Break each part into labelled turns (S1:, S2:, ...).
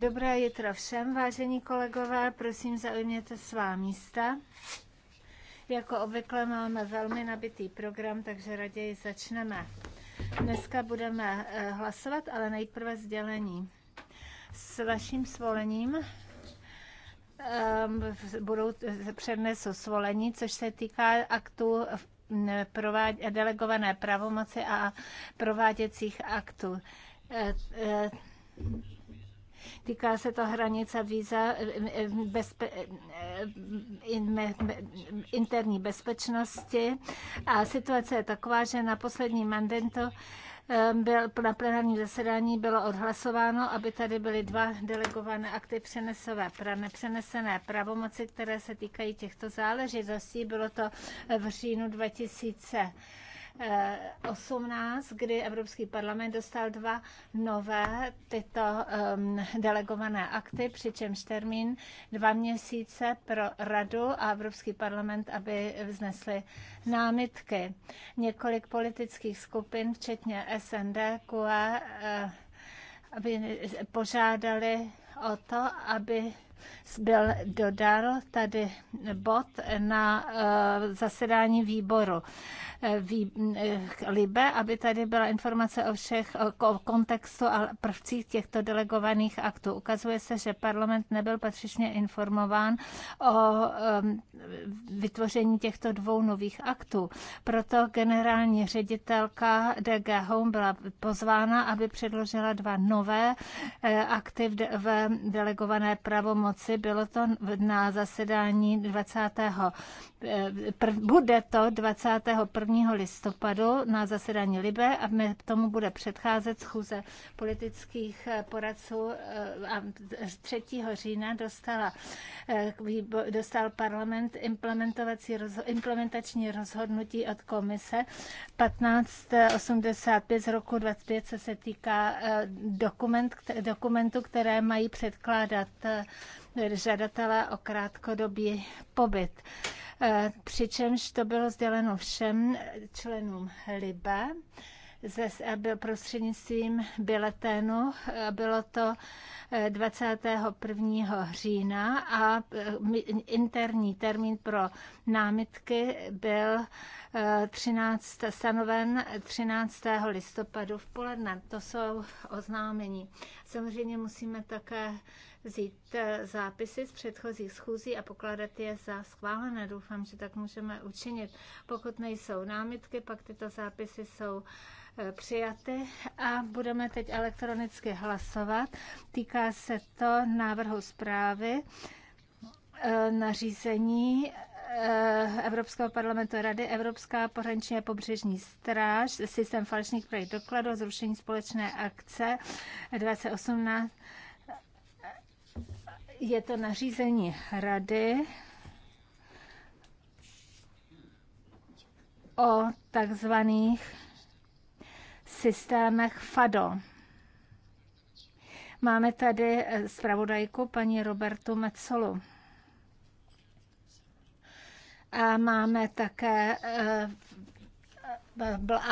S1: Dobré jitro všem, vážení kolegové, prosím zaujměte svá místa. Jako obvykle máme velmi nabitý program, takže raději začneme. Dneska budeme eh, hlasovat, ale nejprve sdělení. S vaším svolením eh, budou eh, přednesu svolení, což se týká aktu v delegované pravomoci a prováděcích aktů. E, e, týká se to hranice víza, bezpe, e, interní bezpečnosti a situace je taková, že na poslední mandento byl, na plenárním zasedání bylo odhlasováno, aby tady byly dva delegované akty přenesové, nepřenesené pravomoci, které se týkají těchto záležitostí. Bylo to v říjnu 2000. 18, kdy Evropský parlament dostal dva nové tyto um, delegované akty, přičemž termín dva měsíce pro radu a Evropský parlament, aby vznesli námitky. Několik politických skupin, včetně SND, QE, eh, aby požádali o to, aby byl dodal tady bod na eh, zasedání výboru. Eh, Libe, aby tady byla informace o všech o kontextu a prvcích těchto delegovaných aktů. Ukazuje se, že parlament nebyl patřičně informován o vytvoření těchto dvou nových aktů. Proto generální ředitelka DG Home byla pozvána, aby předložila dva nové eh, akty v, delegované pravomoci. Bylo to na zasedání 20. Eh, bude to 21 1. listopadu na zasedání Libe a tomu bude předcházet schůze politických eh, poradců eh, a 3. října dostala, eh, dostal parlament implementovací, implementační rozhodnutí od komise 1585 z roku 25, co se týká dokument, dokumentu, které mají předkládat žadatelé o krátkodobý pobyt. Eh, přičemž to bylo sděleno všem členům LIBE ze, byl prostřednictvím biletenu. Eh, bylo to 21. Eh, října a interní termín pro námitky byl 13, stanoven 13. listopadu v poledne. To jsou oznámení. Samozřejmě musíme také vzít eh, zápisy z předchozích schůzí a pokládat je za schválené. Doufám, že tak můžeme učinit. Pokud nejsou námitky, pak tyto zápisy jsou eh, přijaty a budeme teď elektronicky hlasovat. Týká se to návrhu zprávy eh, nařízení Evropského parlamentu a Rady Evropská pohraniční a pobřežní stráž, systém falešných projekt dokladů, zrušení společné akce 2018 je to nařízení rady o takzvaných systémech FADO. Máme tady zpravodajku paní Robertu Metzolu. A máme také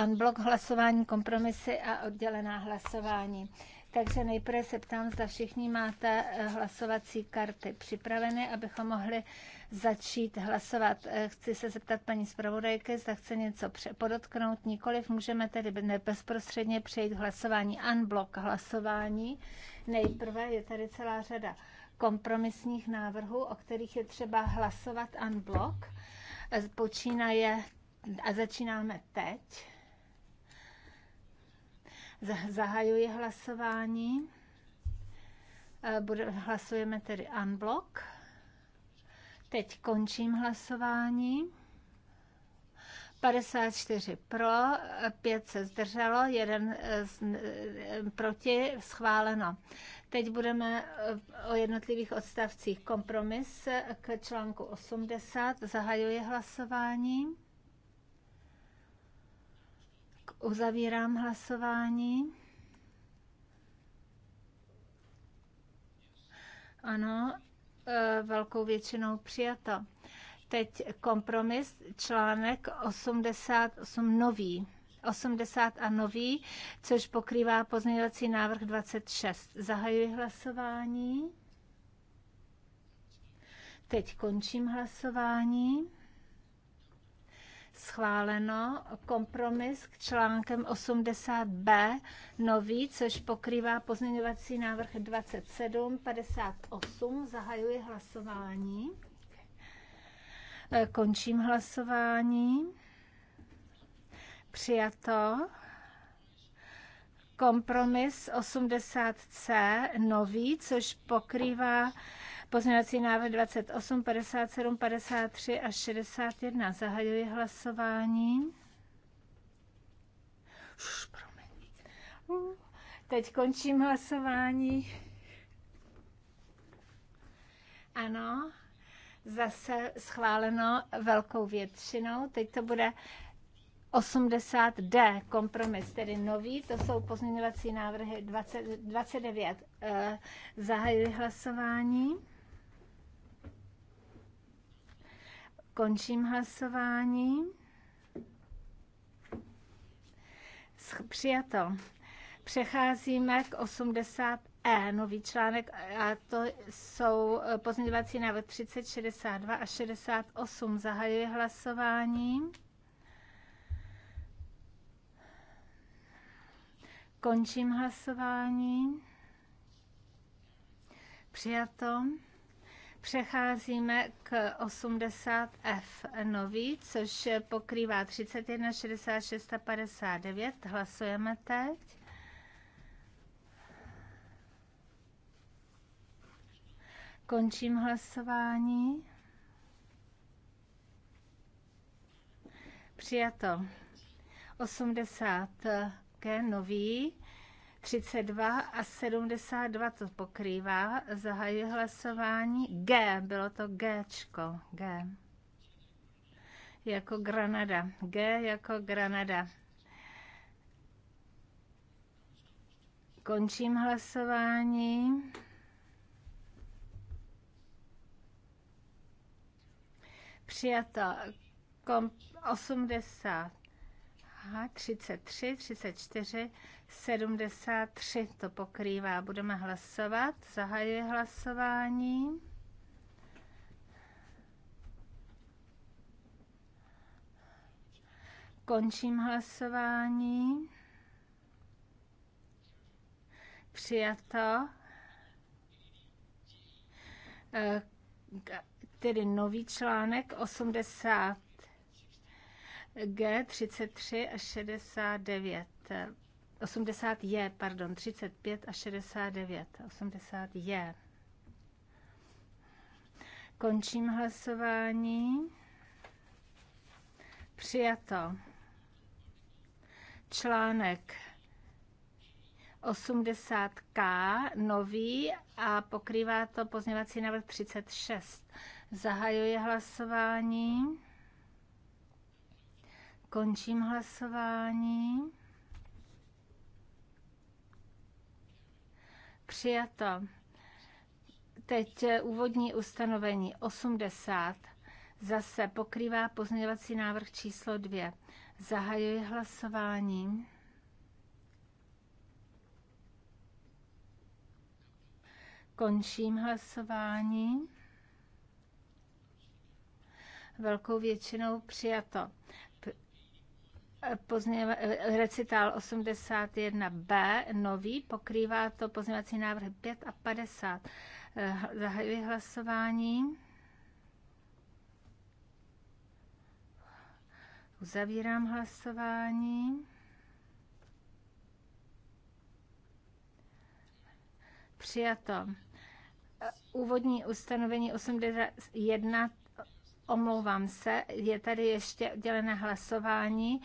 S1: unblock hlasování, kompromisy a oddělená hlasování. Takže nejprve se ptám, zda všichni máte eh, hlasovací karty připraveny, abychom mohli začít hlasovat. Eh, chci se zeptat paní zpravodajky, zda chce něco podotknout. Nikoliv můžeme tedy bezprostředně přejít k hlasování. Unblock hlasování. Nejprve je tady celá řada kompromisních návrhů, o kterých je třeba hlasovat unblock. Eh, počínaje a začínáme teď. Zahajuji hlasování. Eh, bude, hlasujeme tedy unblock. Teď končím hlasování. 54 pro, 5 se zdrželo, 1 eh, eh, proti, schváleno. Teď budeme o jednotlivých odstavcích kompromis k článku 80. Zahajuji hlasování. Uzavírám hlasování. Ano, e, velkou většinou přijato. Teď kompromis, článek 88 nový. 80 a nový, což pokrývá pozměňovací návrh 26. Zahajuji hlasování. Teď končím hlasování schváleno kompromis k článkem 80b nový, což pokrývá pozměňovací návrh 27, 58. Zahajuji hlasování. Eh, končím hlasování. Přijato. Kompromis 80c nový, což pokrývá Pozměňovací návrh 28, 57, 53 a 61. Zahajuji hlasování. Už, promiň. Teď končím hlasování. Ano, zase schváleno velkou většinou. Teď to bude 80D kompromis, tedy nový, to jsou pozměňovací návrhy 20, 29. Eh, zahajuji hlasování. Končím hlasování. Přijato. Přecházíme k 80 E, nový článek, a to jsou eh, pozměňovací návrh 30, 62 a 68. Zahajuji hlasování. Končím hlasování. Přijato. Přecházíme k 80F nový, což pokrývá 31, 66 a 59. Hlasujeme teď. Končím hlasování. Přijato. 80 g nový 32 a 72 to pokrývá. Zahajuji hlasování. G, bylo to Gčko. G. Jako Granada. G jako Granada. Končím hlasování. Přijato kom 80. Aha, 33, 34 73 to pokrývá. Budeme hlasovat. Zahajuji hlasování. Končím hlasování. Přijato. E, tedy nový článek 80 G33 a 69 80 je, pardon, 35 a 69. 80 je. Končím hlasování. Přijato. Článek 80K nový a pokrývá to pozněvací návrh 36. Zahajuji hlasování. Končím hlasování. Přijato. Teď úvodní ustanovení 80 zase pokrývá pozměňovací návrh číslo 2. Zahajuji hlasování. Končím hlasování. Velkou většinou přijato recitál 81b, nový, pokrývá to pozměňovací návrhy 5 a 50. Eh, zahajuji hlasování. Uzavírám hlasování. Přijato. Eh, úvodní ustanovení 81, omlouvám se, je tady ještě oddělené hlasování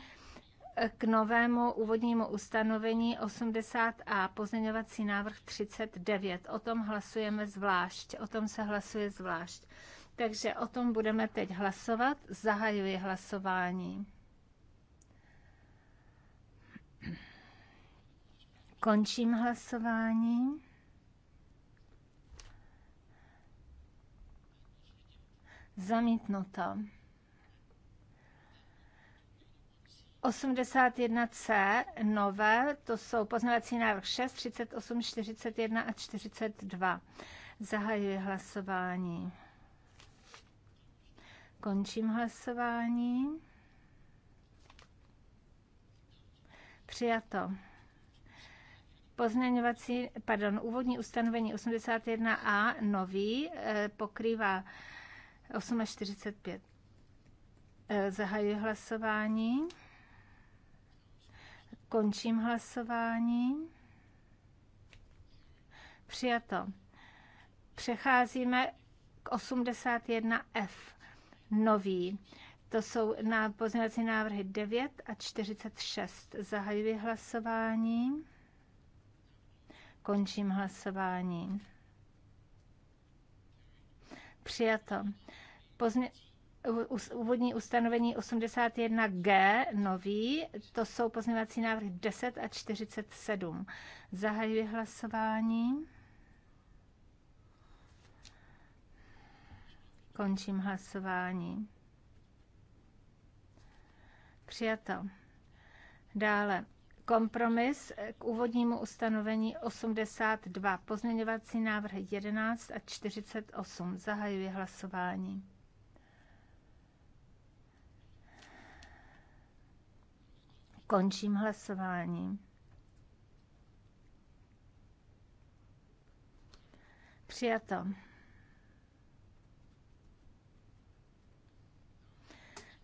S1: k novému úvodnímu ustanovení 80a, pozměňovací návrh 39. O tom hlasujeme zvlášť, o tom se hlasuje zvlášť. Takže o tom budeme teď hlasovat. Zahajuji hlasování. Končím hlasování. Zamítnuto. 81C nové, to jsou poznávací návrh 6, 38, 41 a 42. Zahajuji hlasování. Končím hlasování. Přijato. Pozměňovací, pardon, úvodní ustanovení 81a nový eh, pokrývá 8 45. Eh, zahajuji hlasování. Končím hlasování. Přijato. Přecházíme k 81F. Nový. To jsou na pozměňovací návrhy 9 a 46. Zahajuji hlasování. Končím hlasování. Přijato. Pozmě- úvodní ustanovení 81G, nový, to jsou pozměňovací návrhy 10 a 47. Zahajuji hlasování. Končím hlasování. Přijato. Dále kompromis k úvodnímu ustanovení 82, pozměňovací návrhy 11 a 48. Zahajuji hlasování. Končím hlasování. Přijato.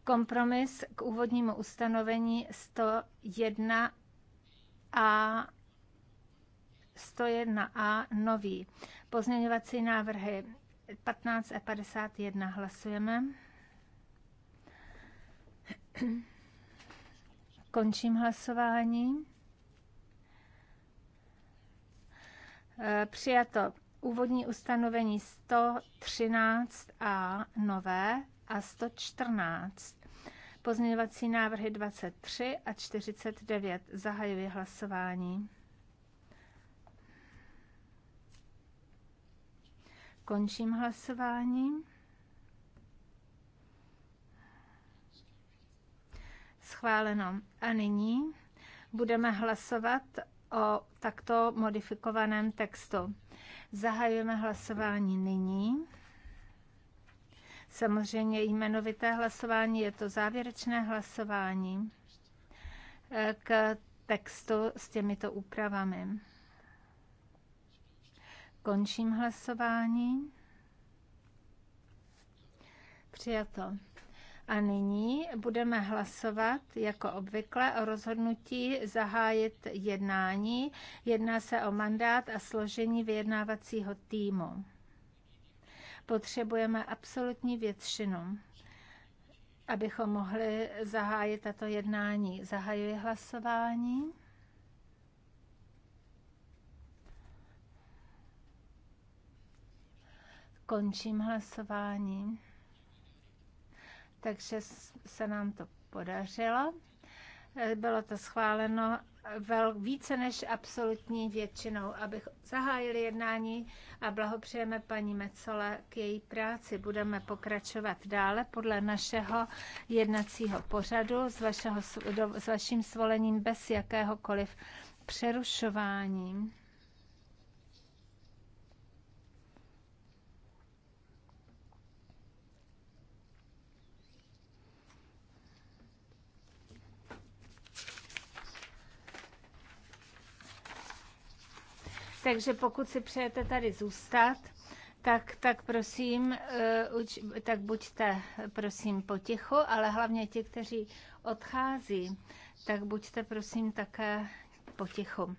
S1: Kompromis k úvodnímu ustanovení 101 a 101a nový. Pozměňovací návrhy 15 a 51 hlasujeme. Končím hlasování. Eh, přijato úvodní ustanovení 113a nové a 114. Pozměňovací návrhy 23 a 49. Zahajuji hlasování. Končím hlasování. Schváleno. A nyní budeme hlasovat o takto modifikovaném textu. Zahajujeme hlasování nyní. Samozřejmě jmenovité hlasování je to závěrečné hlasování e, k textu s těmito úpravami. Končím hlasování. Přijato. A nyní budeme hlasovat jako obvykle o rozhodnutí zahájit jednání. Jedná se o mandát a složení vyjednávacího týmu. Potřebujeme absolutní většinu, abychom mohli zahájit tato jednání. Zahajuji hlasování. Končím hlasování takže se nám to podařilo. E, Bylo to schváleno vel, více než absolutní většinou, abych zahájili jednání a blahopřejeme paní Mecole k její práci. Budeme pokračovat dále podle našeho jednacího pořadu s, vašeho, do, s vaším svolením bez jakéhokoliv přerušování. Takže pokud si přejete tady zůstat, tak, tak prosím, eh, uč, tak buďte prosím potichu, ale hlavně ti, kteří odchází, tak buďte prosím také potichu.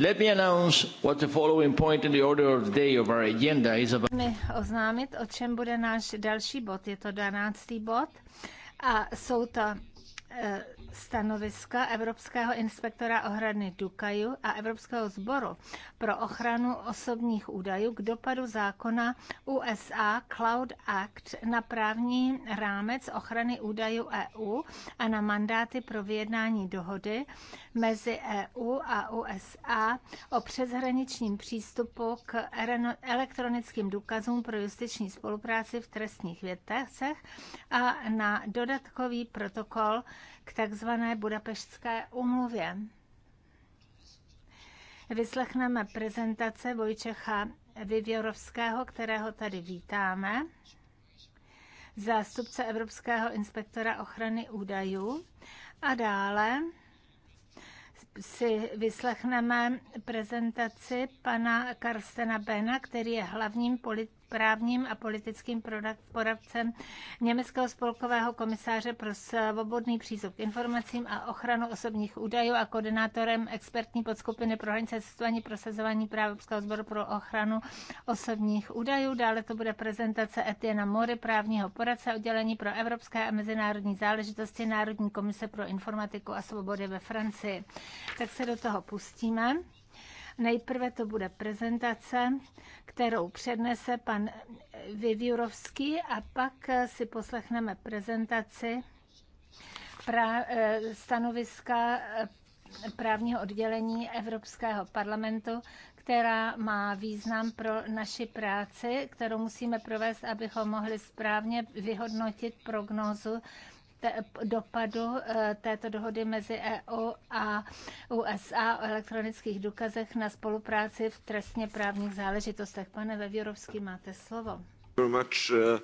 S1: Let me announce what the following point in the order of the day of our agenda is about. Mi oznámit, o čem bude náš další bod. Je to 12. bod a jsou to eh, stanoviska Evropského inspektora ochrany Dukaju a Evropského sboru pro ochranu osobních údajů k dopadu zákona USA Cloud Act na právní rámec ochrany údajů EU a na mandáty pro vyjednání dohody mezi EU a USA o přeshraničním přístupu k elektronickým důkazům pro justiční spolupráci v trestních větech a na dodatkový protokol k takzvané Budapeštské umluvě. Vyslechneme prezentace Vojčecha Vyvěrovského, kterého tady vítáme, zástupce Evropského inspektora ochrany údajů a dále si vyslechneme prezentaci pana Karstena Bena, který je hlavním polit- právním a politickým poradcem Německého spolkového komisáře pro svobodný přístup k informacím a ochranu osobních údajů a koordinátorem expertní podskupiny pro hranice cestování prosazování práv Evropského sboru pro ochranu osobních údajů. Dále to bude prezentace Etiena Mory, právního poradce oddělení pro evropské a mezinárodní záležitosti Národní komise pro informatiku a svobody ve Francii. Tak se do toho pustíme. Nejprve to bude prezentace, kterou přednese pan Viviurovský a pak si poslechneme prezentaci pra, eh, stanoviska eh, právního oddělení Evropského parlamentu, která má význam pro naši práci, kterou musíme provést, abychom mohli správně vyhodnotit prognózu dopadu eh, této dohody mezi EU a USA o elektronických důkazech na spolupráci v trestně právních záležitostech. Pane Vevěrovský, máte slovo.
S2: Eh,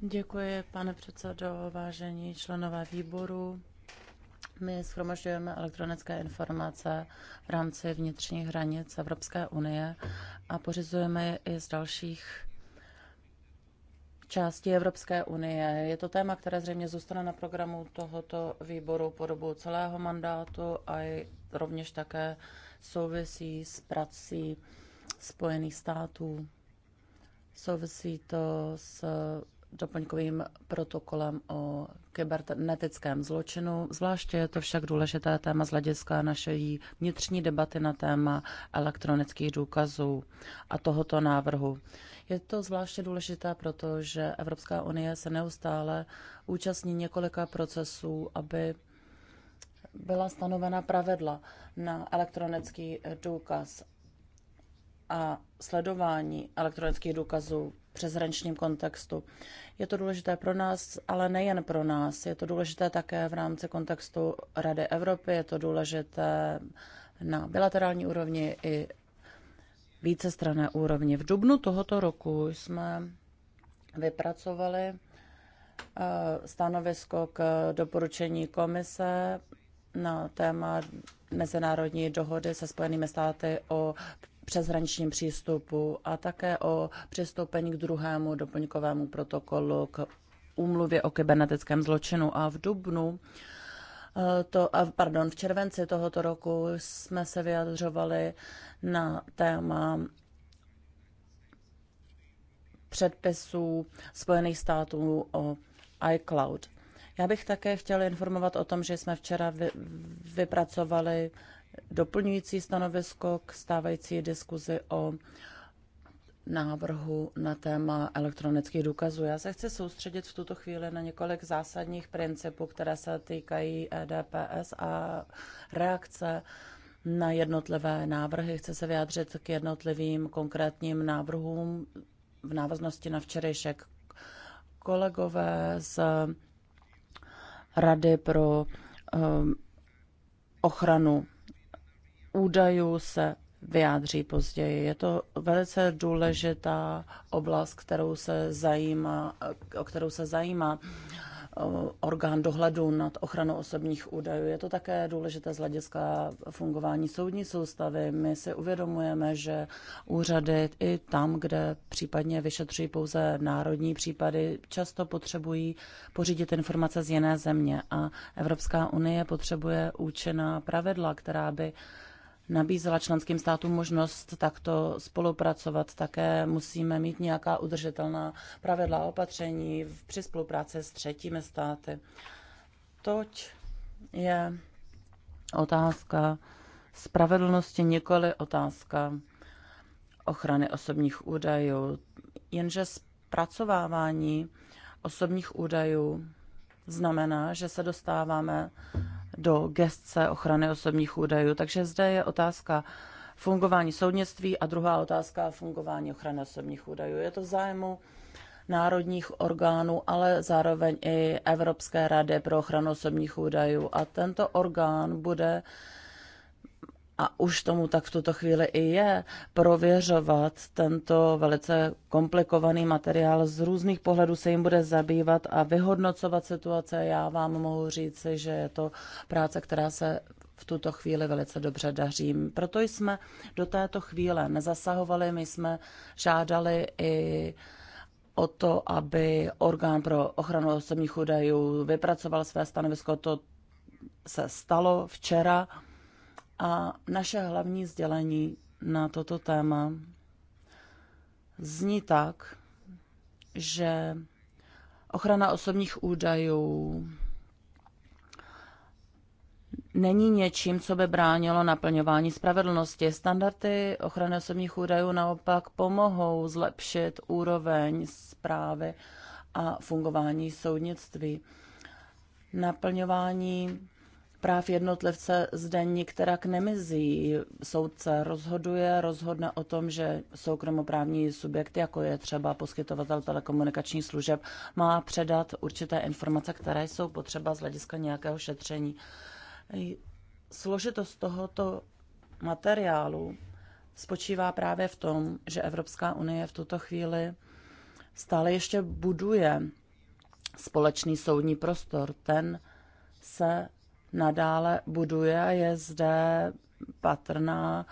S2: Děkuji, pane předsedo, vážení členové výboru. My schromažďujeme elektronické informace v rámci vnitřních hranic Evropské unie a pořizujeme je i z dalších části Evropské unie. Je to téma, které zřejmě zůstane na programu tohoto výboru po dobu celého mandátu a rovněž také souvisí s prací Spojených států. Souvisí to s doplňkovým protokolem o kybernetickém zločinu. Zvláště je to však důležité téma z hlediska naší vnitřní debaty na téma elektronických důkazů a tohoto návrhu. Je to zvláště důležité, protože Evropská unie se neustále účastní několika procesů, aby byla stanovena pravidla na elektronický důkaz a sledování elektronických důkazů přeshraničním kontextu. Je to důležité pro nás, ale nejen pro nás. Je to důležité také v rámci kontextu Rady Evropy, je to důležité na bilaterální úrovni i vícestrané úrovni. V dubnu tohoto roku jsme vypracovali eh, stanovisko k doporučení komise na téma mezinárodní dohody se Spojenými státy o přeshraničním přístupu a také o přistoupení k druhému doplňkovému protokolu k úmluvě o kybernetickém zločinu a v Dubnu eh, to, a pardon, v červenci tohoto roku jsme se vyjadřovali na téma předpisů Spojených států o iCloud. Já bych také chtěla informovat o tom, že jsme včera vy, vypracovali doplňující stanovisko k stávající diskuzi o návrhu na téma elektronických důkazů. Já se chci soustředit v tuto chvíli na několik zásadních principů, které se týkají EDPS a reakce na jednotlivé návrhy. Chci se vyjádřit k jednotlivým konkrétním návrhům v návaznosti na včerejšek. Kolegové z Rady pro um, ochranu údajů se vyjádří později. Je to velice důležitá oblast, kterou se zajímá, o kterou se zajímá orgán dohledu nad ochranou osobních údajů. Je to také důležité z hlediska fungování soudní soustavy. My si uvědomujeme, že úřady i tam, kde případně vyšetřují pouze národní případy, často potřebují pořídit informace z jiné země a Evropská unie potřebuje účinná pravidla, která by nabízela členským státům možnost takto spolupracovat. Také musíme mít nějaká udržitelná pravidla opatření při spolupráci s třetími státy. Toť je otázka spravedlnosti, nikoli otázka ochrany osobních údajů. Jenže zpracovávání osobních údajů znamená, že se dostáváme do gestce ochrany osobních údajů. Takže zde je otázka fungování soudnictví a druhá otázka fungování ochrany osobních údajů. Je to zájmu národních orgánů, ale zároveň i Evropské rady pro ochranu osobních údajů. A tento orgán bude a už tomu tak v tuto chvíli i je, prověřovat tento velice komplikovaný materiál. Z různých pohledů se jim bude zabývat a vyhodnocovat situace. Já vám mohu říct, že je to práce, která se v tuto chvíli velice dobře daří. Proto jsme do této chvíle nezasahovali, my jsme žádali i o to, aby orgán pro ochranu osobních údajů vypracoval své stanovisko. To se stalo včera a naše hlavní sdělení na toto téma zní tak, že ochrana osobních údajů není něčím, co by bránilo naplňování spravedlnosti. Standardy ochrany osobních údajů naopak pomohou zlepšit úroveň zprávy a fungování soudnictví. Naplňování práv jednotlivce zde nikterak nemizí. Soudce rozhoduje, rozhodne o tom, že soukromoprávní subjekt, jako je třeba poskytovatel telekomunikačních služeb, má předat určité informace, které jsou potřeba z hlediska nějakého šetření. Složitost tohoto materiálu spočívá právě v tom, že Evropská unie v tuto chvíli stále ještě buduje společný soudní prostor. Ten se nadále buduje a je zde patrná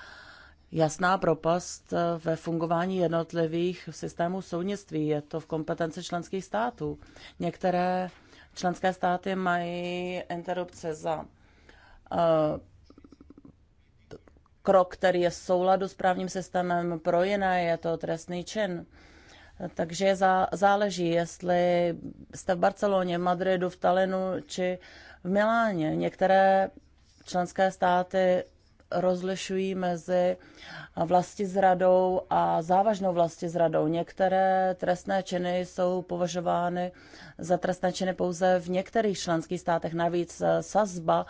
S2: jasná propast ve fungování jednotlivých systémů soudnictví. Je to v kompetenci členských států. Některé členské státy mají interrupce za uh, krok, který je v souladu s právním systémem, pro jiné je to trestný čin. Takže záleží, jestli jste v Barceloně, v Madridu, v Talinu či v Miláně. Některé členské státy rozlišují mezi vlasti zradou a závažnou vlasti zradou. Některé trestné činy jsou považovány za trestné činy pouze v některých členských státech. Navíc eh, sazba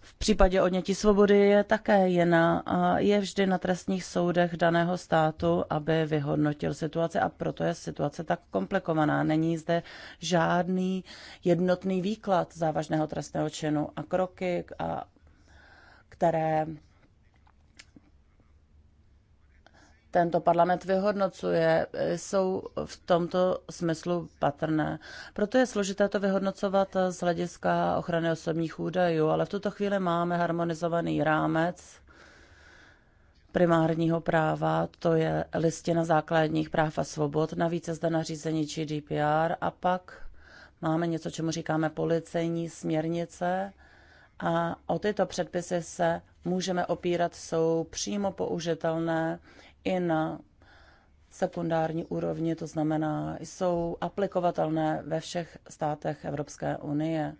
S2: v případě odnětí svobody je také jiná a je vždy na trestních soudech daného státu, aby vyhodnotil situaci a proto je situace tak komplikovaná. Není zde žádný jednotný výklad závažného trestného činu a kroky a které tento parlament vyhodnocuje, jsou v tomto smyslu patrné. Proto je složité to vyhodnocovat z hlediska ochrany osobních údajů, ale v tuto chvíli máme harmonizovaný rámec primárního práva, to je listina základních práv a svobod, navíc je zde nařízení GDPR a pak máme něco, čemu říkáme policejní směrnice a o tyto předpisy se můžeme opírat, jsou přímo použitelné i na sekundární úrovni, to znamená, jsou aplikovatelné ve všech státech Evropské unie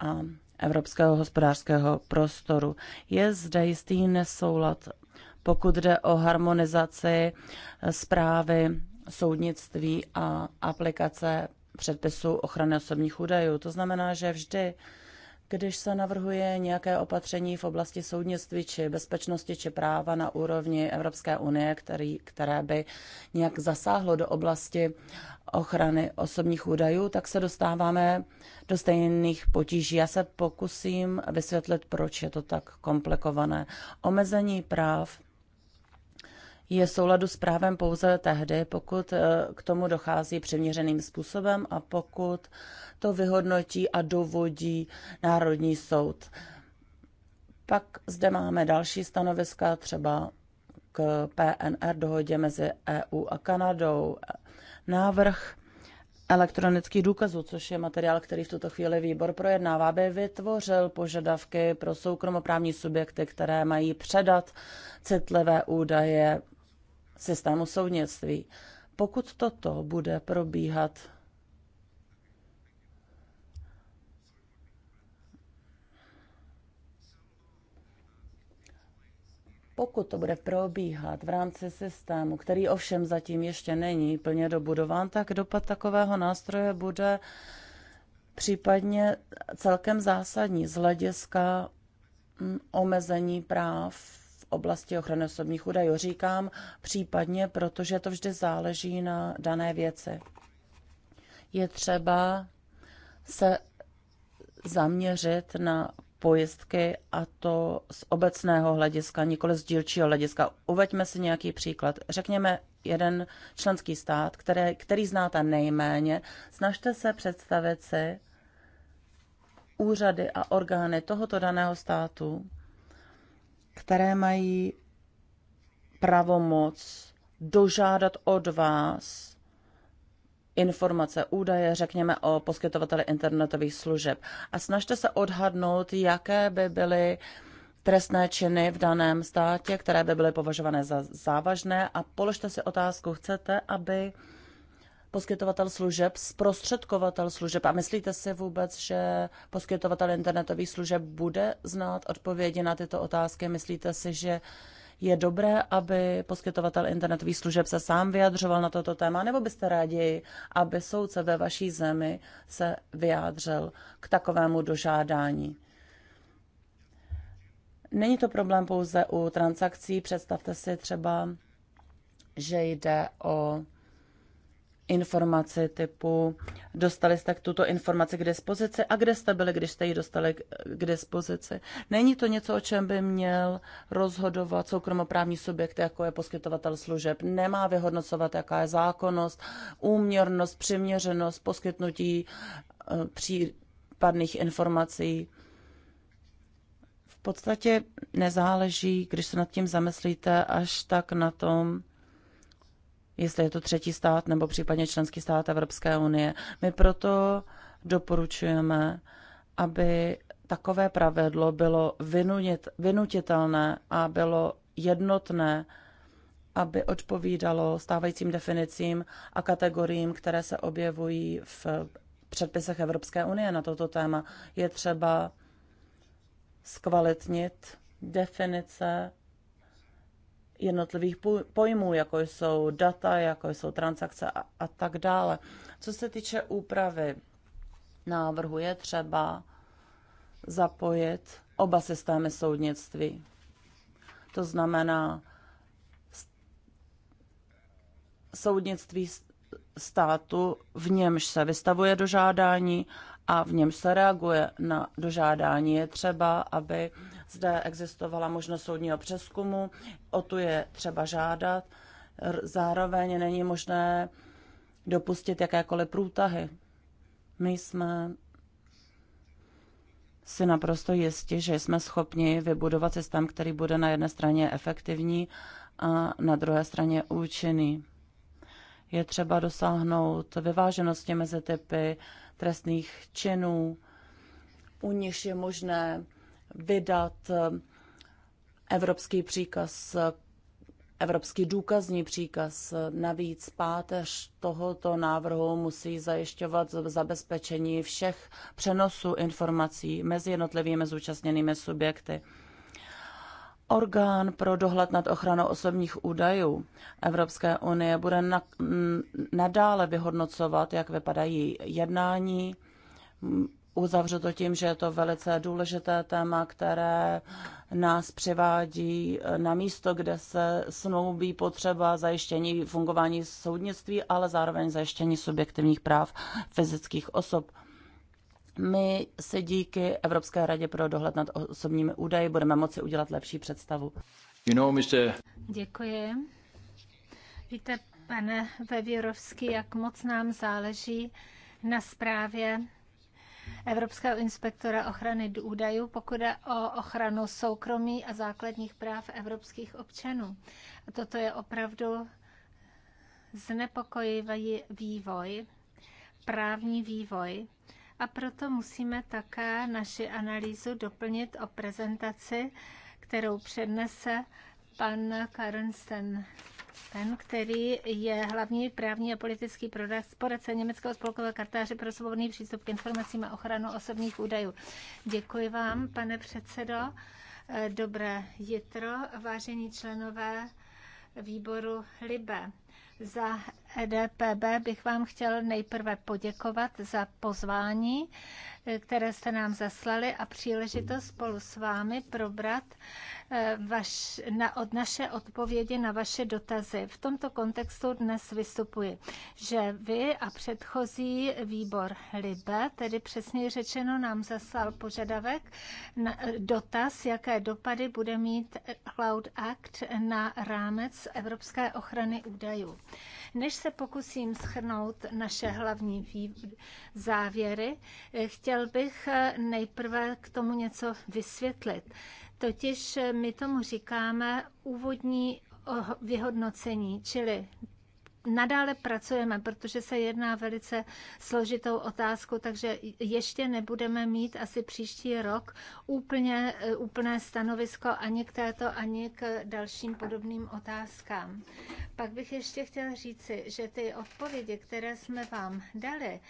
S2: a Evropského hospodářského prostoru. Je zde jistý nesoulad, pokud jde o harmonizaci zprávy soudnictví a aplikace předpisu ochrany osobních údajů. To znamená, že vždy když se navrhuje nějaké opatření v oblasti soudnictví či bezpečnosti či práva na úrovni Evropské unie, který, které by nějak zasáhlo do oblasti ochrany osobních údajů, tak se dostáváme do stejných potíží. Já se pokusím vysvětlit, proč je to tak komplikované. Omezení práv je souladu s právem pouze tehdy, pokud eh, k tomu dochází přiměřeným způsobem a pokud to vyhodnotí a dovodí Národní soud. Pak zde máme další stanoviska, třeba k PNR dohodě mezi EU a Kanadou. Návrh elektronických důkazů, což je materiál, který v tuto chvíli výbor projednává, by vytvořil požadavky pro soukromoprávní subjekty, které mají předat citlivé údaje systému soudnictví. Pokud toto bude probíhat pokud to bude probíhat v rámci systému, který ovšem zatím ještě není plně dobudován, tak dopad takového nástroje bude případně celkem zásadní z hlediska mm, omezení práv oblasti ochrany osobních údajů. Říkám případně, protože to vždy záleží na dané věci. Je třeba se zaměřit na pojistky a to z obecného hlediska, nikoli z dílčího hlediska. Uveďme si nějaký příklad. Řekněme jeden členský stát, které, který znáte nejméně. Snažte se představit si úřady a orgány tohoto daného státu, které mají pravomoc dožádat od vás informace, údaje, řekněme o poskytovateli internetových služeb. A snažte se odhadnout, jaké by byly trestné činy v daném státě, které by byly považované za závažné a položte si otázku, chcete, aby poskytovatel služeb, zprostředkovatel služeb. A myslíte si vůbec, že poskytovatel internetových služeb bude znát odpovědi na tyto otázky? Myslíte si, že je dobré, aby poskytovatel internetových služeb se sám vyjadřoval na toto téma, nebo byste rádi, aby soudce ve vaší zemi se vyjádřil k takovému dožádání? Není to problém pouze u transakcí. Představte si třeba, že jde o informaci typu dostali jste tuto informaci k dispozici a kde jste byli, když jste ji dostali k dispozici. Není to něco, o čem by měl rozhodovat soukromoprávní subjekt, jako je poskytovatel služeb. Nemá vyhodnocovat, jaká je zákonnost, úměrnost, přiměřenost poskytnutí eh, případných informací. V podstatě nezáleží, když se nad tím zamyslíte, až tak na tom, jestli je to třetí stát nebo případně členský stát Evropské unie. My proto doporučujeme, aby takové pravidlo bylo vynutit, vynutitelné a bylo jednotné, aby odpovídalo stávajícím definicím a kategoriím, které se objevují v předpisech Evropské unie na toto téma. Je třeba zkvalitnit definice jednotlivých pojmů, jako jsou data, jako jsou transakce a, a tak dále. Co se týče úpravy návrhu, je třeba zapojit oba systémy soudnictví. To znamená soudnictví státu, v němž se vystavuje dožádání a v něm se reaguje na dožádání. Je třeba, aby zde existovala možnost soudního přeskumu, o tu je třeba žádat. Zároveň není možné dopustit jakékoliv průtahy. My jsme si naprosto jisti, že jsme schopni vybudovat systém, který bude na jedné straně efektivní a na druhé straně účinný. Je třeba dosáhnout vyváženosti mezi typy trestných činů, u nich je možné vydat eh, evropský příkaz, eh, evropský důkazní příkaz. Navíc páteř tohoto návrhu musí zajišťovat zabezpečení všech přenosů informací mezi jednotlivými zúčastněnými subjekty orgán pro dohled nad ochranou osobních údajů Evropské unie bude na, mm, nadále vyhodnocovat, jak vypadají jednání. Uzavřu to tím, že je to velice důležité téma, které nás přivádí na místo, kde se snoubí potřeba zajištění fungování soudnictví, ale zároveň zajištění subjektivních práv fyzických osob my se díky Evropské radě pro dohled nad osobními údaji budeme moci udělat lepší představu.
S1: You know, Mr. Děkuji. Víte, pane Vevěrovský, jak moc nám záleží na zprávě Evropského inspektora ochrany údajů, pokud je o ochranu soukromí a základních práv evropských občanů. A toto je opravdu znepokojivý vývoj, právní vývoj, a proto musíme také naši analýzu doplnit o prezentaci, kterou přednese pan Karensten. Ten, který je hlavní právní a politický poradce Německého spolkového kartáře pro svobodný přístup k informacím a ochranu osobních údajů. Děkuji vám, pane předsedo. Dobré jitro, vážení členové výboru LIBE. Za EDPB bych vám chtěl nejprve poděkovat za pozvání, e, které jste nám zaslali a příležitost spolu s vámi probrat e, vaš, na, od naše odpovědi na vaše dotazy. V tomto kontextu dnes vystupuji, že vy a předchozí výbor LIBE, tedy přesně řečeno, nám zaslal požadavek na e, dotaz, jaké dopady bude mít Cloud Act na rámec Evropské ochrany údajů. Než se pokusím schrnout naše hlavní závěry, chtěl bych eh, nejprve k tomu něco vysvětlit. Totiž eh, my tomu říkáme úvodní vyhodnocení, čili nadále pracujeme, protože se jedná velice složitou otázku, takže ještě nebudeme mít asi příští rok úplně, úplné stanovisko ani k této, ani k dalším podobným otázkám. Pak bych ještě chtěla říci, že ty odpovědi, které jsme vám dali,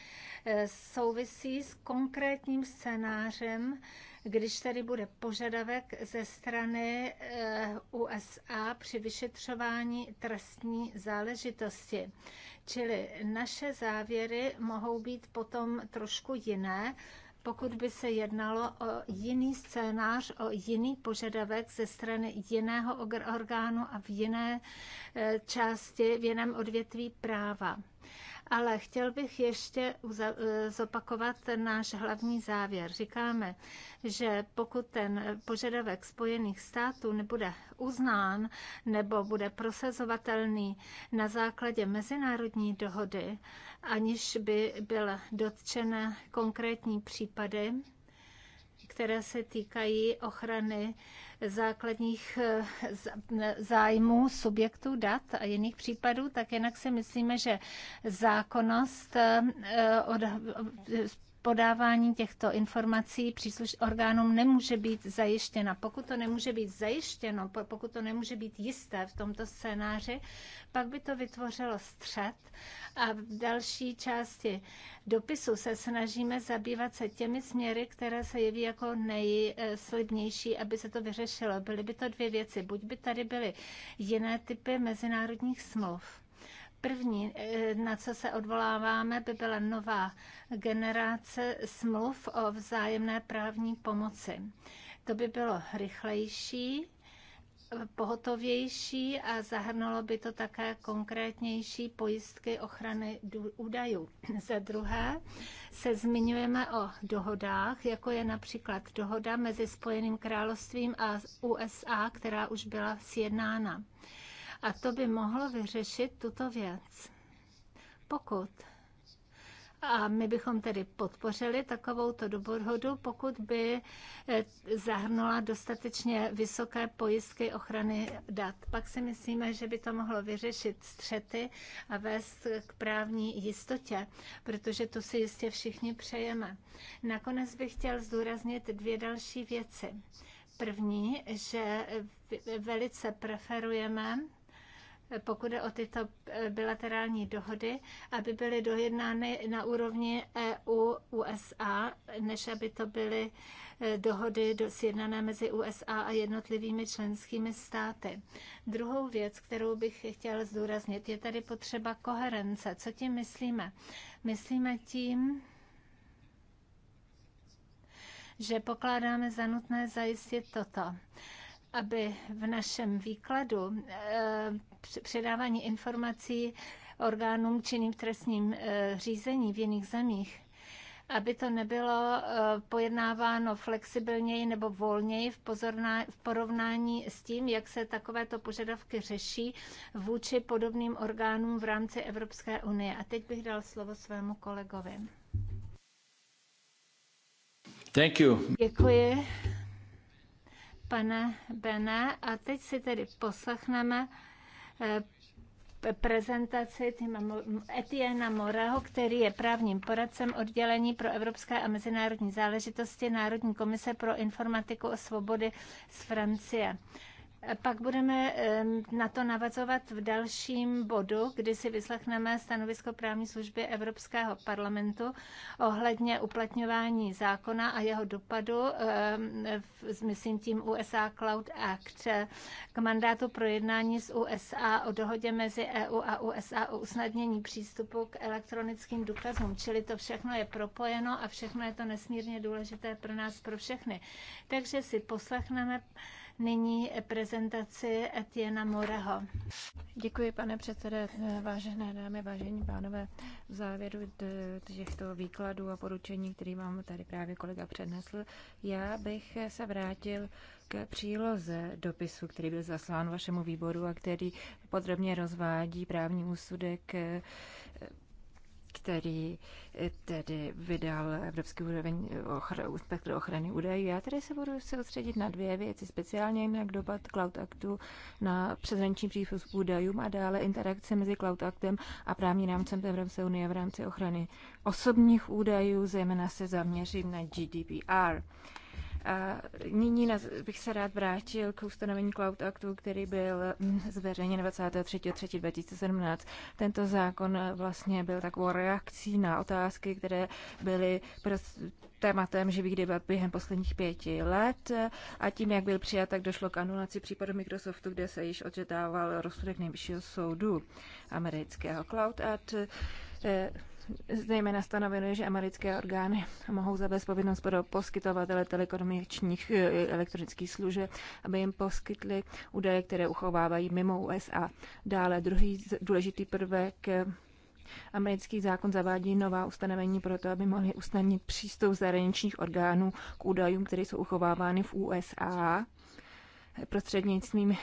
S1: eh, souvisí s konkrétním scénářem, když tady bude požadavek ze strany eh, USA při vyšetřování trestní záležitosti. Čili naše závěry mohou být potom trošku jiné, pokud by se jednalo o jiný scénář, o jiný požadavek ze strany jiného orgánu a v jiné eh, části, v jiném odvětví práva. Ale chtěl bych ještě zopakovat náš hlavní závěr. Říkáme, že pokud ten požadavek Spojených států nebude uznán nebo bude prosazovatelný na základě mezinárodní dohody, aniž by byl dotčené konkrétní případy, které se týkají ochrany základních eh, zájmů subjektů dat a jiných případů, tak jinak si myslíme, že zákonnost eh, od podávání těchto informací příslušným orgánům nemůže být zajištěna. Pokud to nemůže být zajištěno, pokud to nemůže být jisté v tomto scénáři, pak by to vytvořilo střed a v další části dopisu se snažíme zabývat se těmi směry, které se jeví jako nejslibnější, aby se to vyřešilo. Byly by to dvě věci. Buď by tady byly jiné typy mezinárodních smluv, První, eh, na co se odvoláváme, by byla nová generace smluv o vzájemné právní pomoci. To by bylo rychlejší, pohotovější a zahrnulo by to také konkrétnější pojistky ochrany údajů. Za druhé se zmiňujeme o dohodách, jako je například dohoda mezi Spojeným královstvím a USA, která už byla sjednána. A to by mohlo vyřešit tuto věc. Pokud a my bychom tedy podpořili takovouto dohodu, pokud by eh, zahrnula dostatečně vysoké pojistky ochrany dat. Pak si myslíme, že by to mohlo vyřešit střety a vést k právní jistotě, protože to si jistě všichni přejeme. Nakonec bych chtěl zdůraznit dvě další věci. První, že velice preferujeme pokud je o tyto eh, bilaterální dohody, aby byly dojednány na úrovni EU-USA, než aby to byly eh, dohody sjednané mezi USA a jednotlivými členskými státy. Druhou věc, kterou bych chtěl zdůraznit, je tady potřeba koherence. Co tím myslíme? Myslíme tím, že pokládáme za nutné zajistit toto aby v našem výkladu eh, předávání informací orgánům činným trestním eh, řízení v jiných zemích aby to nebylo eh, pojednáváno flexibilněji nebo volněji v, pozorná, v porovnání s tím, jak se takovéto požadavky řeší vůči podobným orgánům v rámci Evropské unie. A teď bych dal slovo svému kolegovi. Thank you. Děkuji, pane Bene. A teď si tedy poslechneme eh, prezentaci Etienne Moreho, který je právním poradcem oddělení pro evropské a mezinárodní záležitosti Národní komise pro informatiku a svobody z Francie. Pak budeme na to navazovat v dalším bodu, kdy si vyslechneme stanovisko právní služby Evropského parlamentu ohledně uplatňování zákona a jeho dopadu, myslím tím USA Cloud Act, k mandátu projednání s USA o dohodě mezi EU a USA o usnadnění přístupu k elektronickým důkazům. Čili to všechno je propojeno a všechno je to nesmírně důležité pro nás, pro všechny. Takže si poslechneme nyní prezentaci Etiena Moreho. Děkuji, pane předsede,
S3: vážené dámy, vážení pánové. V závěru těchto výkladů a poručení, který vám tady právě kolega přednesl, já bych se vrátil k příloze dopisu, který byl zaslán vašemu výboru a který podrobně rozvádí právní úsudek který eh, tedy vydal Evropský úroveň ochra- spektru ochrany údajů. Já tady se budu soustředit na dvě věci, speciálně na dopad Cloud Actu na přeshraniční přístup údajům a dále interakce mezi Cloud Actem a právním rámcem Evropské unie v rámci ochrany osobních údajů, zejména se zaměřím na GDPR. A nyní bych se rád vrátil k ustanovení Cloud Actu, který byl mm, zveřejněn 23.3.2017. Tento zákon eh, vlastně byl takovou reakcí na otázky, které byly tématem živých debat během posledních pěti let a tím, jak byl přijat, tak došlo k anulaci případu Microsoftu, kde se již odžetával rozsudek nejvyššího soudu amerického Cloud Act eh, zejména stanoveno, že americké orgány mohou zavést povinnost pro poskytovatele telekomunikačních eh, elektronických služeb, aby jim poskytli údaje, které uchovávají mimo USA. Dále druhý důležitý prvek eh, Americký zákon zavádí nová ustanovení pro to, aby mohli usnadnit přístup zahraničních orgánů k údajům, které jsou uchovávány v USA prostřednictvím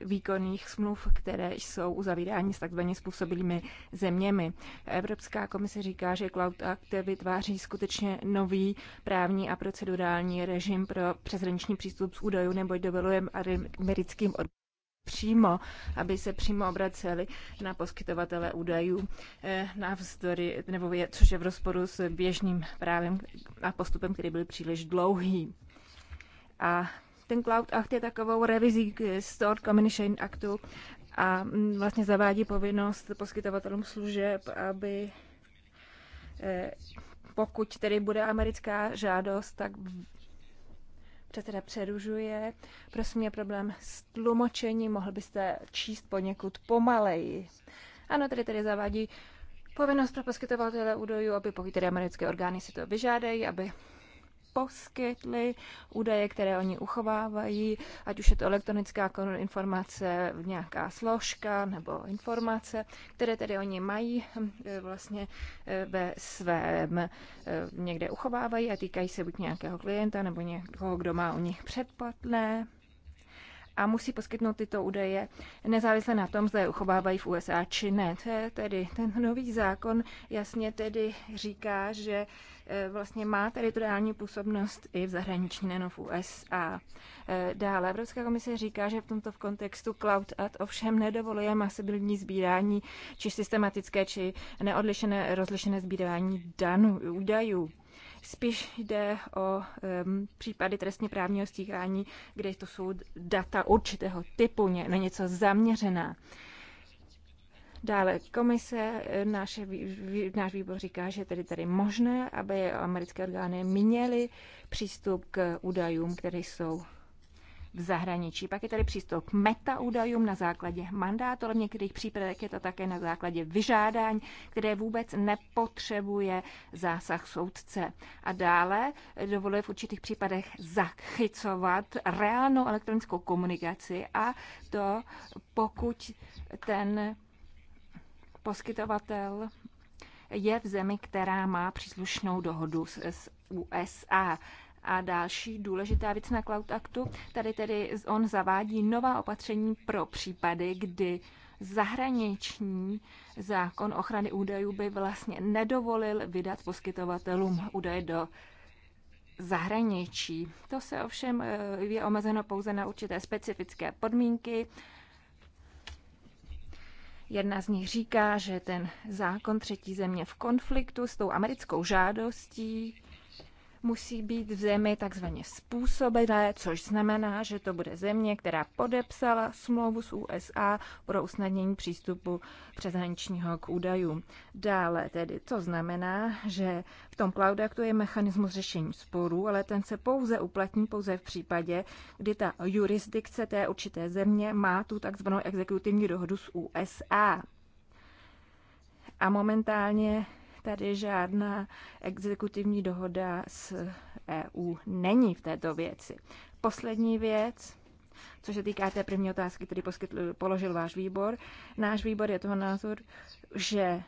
S3: výkonných smluv, které jsou uzavírány s takzvaně způsobilými zeměmi. Evropská komise říká, že Cloud Act vytváří skutečně nový právní a procedurální režim pro přeshraniční přístup z údajů, nebo dovoluje americkým od přímo, aby se přímo obraceli na poskytovatele údajů eh, na vzdory nebo je, což je v rozporu s běžným právem a postupem, který byl příliš dlouhý. A ten Cloud Act je takovou revizí Stored Communication Actu a mm, vlastně zavádí povinnost poskytovatelům služeb, aby eh, pokud tedy bude americká žádost, tak předseda přerušuje. Prosím, je problém s tlumočením, mohl byste číst poněkud pomaleji. Ano, tedy tedy zavádí povinnost pro poskytovatele údajů, aby pokud tedy americké orgány si to vyžádají, aby poskytli údaje, které oni uchovávají, ať už je to elektronická informace, nějaká složka nebo informace, které tedy oni mají hm, e, vlastně e, ve svém, e, někde uchovávají a týkají se buď nějakého klienta nebo někoho, kdo má u nich předplatné a musí poskytnout tyto údaje nezávisle na tom, zda je uchovávají v USA či ne. To je tedy ten nový zákon jasně tedy říká, že e, vlastně má teritoriální působnost i v zahraničí, nejen v USA. E, dále Evropská komise říká, že v tomto v kontextu Cloud Ad ovšem nedovoluje masibilní sbírání či systematické či neodlišené rozlišené sbírání danů, údajů. Spíš jde o um, případy trestně právního stíhání, kde to jsou data určitého typu, ně, na něco zaměřená. Dále komise, eh, naše, náš výbor říká, že tedy tady možné, aby americké orgány měly přístup k údajům, které jsou v zahraničí. Pak je tady přístup k metaúdajům na základě mandátu, ale v některých případech je to také na základě vyžádání, které vůbec nepotřebuje zásah soudce. A dále dovoluje v určitých případech zachycovat reálnou elektronickou komunikaci a to pokud ten poskytovatel je v zemi, která má příslušnou dohodu s USA. A další důležitá věc na Cloud Actu, tady tedy on zavádí nová opatření pro případy, kdy zahraniční zákon ochrany údajů by vlastně nedovolil vydat poskytovatelům údaje do zahraničí. To se ovšem eh, je omezeno pouze na určité specifické podmínky. Jedna z nich říká, že ten zákon třetí země v konfliktu s tou americkou žádostí musí být v zemi takzvaně způsobené, což znamená, že to bude země, která podepsala smlouvu s USA pro usnadnění přístupu přeshraničního k údajům. Dále tedy, to znamená, že v tom Cloud Actu je mechanismus řešení sporů, ale ten se pouze uplatní pouze v případě, kdy ta jurisdikce té určité země má tu takzvanou exekutivní dohodu s USA. A momentálně tady žádná exekutivní dohoda s EU není v této věci. Poslední věc, co se týká té první otázky, který poskytl, položil váš výbor. Náš výbor je toho názor, že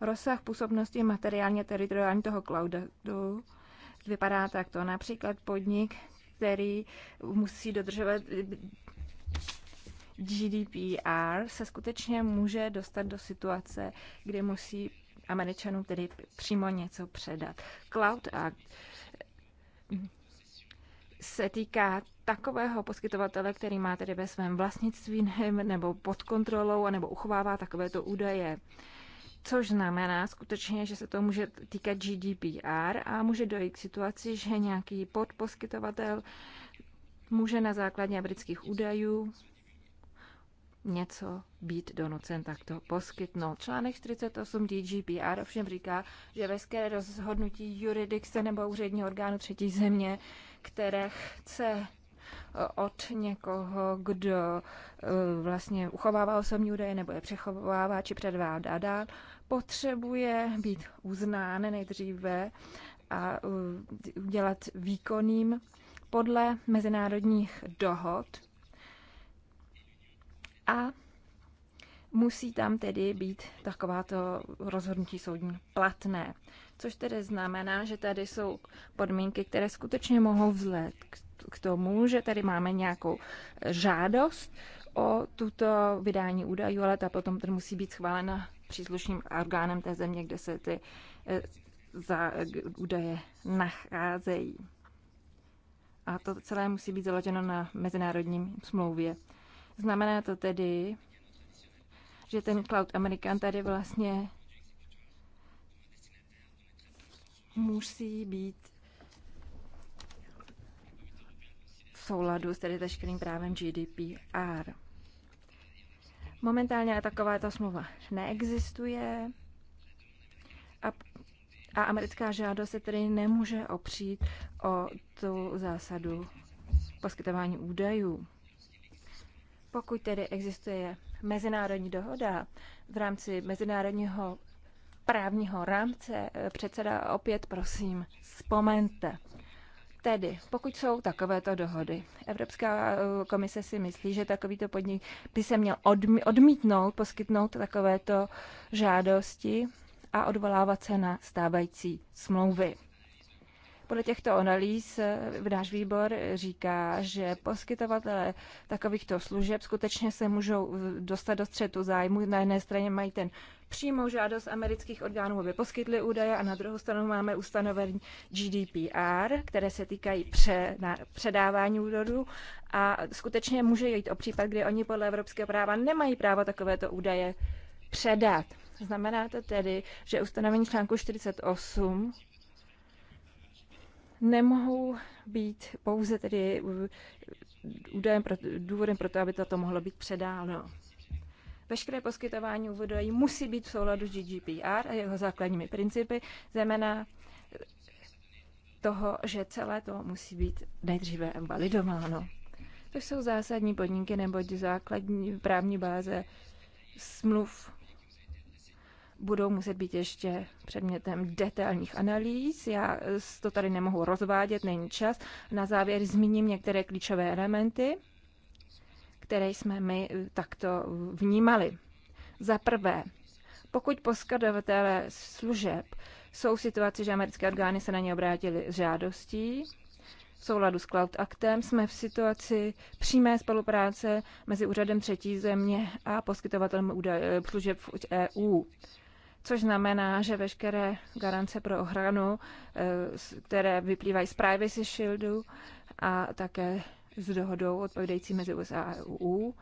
S3: rozsah působnosti materiálně teritoriální toho cloudu vypadá takto. Například podnik, který musí dodržovat GDPR se skutečně může dostat do situace, kdy musí američanům tedy přímo něco předat. Cloud Act se týká takového poskytovatele, který má tedy ve svém vlastnictví nebo pod kontrolou nebo uchovává takovéto údaje. Což znamená skutečně, že se to může týkat GDPR a může dojít k situaci, že nějaký podposkytovatel může na základě amerických údajů něco být donucen takto poskytnout. Článek 48 DGPR ovšem říká, že veškeré rozhodnutí juridikce nebo úředního orgánu třetí země, které chce eh, od někoho, kdo eh, vlastně uchovává osobní údaje nebo je přechovává či předvádá dál, potřebuje být uznán nejdříve a eh, udělat výkonným podle mezinárodních dohod, a musí tam tedy být takováto rozhodnutí soudní platné. Což tedy znamená, že tady jsou podmínky, které skutečně mohou vzlet k tomu, že tady máme nějakou žádost o tuto vydání údajů, ale ta potom tady musí být schválena příslušným orgánem té země, kde se ty eh, za, eh, údaje nacházejí. A to celé musí být založeno na mezinárodním smlouvě. Znamená to tedy, že ten cloud American tady vlastně musí být v souladu s tedy veškerým právem GDPR. Momentálně taková takováto smlouva neexistuje a, a americká žádost se tedy nemůže opřít o tu zásadu poskytování údajů. Pokud tedy existuje mezinárodní dohoda v rámci mezinárodního právního rámce, eh, předseda opět prosím vzpomeňte. Tedy, pokud jsou takovéto dohody, Evropská eh, komise si myslí, že takovýto podnik by se měl odmítnout, poskytnout takovéto žádosti a odvolávat se na stávající smlouvy. Podle těchto analýz eh, náš výbor říká, že poskytovatele takovýchto služeb skutečně se můžou dostat do střetu zájmu. Na jedné straně mají ten přímou žádost amerických orgánů, aby poskytly údaje a na druhou stranu máme ustanovení GDPR, které se týkají pře, na, předávání údajů a skutečně může jít o případ, kdy oni podle evropského práva nemají právo takovéto údaje předat. Znamená to tedy, že ustanovení článku 48 nemohou být pouze tedy údajem pro, důvodem pro to, aby toto mohlo být předáno. Veškeré poskytování údajů musí být v souladu s GDPR a jeho základními principy, zejména toho, že celé to musí být nejdříve validováno. To jsou zásadní podmínky neboť základní právní báze smluv budou muset být ještě předmětem detailních analýz. Já to tady nemohu rozvádět, není čas. Na závěr zmíním některé klíčové elementy, které jsme my takto vnímali. Za prvé, pokud poskadovatele služeb jsou v situaci, že americké orgány se na ně obrátily s žádostí, v souladu s Cloud Actem jsme v situaci přímé spolupráce mezi úřadem třetí země a poskytovatelem eh, služeb v EU což znamená, že veškeré garance pro ochranu, eh, které vyplývají z Privacy Shieldu a také s dohodou odpovědající mezi USA a EU,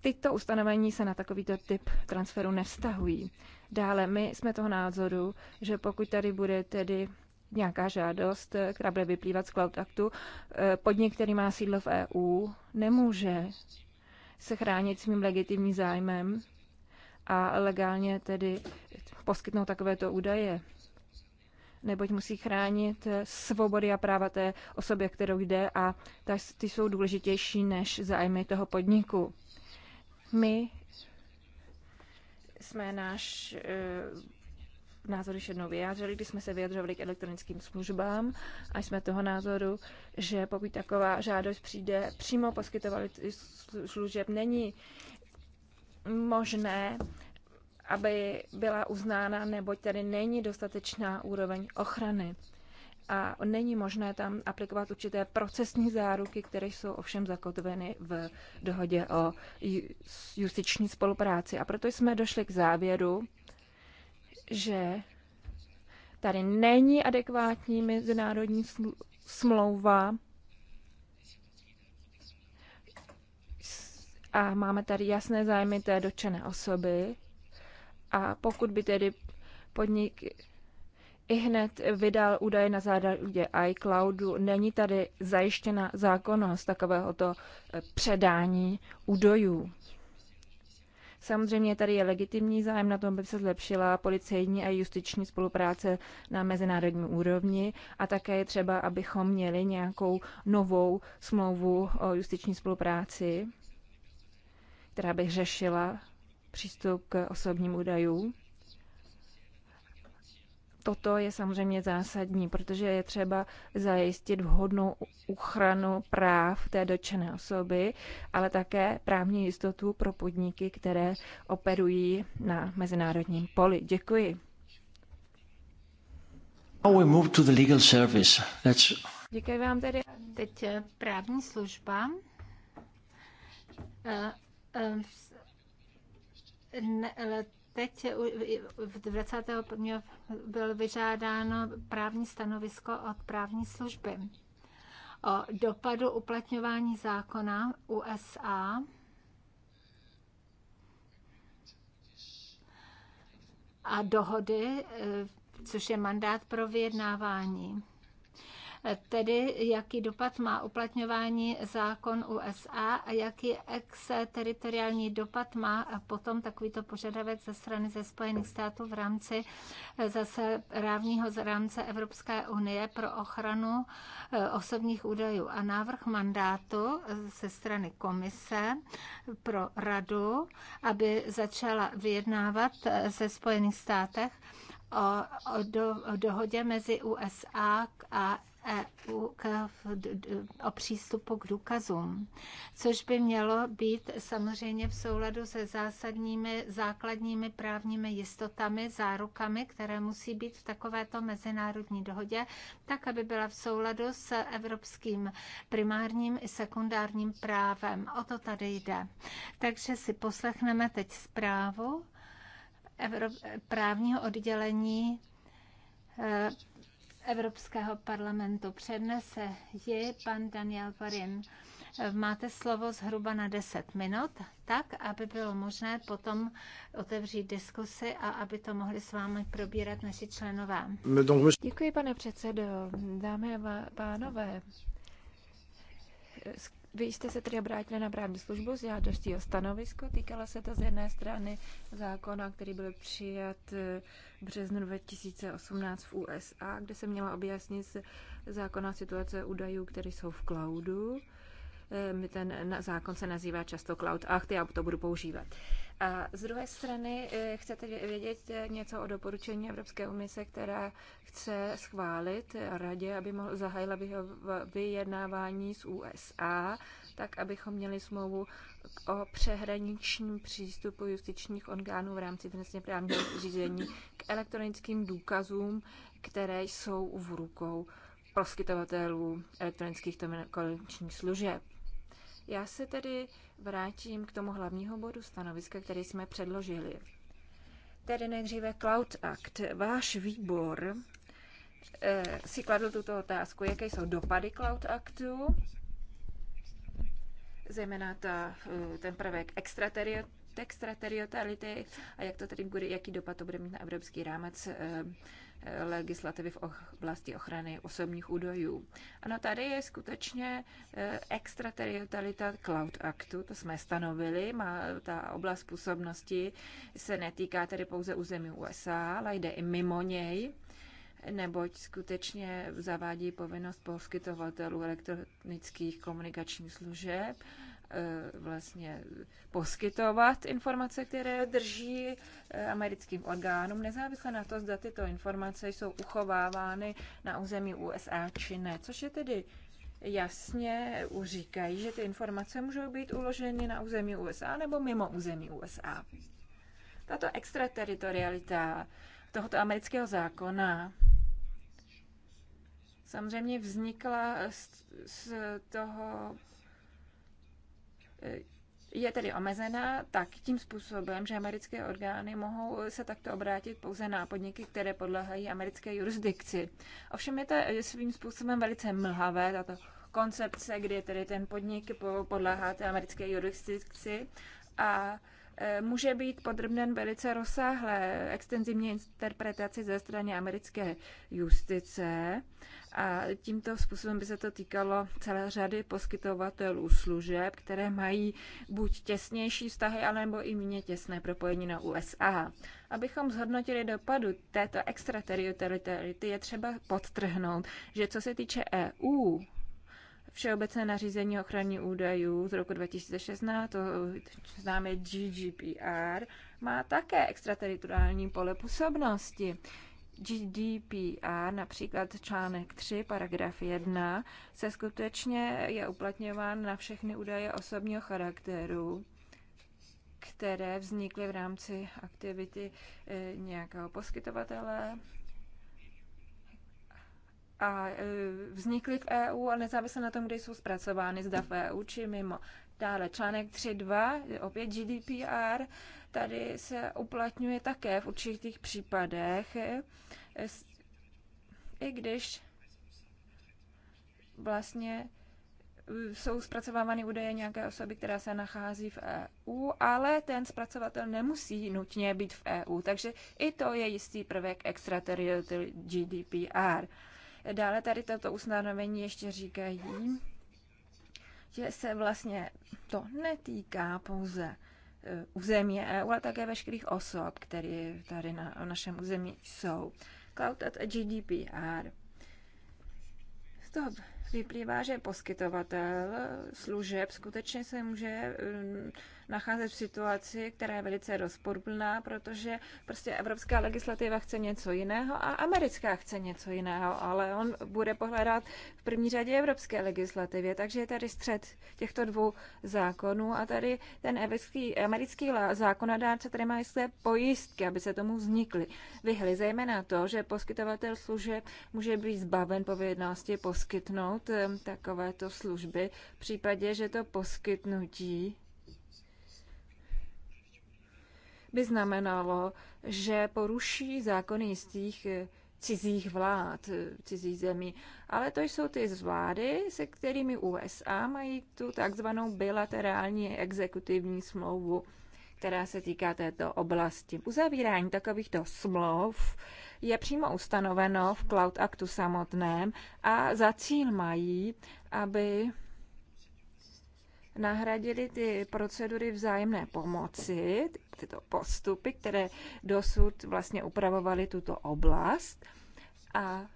S3: tyto ustanovení se na takovýto typ transferu nevztahují. Dále my jsme toho názoru, že pokud tady bude tedy nějaká žádost, eh, která bude vyplývat z Cloud Actu, eh, podnik, který má sídlo v EU, nemůže se chránit svým legitimním zájmem a legálně tedy poskytnout takovéto údaje. Neboť musí chránit svobody a práva té osoby, kterou jde a ty jsou důležitější než zájmy toho podniku. My jsme náš eh, názor ještě jednou vyjádřili, když jsme se vyjadřovali k elektronickým službám a jsme toho názoru, že pokud taková žádost přijde přímo poskytovatel služeb, není možné, aby byla uznána, neboť tady není dostatečná úroveň ochrany. A není možné tam aplikovat určité procesní záruky, které jsou ovšem zakotveny v dohodě o justiční spolupráci. A proto jsme došli k závěru, že tady není adekvátní mezinárodní smlouva, a máme tady jasné zájmy té dotčené osoby. A pokud by tedy podnik i hned vydal údaje na základě iCloudu, není tady zajištěna zákonnost takovéhoto e, předání údajů. Samozřejmě tady je legitimní zájem na tom, aby se zlepšila policejní a justiční spolupráce na mezinárodní úrovni a také je třeba, abychom měli nějakou novou smlouvu o justiční spolupráci která by řešila přístup k osobním údajům. Toto je samozřejmě zásadní, protože je třeba zajistit vhodnou ochranu práv té dotčené osoby, ale také právní jistotu pro podniky, které operují na mezinárodním poli. Děkuji. Děkuji vám tedy. Teď eh, právní služba.
S1: Eh, Ehm, ne, ale teď v 21. bylo vyžádáno právní stanovisko od právní služby o dopadu uplatňování zákona USA a dohody, eh, což je mandát pro vyjednávání tedy jaký dopad má uplatňování zákon USA a jaký exteritoriální dopad má potom takovýto požadavek ze strany ze Spojených států v rámci zase právního rámce Evropské unie pro ochranu eh, osobních údajů. A návrh mandátu eh, ze strany komise pro radu, aby začala vyjednávat ze eh, Spojených státech o, o, do, o dohodě mezi USA a E k, o přístupu k důkazům, což by mělo být samozřejmě v souladu se zásadními základními právními jistotami, zárukami, které musí být v takovéto mezinárodní dohodě, tak, aby byla v souladu s evropským primárním i sekundárním právem. O to tady jde. Takže si poslechneme teď zprávu právního oddělení e, Evropského parlamentu. Přednese ji pan Daniel Varin. Máte slovo zhruba na 10 minut, tak, aby bylo možné potom otevřít diskusy a aby to mohli s vámi probírat naši členové. Děkuji,
S3: pane předsedo. Dámy a pánové, vy jste se tedy obrátili na právní službu s žádostí o stanovisko. Týkala se to z jedné strany zákona, který byl přijat eh, v březnu 2018 v USA, kde se měla objasnit zákona situace údajů, které jsou v cloudu. Eh, ten zákon se nazývá často Cloud Act, já to budu používat. A z druhé strany eh, chcete vědět eh, něco o doporučení Evropské komise, která chce schválit radě, aby mohl zahájila vyjednávání s USA, tak abychom měli smlouvu o přehraničním přístupu justičních orgánů v rámci trestně právního řízení k elektronickým důkazům, které jsou v rukou poskytovatelů elektronických komunikačních služeb. Já se tedy vrátím k tomu hlavního bodu stanoviska, který jsme předložili. Tedy nejdříve Cloud Act. Váš výbor eh, si kladl tuto otázku, jaké jsou dopady Cloud Actu, zejména ta, eh, ten prvek extraterio extraterritoriality a jak to tedy bude, jaký dopad to bude mít na evropský rámec eh, legislativy v oblasti ochrany osobních údajů. Ano, tady je skutečně e, extraterritorialita Cloud Actu, to jsme stanovili, má ta oblast působnosti se netýká tedy pouze území USA, ale jde i mimo něj neboť skutečně zavádí povinnost poskytovatelů elektronických komunikačních služeb Eh, vlastně poskytovat informace, které drží eh, americkým orgánům, nezávisle na to, zda tyto informace jsou uchovávány na území USA či ne, což je tedy jasně říkají, že ty informace můžou být uloženy na území USA nebo mimo území USA. Tato extrateritorialita tohoto amerického zákona samozřejmě vznikla z, z toho je tedy omezená tak tím způsobem, že americké orgány mohou se takto obrátit pouze na podniky, které podléhají americké jurisdikci. Ovšem je to svým způsobem velice mlhavé, tato koncepce, kdy tedy ten podnik podléhá té americké jurisdikci a Eh, může být podrobnen velice rozsáhlé extenzivní interpretaci ze strany americké justice a tímto způsobem by se to týkalo celé řady poskytovatelů služeb, které mají buď těsnější vztahy, alebo i méně těsné propojení na USA. Abychom zhodnotili dopadu této extrateritoriality, je třeba podtrhnout, že co se týče EU, Všeobecné nařízení ochrany údajů z roku 2016, to známe GDPR, má také extrateritoriální pole působnosti. GDPR, například článek 3, paragraf 1, se skutečně je uplatňován na všechny údaje osobního charakteru, které vznikly v rámci aktivity eh, nějakého poskytovatele a e, vznikly v EU a nezávisle na tom, kde jsou zpracovány, zda v EU či mimo. Dále článek 3.2, opět GDPR, tady se uplatňuje také v určitých případech, e, i když vlastně e, jsou zpracovávány údaje nějaké osoby, která se nachází v EU, ale ten zpracovatel nemusí nutně být v EU. Takže i to je jistý prvek extraterritorial GDPR. Dále tady toto ustanovení ještě říkají, že se vlastně to netýká pouze e, území EU, ale také veškerých osob, které tady na našem území jsou. Cloud at GDPR. Z toho vyplývá, že poskytovatel služeb skutečně se může mm, nacházet v situaci, která je velice rozporuplná, protože prostě evropská legislativa chce něco jiného a americká chce něco jiného, ale on bude pohledat v první řadě evropské legislativě, takže je tady střed těchto dvou zákonů a tady ten evropský, americký zákonodárce tady má jisté pojistky, aby se tomu vznikly. Vyhly zejména to, že poskytovatel služeb může být zbaven povědnosti poskytnout takovéto služby v případě, že to poskytnutí by znamenalo, že poruší zákony jistých eh, cizích vlád, eh, cizích zemí. Ale to jsou ty vlády, se kterými USA mají tu takzvanou bilaterální exekutivní smlouvu, která se týká této oblasti. Uzavírání takovýchto smlouv je přímo ustanoveno v Cloud Actu samotném a za cíl mají, aby nahradili ty procedury vzájemné pomoci, tyto postupy, které dosud vlastně upravovaly tuto oblast. A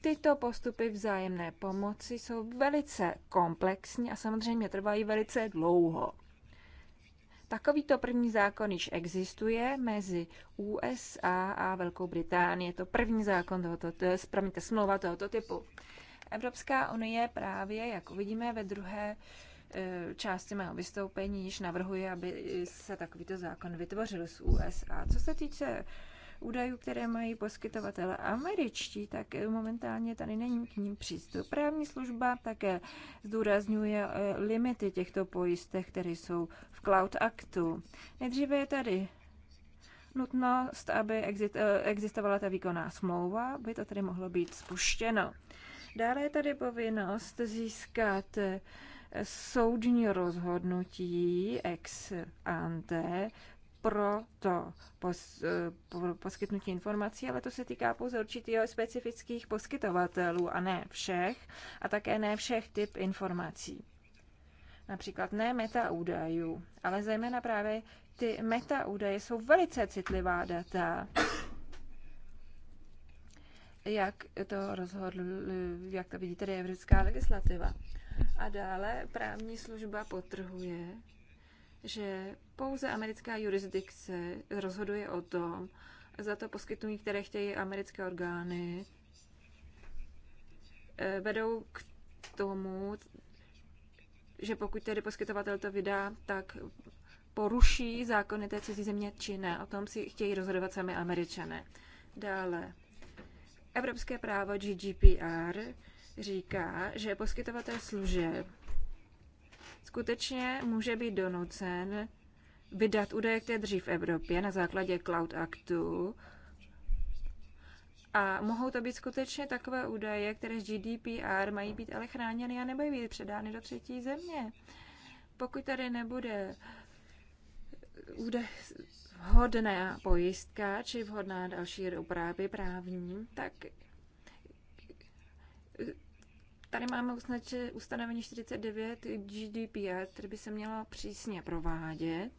S3: tyto postupy vzájemné pomoci jsou velice komplexní a samozřejmě trvají velice dlouho. Takovýto první zákon již existuje mezi USA a Velkou Británií. Je to první zákon tohoto, to je, eh, promiňte, smlouva tohoto typu. Evropská unie právě, jak uvidíme ve druhé E, části mého vystoupení již navrhuji, aby se takovýto zákon vytvořil z USA. Co se týče údajů, které mají poskytovatele američtí, tak momentálně tady není k ním přístup. Právní služba také zdůrazňuje e, limity těchto pojistek, které jsou v Cloud Actu. Nejdříve je tady nutnost, aby e, existovala ta výkonná smlouva, by to tedy mohlo být spuštěno. Dále je tady povinnost získat soudní rozhodnutí ex ante pro to pos, eh, pro poskytnutí informací, ale to se týká pouze určitých specifických poskytovatelů a ne všech a také ne všech typ informací. Například ne meta údajů, ale zejména právě ty meta údaje jsou velice citlivá data. Jak to rozhodl, jak to vidí tedy evropská legislativa. A dále právní služba potrhuje, že pouze americká jurisdikce rozhoduje o tom, za to poskytují, které chtějí americké orgány, eh, vedou k tomu, že pokud tedy poskytovatel to vydá, tak poruší zákony té cizí země či ne. O tom si chtějí rozhodovat sami američané. Dále. Evropské právo GDPR říká, že poskytovatel služeb skutečně může být donucen vydat údaje, které dřív v Evropě na základě Cloud Actu. A mohou to být skutečně takové údaje, které z GDPR mají být ale chráněny a nebo být předány do třetí země. Pokud tady nebude údaj, vhodná pojistka či vhodná další úpravy právní, tak Tady máme usnače, ustanovení 49 GDPR, které by se mělo přísně provádět.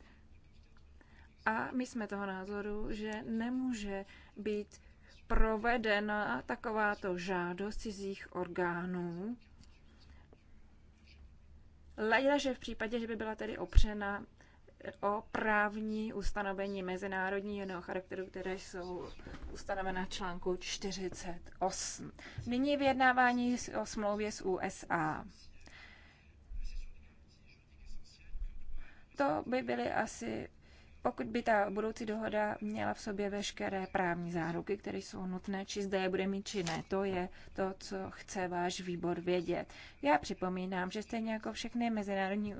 S3: A my jsme toho názoru, že nemůže být provedena takováto žádost cizích orgánů, Leda, že v případě, že by byla tedy opřena o právní ustanovení mezinárodního charakteru, které jsou ustanovena článku 48. Nyní vyjednávání o smlouvě s USA. To by byly asi pokud by ta budoucí dohoda měla v sobě veškeré právní záruky, které jsou nutné, či zde je bude mít, či ne. To je to, co chce váš výbor vědět. Já připomínám, že stejně jako všechny mezinárodní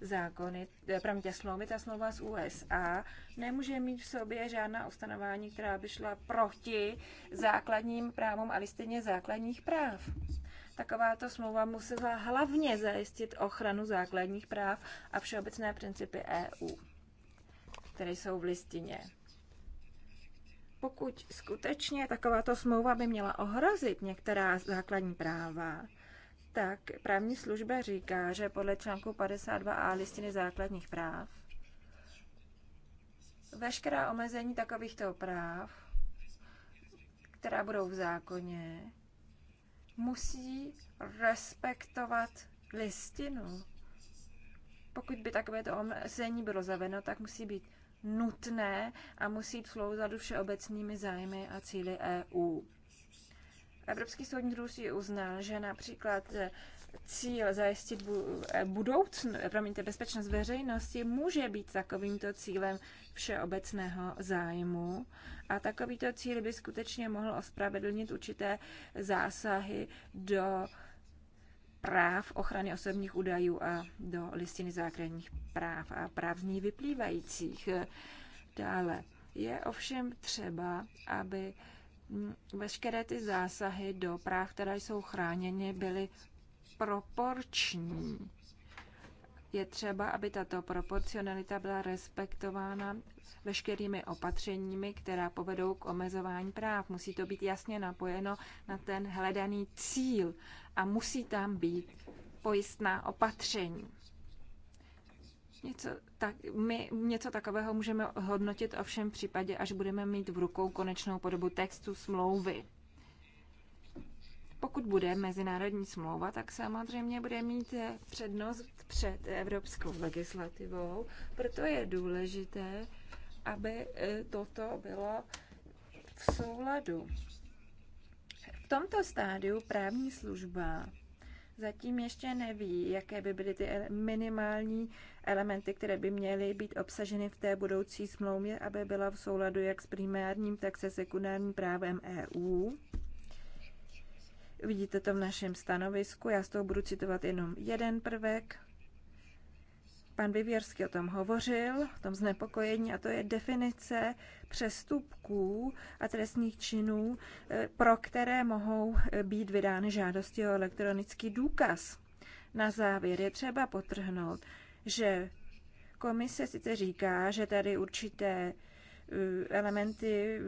S3: zákony, eh, promiňte, smlouvy, ta smlouva z USA nemůže mít v sobě žádná ustanování, která by šla proti základním právům a listině základních práv. Takováto smlouva musela hlavně zajistit ochranu základních práv a všeobecné principy EU které jsou v listině. Pokud skutečně takováto smlouva by měla ohrozit některá základní práva, tak právní služba říká, že podle článku 52a listiny základních práv veškerá omezení takovýchto práv, která budou v zákoně, musí respektovat listinu. Pokud by takovéto omezení bylo zaveno, tak musí být nutné a musí jít v souladu všeobecnými zájmy a cíly EU. Evropský soudní růst si uznal, že například eh, cíl zajistit eh, budoucnost, eh, promiňte, bezpečnost veřejnosti může být takovýmto cílem všeobecného zájmu a takovýto cíl by skutečně mohl ospravedlnit určité zásahy do práv ochrany osobních údajů a do listiny základních práv a práv z ní vyplývajících. Dále je ovšem třeba, aby veškeré ty zásahy do práv, které jsou chráněny, byly proporční. Je třeba, aby tato proporcionalita byla respektována veškerými opatřeními, která povedou k omezování práv. Musí to být jasně napojeno na ten hledaný cíl a musí tam být pojistná opatření. Něco, tak, my něco takového můžeme hodnotit ovšem v případě, až budeme mít v rukou konečnou podobu textu smlouvy. Pokud bude mezinárodní smlouva, tak samozřejmě bude mít přednost před evropskou legislativou, proto je důležité, aby e, toto bylo v souladu. V tomto stádiu právní služba zatím ještě neví, jaké by byly ty minimální elementy, které by měly být obsaženy v té budoucí smlouvě, aby byla v souladu jak s primárním, tak se sekundárním právem EU. Vidíte to v našem stanovisku, já z toho budu citovat jenom jeden prvek. Pan Vivěrský o tom hovořil, o tom znepokojení, a to je definice přestupků a trestních činů, eh, pro které mohou eh, být vydány žádosti o elektronický důkaz. Na závěr je třeba potrhnout, že komise sice říká, že tady určité eh, elementy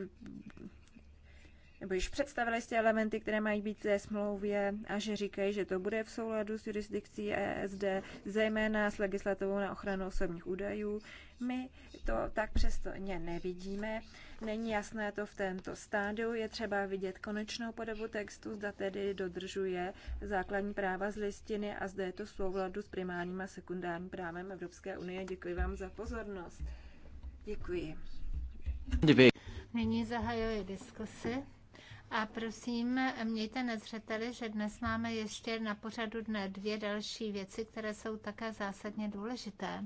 S3: nebo již představili jste elementy, které mají být ve smlouvě a že říkají, že to bude v souladu s jurisdikcí ESD, zejména s legislativou na ochranu osobních údajů. My to tak přesto ně nevidíme. Není jasné to v tento stádiu. Je třeba vidět konečnou podobu textu, zda tedy dodržuje základní práva z listiny a zda je to v souladu s primárním a sekundárním právem Evropské unie. Děkuji vám za pozornost. Děkuji.
S1: Nyní zahajuji diskusy.
S3: A prosím,
S1: mějte na zřeteli, že dnes máme ještě na pořadu dne dvě další věci, které jsou také zásadně důležité.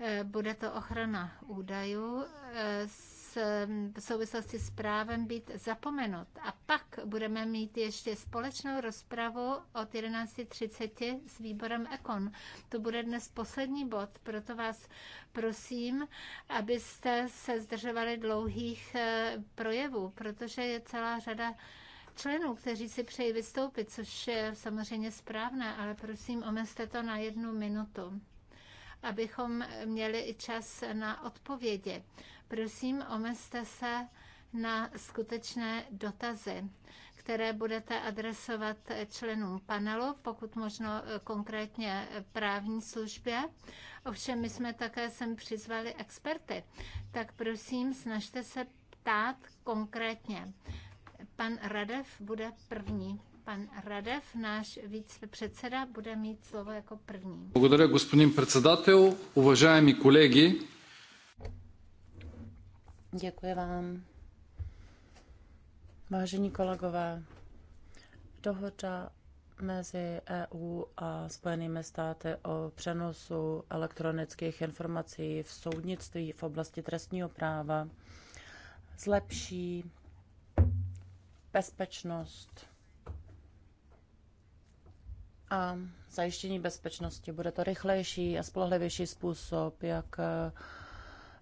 S1: Eh, bude to ochrana údajů eh, s s, v souvislosti s právem být zapomenut. A pak budeme mít ještě společnou rozpravu od 11.30 s výborem Ekon. To bude dnes poslední bod, proto vás prosím, abyste se zdržovali dlouhých eh, projevů, protože je celá řada členů, kteří si přejí vystoupit, což je samozřejmě správné, ale prosím, omezte to na jednu minutu, abychom měli i čas na odpovědi. Prosím, omezte se na skutečné dotazy, které budete adresovat členům panelu, pokud možno eh, konkrétně právní službě. Ovšem, my jsme také sem přizvali experty, tak prosím, snažte se ptát konkrétně. Pan Radev bude první. Pan Radev, náš vicepředseda, bude mít slovo jako první.
S3: Благодаря, господин председател. Уважаеми колеги,
S2: Děkuji vám. Vážení kolegové, dohoda mezi EU a Spojenými státy o přenosu elektronických informací v soudnictví v oblasti trestního práva zlepší bezpečnost a zajištění bezpečnosti. Bude to rychlejší a spolehlivější způsob, jak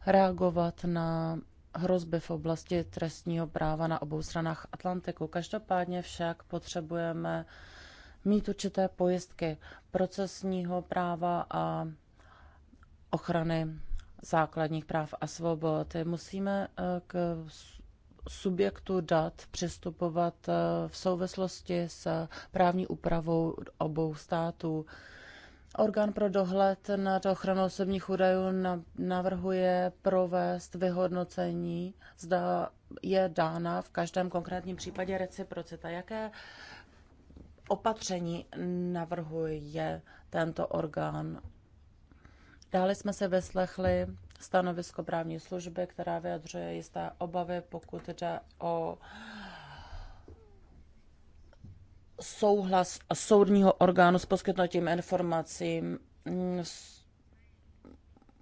S2: reagovat na hrozby v oblasti trestního práva na obou stranách Atlantiku. Každopádně však potřebujeme mít určité pojistky procesního práva a ochrany základních práv a svobod. Musíme eh, k subjektu dat přistupovat eh, v souvislosti s právní úpravou obou států. Orgán pro dohled nad ochranou osobních údajů navrhuje provést vyhodnocení, zda je dána v každém konkrétním případě reciprocita. Jaké opatření navrhuje tento orgán? Dále jsme se vyslechli stanovisko právní služby, která vyjadřuje jisté obavy, pokud jde o uh, souhlas soudního orgánu s poskytnutím informací mm,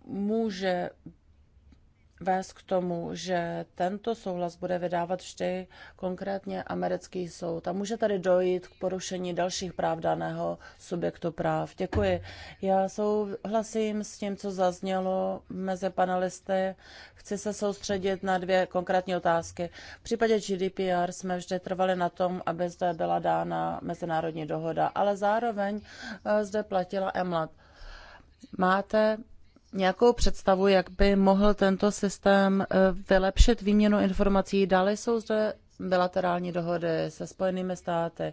S2: může vést k tomu, že tento souhlas bude vydávat vždy konkrétně americký soud. A může tady dojít k porušení dalších práv daného subjektu práv. Děkuji. Já souhlasím s tím, co zaznělo mezi panelisty. Chci se soustředit na dvě konkrétní otázky. V případě GDPR jsme vždy trvali na tom, aby zde byla dána mezinárodní dohoda, ale zároveň eh, zde platila EMLAT. Máte nějakou představu, jak by mohl tento systém eh, vylepšit výměnu informací. Dále jsou zde bilaterální dohody se Spojenými státy.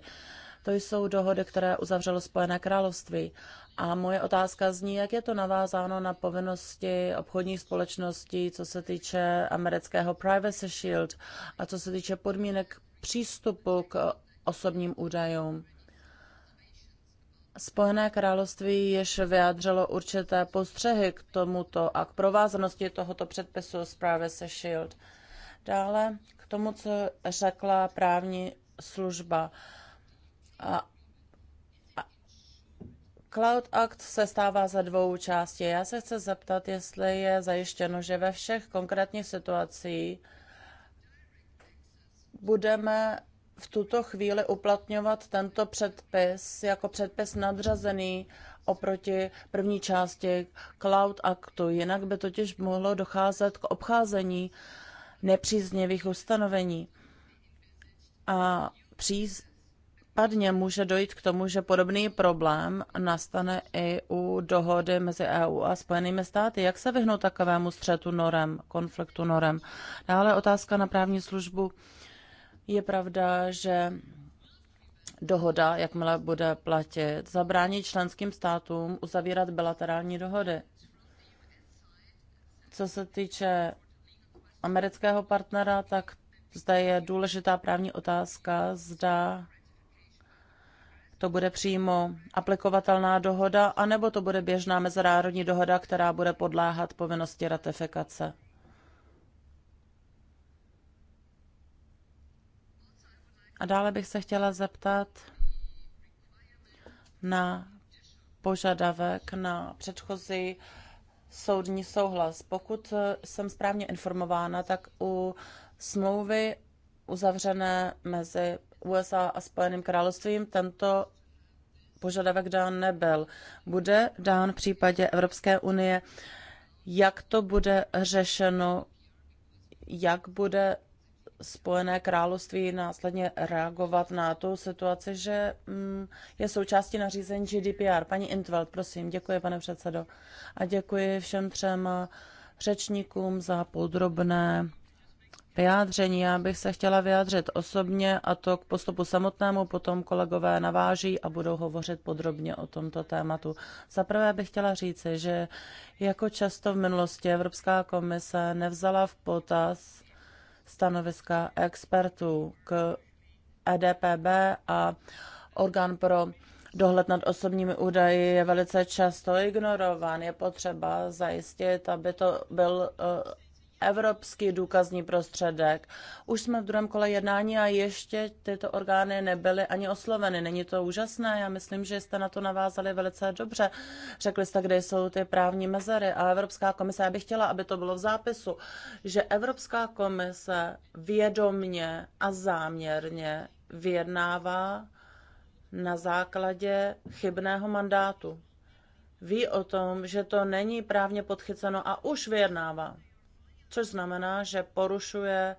S2: To jsou dohody, které uzavřelo Spojené království. A moje otázka zní, jak je to navázáno na povinnosti obchodních společností, co se týče amerického Privacy Shield a co se týče podmínek přístupu k osobním údajům. Spojené království již vyjádřilo určité postřehy k tomuto a k provázanosti tohoto předpisu s Privacy Shield. Dále k tomu, co řekla právní služba. A, Cloud Act se stává za dvou částí. Já se chci zeptat, jestli je zajištěno, že ve všech konkrétních situacích budeme v tuto chvíli uplatňovat tento předpis jako předpis nadřazený oproti první části Cloud Actu. Jinak by totiž mohlo docházet k obcházení nepříznivých ustanovení. A případně může dojít k tomu, že podobný problém nastane i u dohody mezi EU a Spojenými státy. Jak se vyhnout takovému střetu norem, konfliktu norem? Dále otázka na právní službu je pravda, že dohoda, jakmile bude platit, zabrání členským státům uzavírat bilaterální dohody. Co se týče amerického partnera, tak zde je důležitá právní otázka, zda to bude přímo aplikovatelná dohoda, anebo to bude běžná mezinárodní dohoda, která bude podléhat povinnosti ratifikace. A dále bych se chtěla zeptat na požadavek na předchozí soudní souhlas. Pokud eh, jsem správně informována, tak u smlouvy uzavřené mezi USA a Spojeným královstvím tento požadavek dán nebyl. Bude dán v případě Evropské unie. Jak to bude řešeno? Jak bude Spojené království následně reagovat na tu situaci, že mm, je součástí nařízení GDPR. Paní Intveld, prosím, děkuji, pane předsedo. A děkuji všem třem řečníkům za podrobné vyjádření. Já bych se chtěla vyjádřit osobně a to k postupu samotnému, potom kolegové naváží a budou hovořit podrobně o tomto tématu. Za prvé bych chtěla říci, že jako často v minulosti Evropská komise nevzala v potaz stanoviska expertů k EDPB a orgán pro dohled nad osobními údaji je velice často ignorován. Je potřeba zajistit, aby to byl eh, evropský důkazní prostředek. Už jsme v druhém kole jednání a ještě tyto orgány nebyly ani osloveny. Není to úžasné? Já myslím, že jste na to navázali velice dobře. Řekli jste, kde jsou ty právní mezery a Evropská komise, já bych chtěla, aby to bylo v zápisu, že Evropská komise vědomně a záměrně vyjednává na základě chybného mandátu. Ví o tom, že to není právně podchyceno a už vyjednává což znamená, že porušuje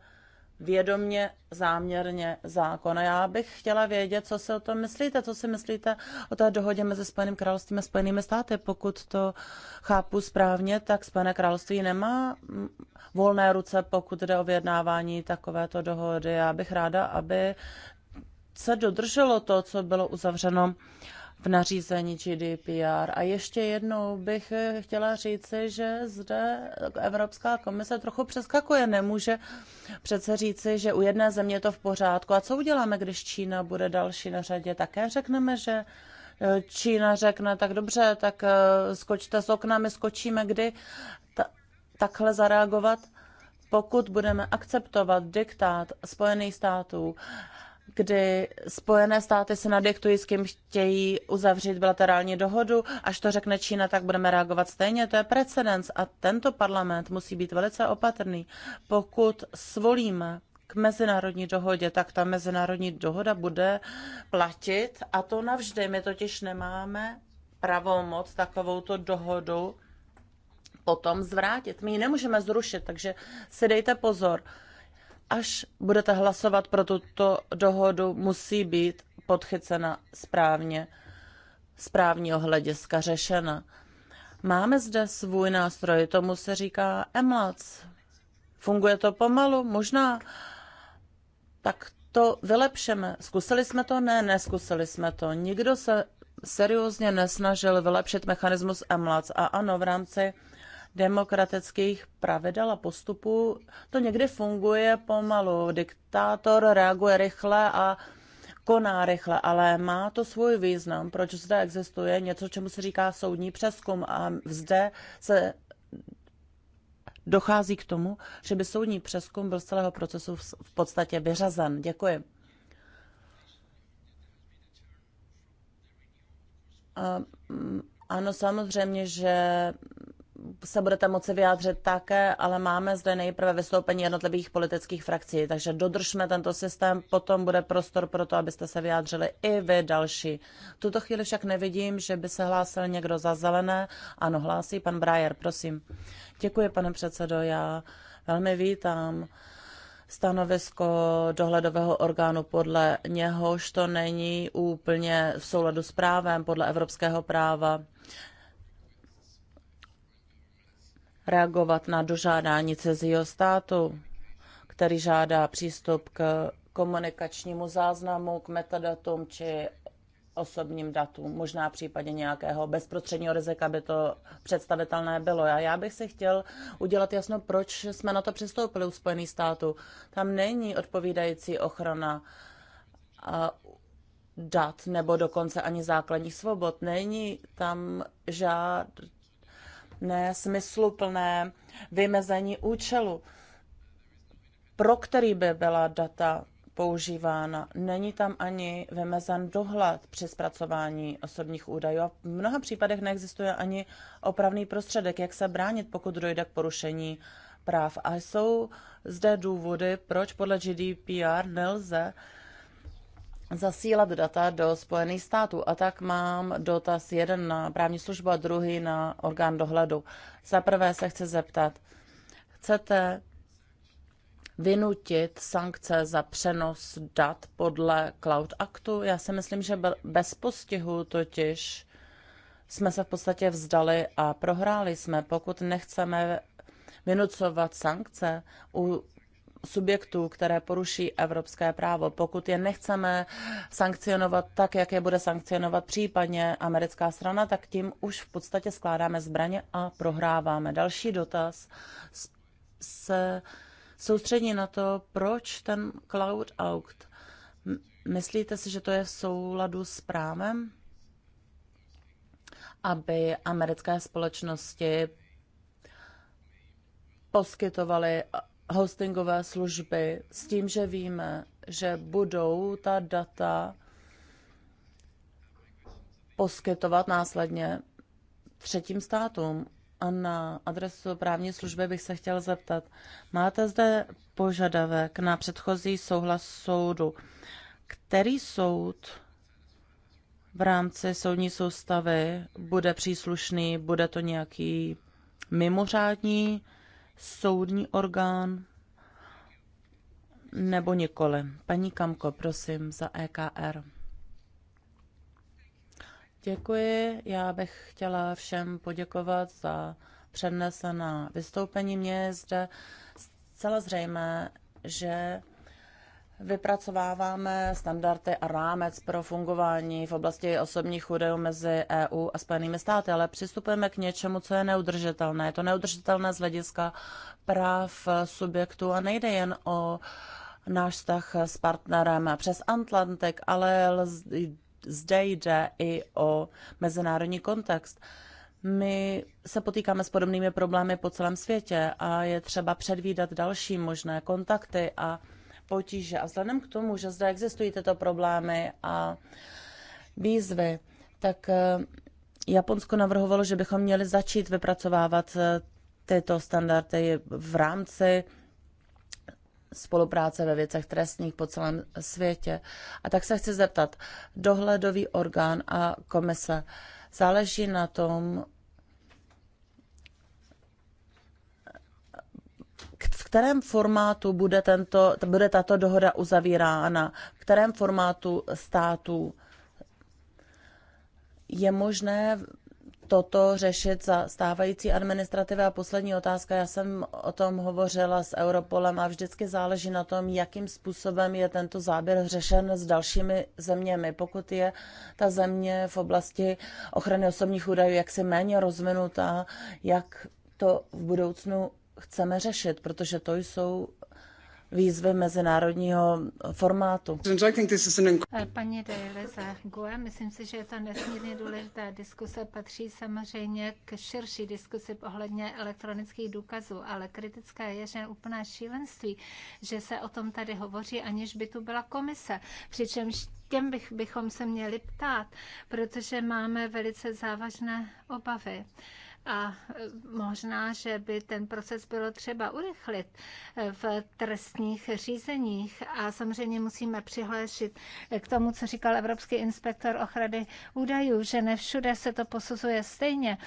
S2: vědomně, záměrně zákon. A já bych chtěla vědět, co si o tom myslíte, co si myslíte o té dohodě mezi Spojeným královstvím a Spojenými státy. Pokud to chápu správně, tak Spojené království nemá mm, volné ruce, pokud jde o vyjednávání takovéto dohody. Já bych ráda, aby se dodrželo to, co bylo uzavřeno v nařízení GDPR. A ještě jednou bych eh, chtěla říci, že zde Evropská komise trochu přeskakuje. Nemůže přece říci, že u jedné země je to v pořádku. A co uděláme, když Čína bude další na řadě? Také řekneme, že eh, Čína řekne, tak dobře, tak eh, skočte s okna, my skočíme kdy. Ta, takhle zareagovat, pokud budeme akceptovat diktát Spojených států, kdy Spojené státy se nadiktují, s kým chtějí uzavřít bilaterální dohodu. Až to řekne Čína, tak budeme reagovat stejně. To je precedens a tento parlament musí být velice opatrný. Pokud svolíme k mezinárodní dohodě, tak ta mezinárodní dohoda bude platit a to navždy. My totiž nemáme pravomoc takovouto dohodu potom zvrátit. My ji nemůžeme zrušit, takže si dejte pozor až budete hlasovat pro tuto dohodu, musí být podchycena správně, správního hlediska řešena. Máme zde svůj nástroj, tomu se říká EMLAC. Funguje to pomalu? Možná. Tak to vylepšeme. Zkusili jsme to? Ne, neskusili jsme to. Nikdo se seriózně nesnažil vylepšit mechanismus EMLAC. A ano, v rámci demokratických pravidel a postupů. To někdy funguje pomalu. Diktátor reaguje rychle a koná rychle, ale má to svůj význam, proč zde existuje něco, čemu se říká soudní přeskum a zde se dochází k tomu, že by soudní přeskum byl z celého procesu v podstatě vyřazen. Děkuji. A, mm, ano, samozřejmě, že se budete moci vyjádřit také, ale máme zde nejprve vystoupení jednotlivých politických frakcí, takže dodržme tento systém, potom bude prostor pro to, abyste se vyjádřili i vy další. V tuto chvíli však nevidím, že by se hlásil někdo za zelené. Ano, hlásí pan Brajer, prosím. Děkuji, pane předsedo, já velmi vítám stanovisko dohledového orgánu, podle něhož to není úplně v souladu s právem, podle evropského práva reagovat na dožádání cizího státu, který žádá přístup k komunikačnímu záznamu, k metadatům či osobním datům, možná případně nějakého bezprostředního rizika by to představitelné bylo. A já bych si chtěl udělat jasno, proč jsme na to přistoupili u Spojených států. Tam není odpovídající ochrana dat nebo dokonce ani základních svobod. Není tam žád, ne smysluplné vymezení účelu, pro který by byla data používána. Není tam ani vymezen dohled při zpracování osobních údajů a v mnoha případech neexistuje ani opravný prostředek, jak se bránit, pokud dojde k porušení práv. A jsou zde důvody, proč podle GDPR nelze uh, zasílat data do Spojených států. A tak mám dotaz jeden na právní službu a druhý na orgán dohledu. Za prvé se chci zeptat, chcete vynutit sankce za přenos dat podle Cloud Actu? Já si myslím, že bez postihu totiž jsme se v podstatě vzdali a prohráli jsme. Pokud nechceme vynucovat sankce u subjektů, které poruší evropské právo. Pokud je nechceme sankcionovat tak, jak je bude sankcionovat případně americká strana, tak tím už v podstatě skládáme zbraně a prohráváme. Další dotaz se soustředí na to, proč ten cloud out. Myslíte si, že to je v souladu s právem? Aby americké společnosti poskytovaly hostingové služby s tím, že víme, že budou ta data poskytovat následně třetím státům. A na adresu právní služby bych se chtěl zeptat, máte zde požadavek na předchozí souhlas soudu. Který soud v rámci soudní soustavy bude příslušný? Bude to nějaký mimořádní soudní orgán nebo nikoli. Paní Kamko, prosím, za EKR. Děkuji. Já bych chtěla všem poděkovat za přednesená vystoupení. Mně je zde zcela zřejmé, že vypracováváme standardy a rámec pro fungování v oblasti osobních údajů mezi EU a Spojenými státy, ale přistupujeme k něčemu, co je neudržitelné. Je to neudržitelné z hlediska práv subjektů a nejde jen o náš vztah s partnerem přes Atlantik, ale zde jde i o mezinárodní kontext. My se potýkáme s podobnými problémy po celém světě a je třeba předvídat další možné kontakty a potíže. A vzhledem k tomu, že zde existují tyto problémy a výzvy, tak eh, Japonsko navrhovalo, že bychom měli začít vypracovávat eh, tyto standardy v rámci spolupráce ve věcech trestních po celém světě. A tak se chci zeptat, dohledový orgán a komise záleží na tom, v kterém formátu bude, tento, bude tato dohoda uzavírána, v kterém formátu států je možné toto řešit za stávající administrativy. A poslední otázka, já jsem o tom hovořila s Europolem a vždycky záleží na tom, jakým způsobem je tento záběr řešen s dalšími zeměmi. Pokud je ta země v oblasti ochrany osobních údajů jaksi méně rozvinutá, jak to v budoucnu chceme řešit, protože to jsou výzvy mezinárodního formátu. Eh,
S1: paní Daly za GUE, myslím si, že je to nesmírně důležitá diskuse. Patří samozřejmě k širší diskusi ohledně elektronických důkazů, ale kritická je, že je úplná šílenství, že se o tom tady hovoří, aniž by tu byla komise. Přičemž těm bych, bychom se měli ptát, protože máme velice závažné obavy a e, možná, že by ten proces bylo třeba urychlit e, v trestních řízeních a samozřejmě musíme přihlášit e, k tomu, co říkal Evropský inspektor ochrany údajů, že ne všude se to posuzuje stejně,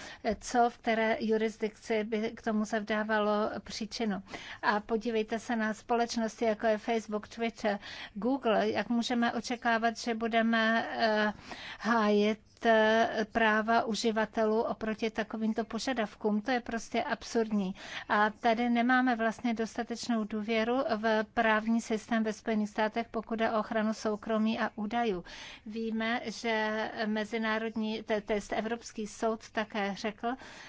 S1: co v které jurisdikci by k tomu zavdávalo příčinu. A podívejte se na společnosti, jako je Facebook, Twitter, Google, jak můžeme očekávat, že budeme hájit Eh, práva uživatelů oproti takovýmto požadavkům. To je prostě absurdní. A tady nemáme vlastně dostatečnou důvěru v právní systém ve Spojených státech, pokud je o ochranu soukromí a údajů. Víme, že mezinárodní, to je Evropský soud také řekl,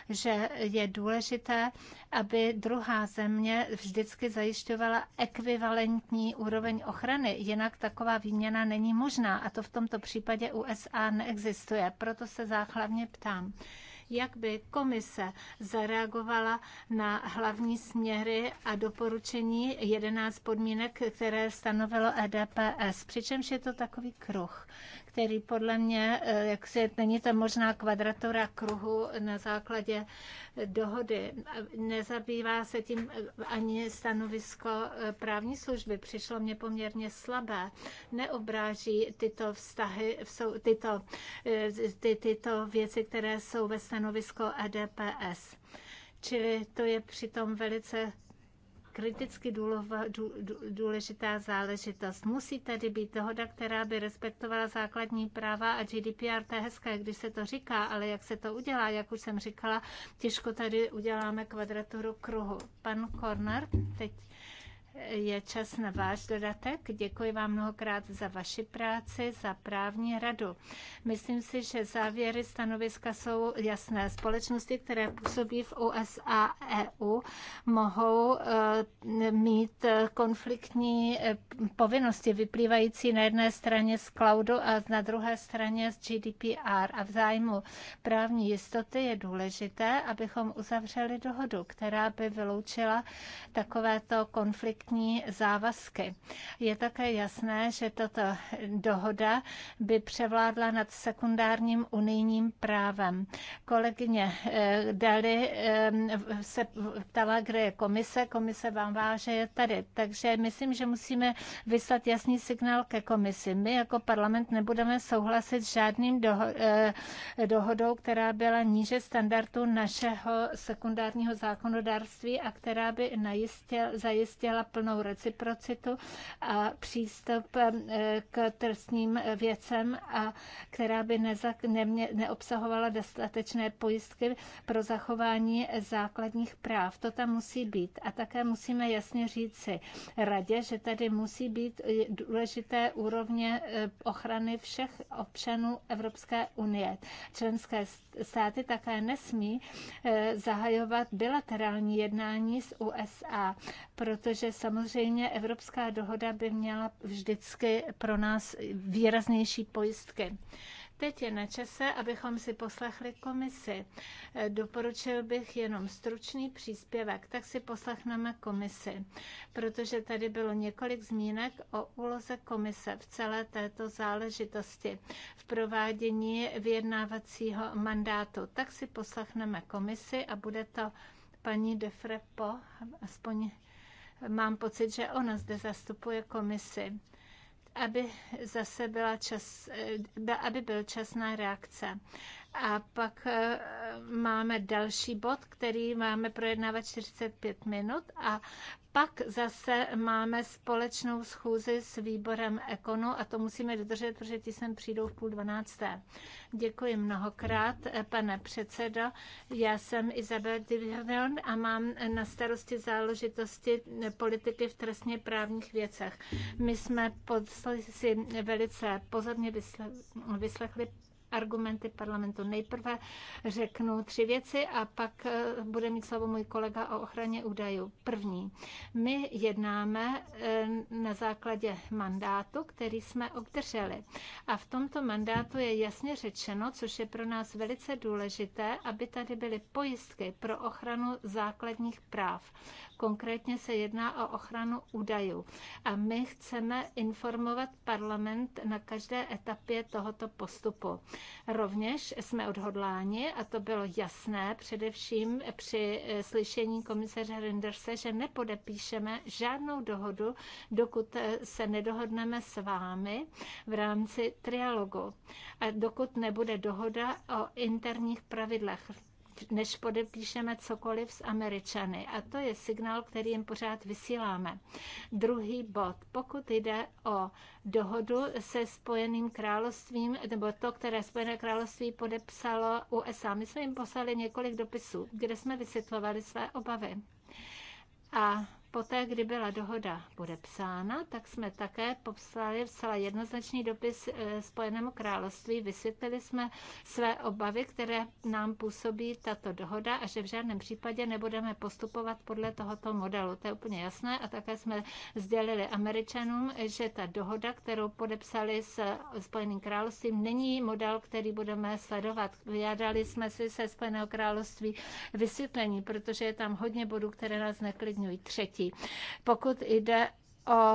S1: že je důležité, aby druhá země vždycky zajišťovala ekvivalentní úroveň ochrany, jinak taková výměna není možná a to v tomto případě USA neexistuje je, Proto se základně ptám, jak by komise zareagovala na hlavní směry a doporučení 11 podmínek, které stanovilo EDPS. Přičemž je to takový kruh, který podle mě, eh, jak se není to možná kvadratura kruhu na základě dohody. Nezabývá se tím eh, ani stanovisko eh, právní služby. Přišlo mě poměrně slabé. Neobráží tyto vztahy, tyto, ty, tyto věci, které jsou ve stanovisko EDPS. Čili to je přitom velice kriticky důležitá záležitost. Musí tady být dohoda, která by respektovala základní práva a GDPR, to je hezké, když se to říká, ale jak se to udělá, jak už jsem říkala, těžko tady uděláme kvadraturu kruhu. Pan Korner, teď je čas na váš dodatek. Děkuji vám mnohokrát za vaši práci, za právní radu. Myslím si, že závěry stanoviska jsou jasné. Společnosti, které působí v USA EU, mohou eh, mít konfliktní eh, povinnosti vyplývající na jedné straně z cloudu a na druhé straně z GDPR. A v zájmu právní jistoty je důležité, abychom uzavřeli dohodu, která by vyloučila takovéto konfliktní striktní závazky. Je také jasné, že tato dohoda by převládla nad sekundárním unijním právem. Kolegyně eh, Dali eh, se ptala, kde je komise. Komise vám váže je tady. Takže myslím, že musíme vyslat jasný signál ke komisi. My jako parlament nebudeme souhlasit s žádným eh, dohodou, která byla níže standardu našeho sekundárního zákonodárství a která by zajistila plnou reciprocitu a přístup eh, k trestním věcem, a která by nezak, nemě, neobsahovala dostatečné pojistky pro zachování základních práv. To tam musí být. A také musíme jasně říci radě, že tady musí být důležité úrovně eh, ochrany všech občanů Evropské unie. Členské státy také nesmí eh, zahajovat bilaterální jednání s USA, protože Samozřejmě Evropská dohoda by měla vždycky pro nás výraznější pojistky. Teď je na čase, abychom si poslechli komisi. Doporučil bych jenom stručný příspěvek, tak si poslechneme komisi, protože tady bylo několik zmínek o úloze komise v celé této záležitosti v provádění vyjednávacího mandátu. Tak si poslechneme komisi a bude to paní Defrepo, aspoň Mám pocit, že ona zde zastupuje komisi, aby zase byla čas, eh, aby byl čas na reakce. A pak eh, máme další bod, který máme projednávat 45 minut a pak zase máme společnou schůzi s výborem Ekonu a to musíme dodržet, protože ti sem přijdou v půl dvanácté. Děkuji mnohokrát, pane předsedo. Já jsem Izabel Divirion a mám na starosti záležitosti politiky v trestně právních věcech. My jsme si velice pozorně vyslechli argumenty parlamentu. Nejprve řeknu tři věci a pak eh, bude mít slovo můj kolega o ochraně údajů. První, my jednáme eh, na základě mandátu, který jsme obdrželi. A v tomto mandátu je jasně řečeno, což je pro nás velice důležité, aby tady byly pojistky pro ochranu základních práv Konkrétně se jedná o ochranu údajů. A my chceme informovat parlament na každé etapě tohoto postupu. Rovněž jsme odhodláni, a to bylo jasné především při eh, slyšení komisaře Rinderse, že nepodepíšeme žádnou dohodu, dokud eh, se nedohodneme s vámi v rámci trialogu a dokud nebude dohoda o interních pravidlech než podepíšeme cokoliv s Američany. A to je signál, který jim pořád vysíláme. Druhý bod. Pokud jde o dohodu se Spojeným královstvím, nebo to, které Spojené království podepsalo USA, my jsme jim poslali několik dopisů, kde jsme vysvětlovali své obavy. A Poté, kdy byla dohoda podepsána, tak jsme také poslali celá jednoznačný dopis eh, Spojenému království. Vysvětlili jsme své obavy, které nám působí tato dohoda a že v žádném případě nebudeme postupovat podle tohoto modelu. To je úplně jasné a také jsme sdělili Američanům, že ta dohoda, kterou podepsali s Spojeným královstvím, není model, který budeme sledovat. Vyjádali jsme si se Spojeného království vysvětlení, protože je tam hodně bodů, které nás neklidňují. Třetí pokud jde o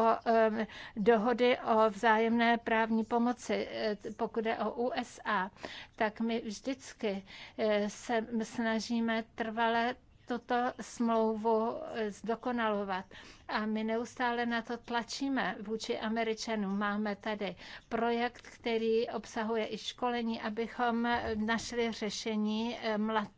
S1: um, dohody o vzájemné právní pomoci, eh, pokud je o USA, tak my vždycky eh, se snažíme trvale tuto smlouvu eh, zdokonalovat. A my neustále na to tlačíme vůči Američanům. Máme tady projekt, který obsahuje i školení, abychom eh, našli řešení eh, mlad.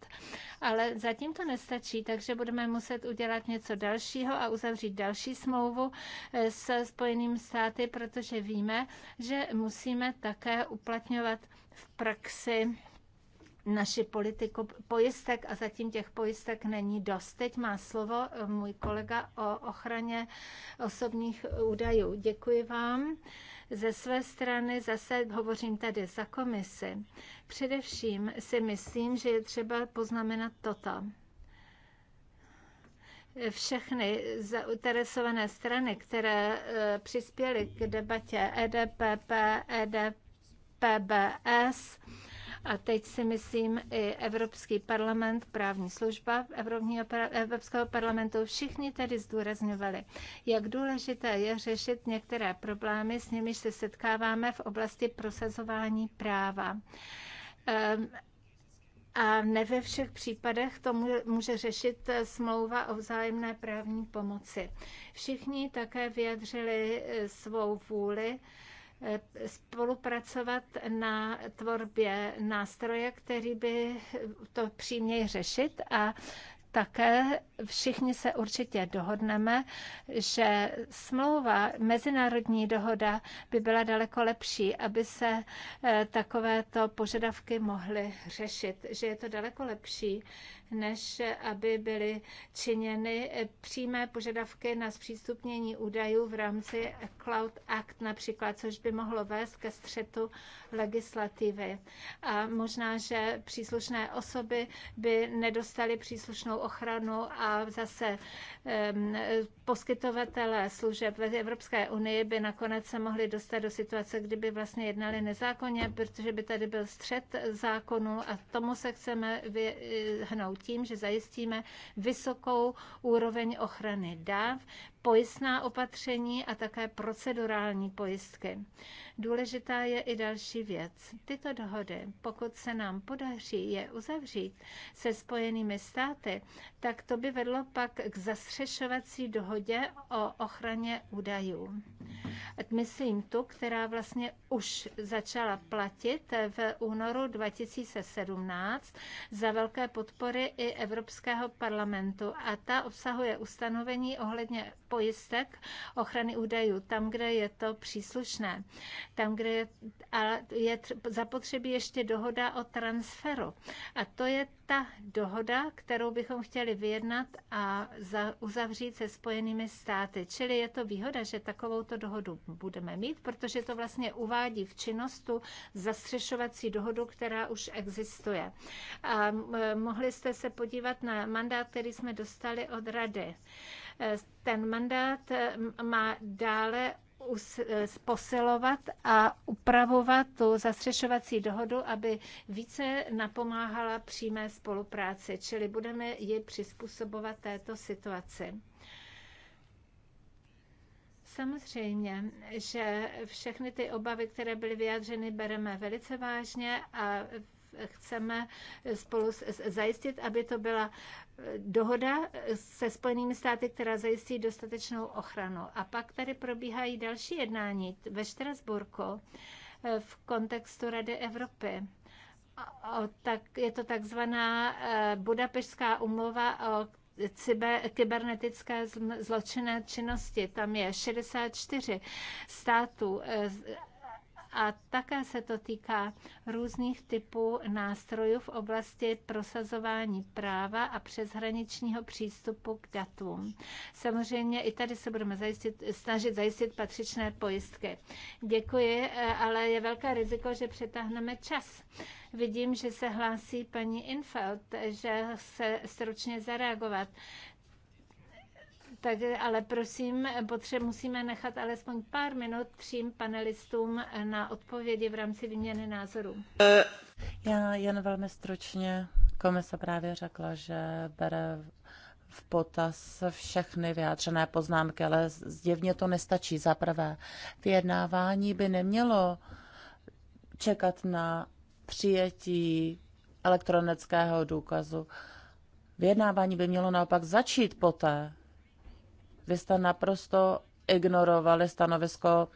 S1: Ale zatím to nestačí, takže budeme muset udělat něco dalšího a uzavřít další smlouvu s Spojenými státy, protože víme, že musíme také uplatňovat v praxi naši politiku pojistek a zatím těch pojistek není dost. Teď má slovo eh, můj kolega o ochraně osobních údajů. Děkuji vám. Ze své strany zase hovořím tady za komisi. Především si myslím, že je třeba poznamenat toto všechny zainteresované strany, které eh, přispěly k debatě EDPP, EDPBS, a teď si myslím, i Evropský parlament, právní služba Evropského parlamentu, všichni tady zdůrazňovali, jak důležité je řešit některé problémy, s nimiž se setkáváme v oblasti prosazování práva. Ehm, a ne ve všech případech to může řešit eh, smlouva o vzájemné právní pomoci. Všichni také vyjadřili eh, svou vůli Eh, spolupracovat na tvorbě nástroje, který by to příměj řešit a také všichni se určitě dohodneme, že smlouva, mezinárodní dohoda by byla daleko lepší, aby se eh, takovéto požadavky mohly řešit, že je to daleko lepší, než aby byly činěny přímé požadavky na zpřístupnění údajů v rámci Cloud Act například, což by mohlo vést ke střetu legislativy. A možná, že příslušné osoby by nedostaly příslušnou ochranu a zase um, poskytovatelé služeb ve Evropské unii by nakonec se mohli dostat do situace, kdyby vlastně jednali nezákonně, protože by tady byl střet zákonů a tomu se chceme vyhnout tím, že zajistíme vysokou úroveň ochrany dáv, pojistná opatření a také procedurální pojistky. Důležitá je i další věc. Tyto dohody, pokud se nám podaří je uzavřít se spojenými státy, tak to by vedlo pak k zastřešovací dohodě o ochraně údajů. Myslím tu, která vlastně už začala platit v únoru 2017 za velké podpory i Evropského parlamentu a ta obsahuje ustanovení ohledně pojistek ochrany údajů tam, kde je to příslušné. Tam, kde je, ale je zapotřebí ještě dohoda o transferu. A to je ta dohoda, kterou bychom chtěli vyjednat a za, uzavřít se spojenými státy. Čili je to výhoda, že takovouto dohodu budeme mít, protože to vlastně uvádí v činnost tu zastřešovací dohodu, která už existuje. A mohli jste se podívat na mandát, který jsme dostali od Rady. Eh, ten mandát eh, má dále eh, posilovat a upravovat tu zastřešovací dohodu, aby více napomáhala přímé spolupráci, čili budeme ji přizpůsobovat této situaci. Samozřejmě, že všechny ty obavy, které byly vyjádřeny, bereme velice vážně a chceme spolu zajistit, aby to byla dohoda se Spojenými státy, která zajistí dostatečnou ochranu. A pak tady probíhají další jednání ve Štrasburku eh, v kontextu Rady Evropy. O, tak, je to takzvaná eh, Budapešská umluva o cyber, kybernetické zločinné činnosti. Tam je 64 států eh, a také se to týká různých typů nástrojů v oblasti prosazování práva a přeshraničního přístupu k datům. Samozřejmě i tady se budeme zajistit, snažit zajistit patřičné pojistky. Děkuji, eh, ale je velké riziko, že přetáhneme čas. Vidím, že se hlásí paní Infeld, že se stručně zareagovat. Takže, ale prosím, potře- musíme nechat alespoň pár minut třím panelistům na odpovědi v rámci výměny názorů.
S2: Já jen velmi stručně. Komise právě řekla, že bere v potaz všechny vyjádřené poznámky, ale zjevně to nestačí. Za prvé, vyjednávání by nemělo čekat na přijetí elektronického důkazu. Vyjednávání by mělo naopak začít poté, vy jste naprosto ignorovali stanovisko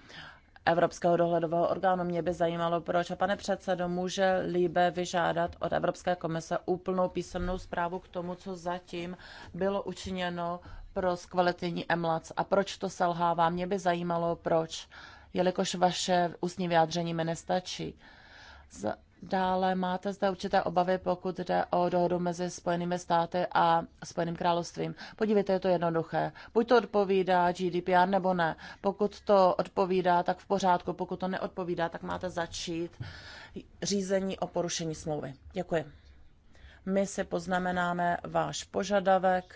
S2: Evropského dohledového orgánu. Mě by zajímalo, proč. A pane předsedo, může Líbe vyžádat od Evropské komise úplnou písemnou zprávu k tomu, co zatím bylo učiněno pro zkvalitnění EMLAC a proč to selhává. Mě by zajímalo, proč, jelikož vaše ústní vyjádření mi nestačí. Z Dále máte zde určité obavy, pokud jde o dohodu mezi Spojenými státy a Spojeným královstvím. Podívejte, je to jednoduché. Buď to odpovídá GDPR nebo ne. Pokud to odpovídá, tak v pořádku. Pokud to neodpovídá, tak máte začít řízení o porušení smlouvy. Děkuji. My si poznamenáme váš požadavek.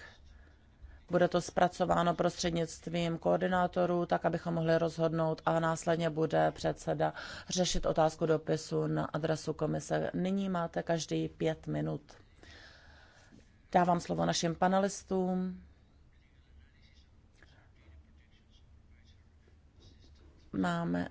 S2: Bude to zpracováno prostřednictvím koordinátorů, tak abychom mohli rozhodnout a následně bude předseda řešit otázku dopisu na adresu komise. Nyní máte každý pět minut. Dávám slovo našim panelistům. Máme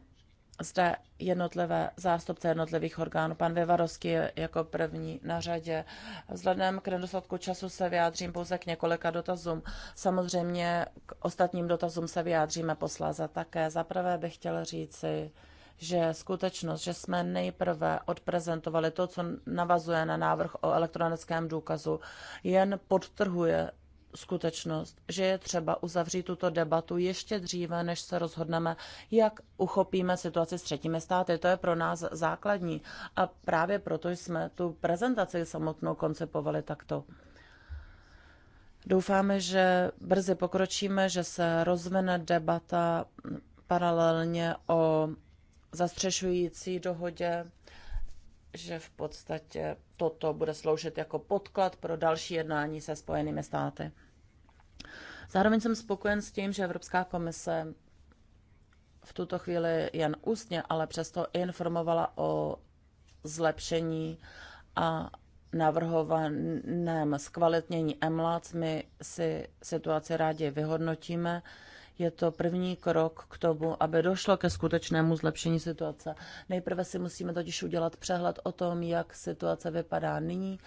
S2: zde jednotlivé zástupce jednotlivých orgánů. Pan Vyvarovský je jako první na řadě. Vzhledem k nedostatku času se vyjádřím pouze k několika dotazům. Samozřejmě k ostatním dotazům se vyjádříme posláze také. Zaprvé bych chtěl říci, že skutečnost, že jsme nejprve odprezentovali to, co navazuje na návrh o elektronickém důkazu, jen podtrhuje skutečnost, že je třeba uzavřít tuto debatu ještě dříve, než se rozhodneme, jak uchopíme situaci s třetími státy. To je pro nás základní a právě proto jsme tu prezentaci samotnou koncepovali takto. Doufáme, že brzy pokročíme, že se rozvine debata paralelně o zastřešující dohodě že v podstatě toto bude sloužit jako podklad pro další jednání se Spojenými státy. Zároveň jsem spokojen s tím, že Evropská komise v tuto chvíli jen ústně, ale přesto informovala o zlepšení a navrhovaném zkvalitnění MLAC. My si situaci rádi vyhodnotíme je to první krok k tomu, aby došlo ke skutečnému zlepšení situace. Nejprve si musíme totiž udělat přehled o tom, jak situace vypadá nyní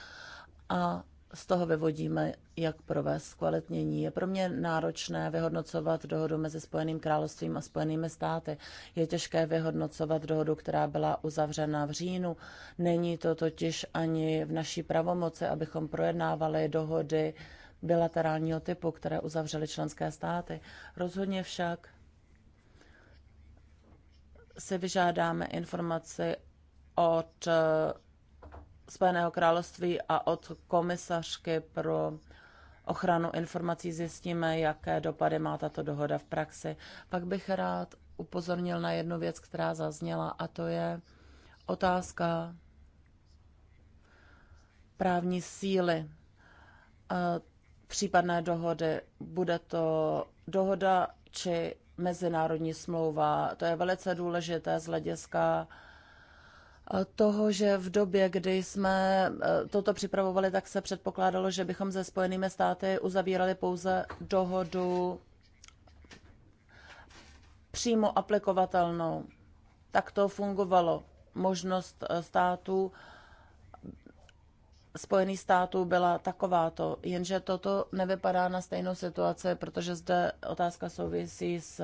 S2: a z toho vyvodíme, jak provést kvalitnění. Je pro mě náročné vyhodnocovat dohodu mezi Spojeným královstvím a Spojenými státy. Je těžké vyhodnocovat dohodu, která byla uzavřena v říjnu. Není to totiž ani v naší pravomoci, abychom projednávali dohody bilaterálního typu, které uzavřely členské státy. Rozhodně však si vyžádáme informaci od eh, Spojeného království a od komisařky pro ochranu informací zjistíme, jaké dopady má tato dohoda v praxi. Pak bych rád upozornil na jednu věc, která zazněla, a to je otázka právní síly. Eh, případné dohody. Bude to dohoda či mezinárodní smlouva. To je velice důležité z hlediska eh, toho, že v době, kdy jsme eh, toto připravovali, tak se předpokládalo, že bychom se Spojenými státy uzavírali pouze dohodu přímo aplikovatelnou. Tak to fungovalo. Možnost eh, států Spojených států byla takováto, jenže toto nevypadá na stejnou situaci, protože zde otázka souvisí s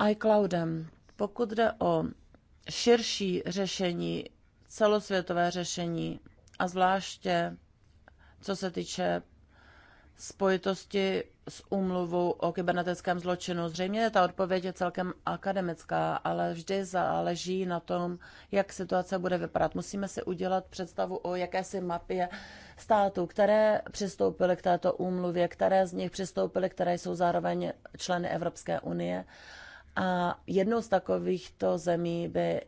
S2: eh, iCloudem. Pokud jde o širší řešení, celosvětové řešení a zvláště co se týče spojitosti s úmluvou o kybernetickém zločinu? Zřejmě ta odpověď je celkem akademická, ale vždy záleží na tom, jak situace bude vypadat. Musíme si udělat představu o jakési mapě států, které přistoupily k této úmluvě, které z nich přistoupily, které jsou zároveň členy Evropské unie. A jednou z takovýchto zemí by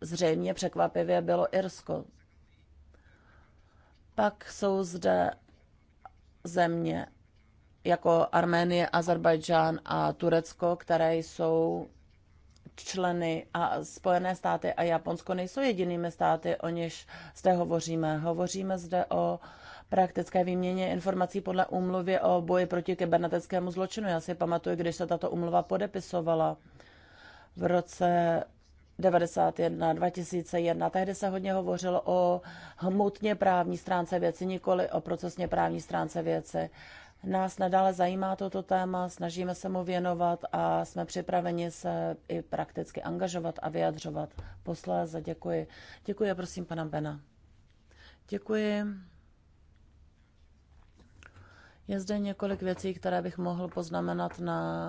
S2: zřejmě překvapivě bylo Irsko. Pak jsou zde země jako Arménie, Azerbajdžán a Turecko, které jsou členy a Spojené státy a Japonsko nejsou jedinými státy, o něž zde hovoříme. Hovoříme zde o praktické výměně informací podle úmluvy o boji proti kybernetickému zločinu. Já si pamatuju, když se tato úmluva podepisovala v roce 91, 2001. Tehdy se hodně hovořilo o hmotně právní stránce věci, nikoli o procesně právní stránce věci. Nás nadále zajímá toto téma, snažíme se mu věnovat a jsme připraveni se i prakticky angažovat a vyjadřovat. Posléze děkuji. Děkuji a prosím pana Bena. Děkuji. Je zde několik věcí, které bych mohl poznamenat na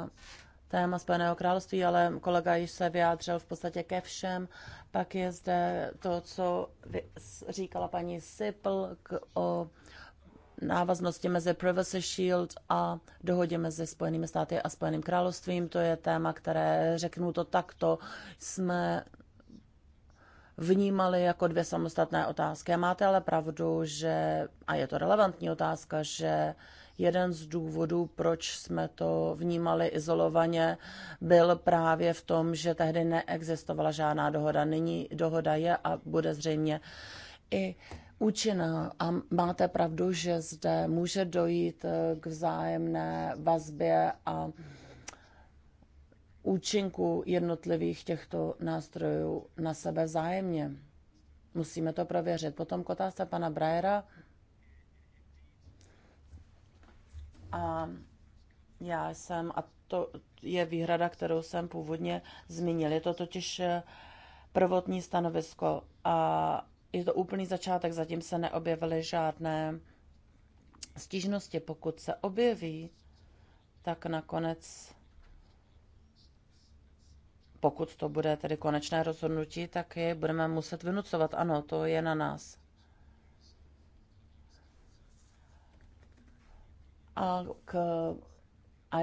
S2: téma Spojeného království, ale kolega již se vyjádřil v podstatě ke všem. Pak je zde to, co říkala paní Sipl k, o návaznosti mezi Privacy Shield a dohodě mezi Spojenými státy a Spojeným královstvím. To je téma, které, řeknu to takto, jsme vnímali jako dvě samostatné otázky. A máte ale pravdu, že, a je to relevantní otázka, že Jeden z důvodů, proč jsme to vnímali izolovaně, byl právě v tom, že tehdy neexistovala žádná dohoda. Nyní dohoda je a bude zřejmě i účinná. A máte pravdu, že zde může dojít eh, k vzájemné vazbě a účinku jednotlivých těchto nástrojů na sebe vzájemně. Musíme to prověřit. Potom k otázce pana Brajera A já jsem, a to je výhrada, kterou jsem původně zmínil, je to totiž eh, prvotní stanovisko a je to úplný začátek, zatím se neobjevily žádné stížnosti. Pokud se objeví, tak nakonec, pokud to bude tedy konečné rozhodnutí, tak je budeme muset vynucovat. Ano, to je na nás. A k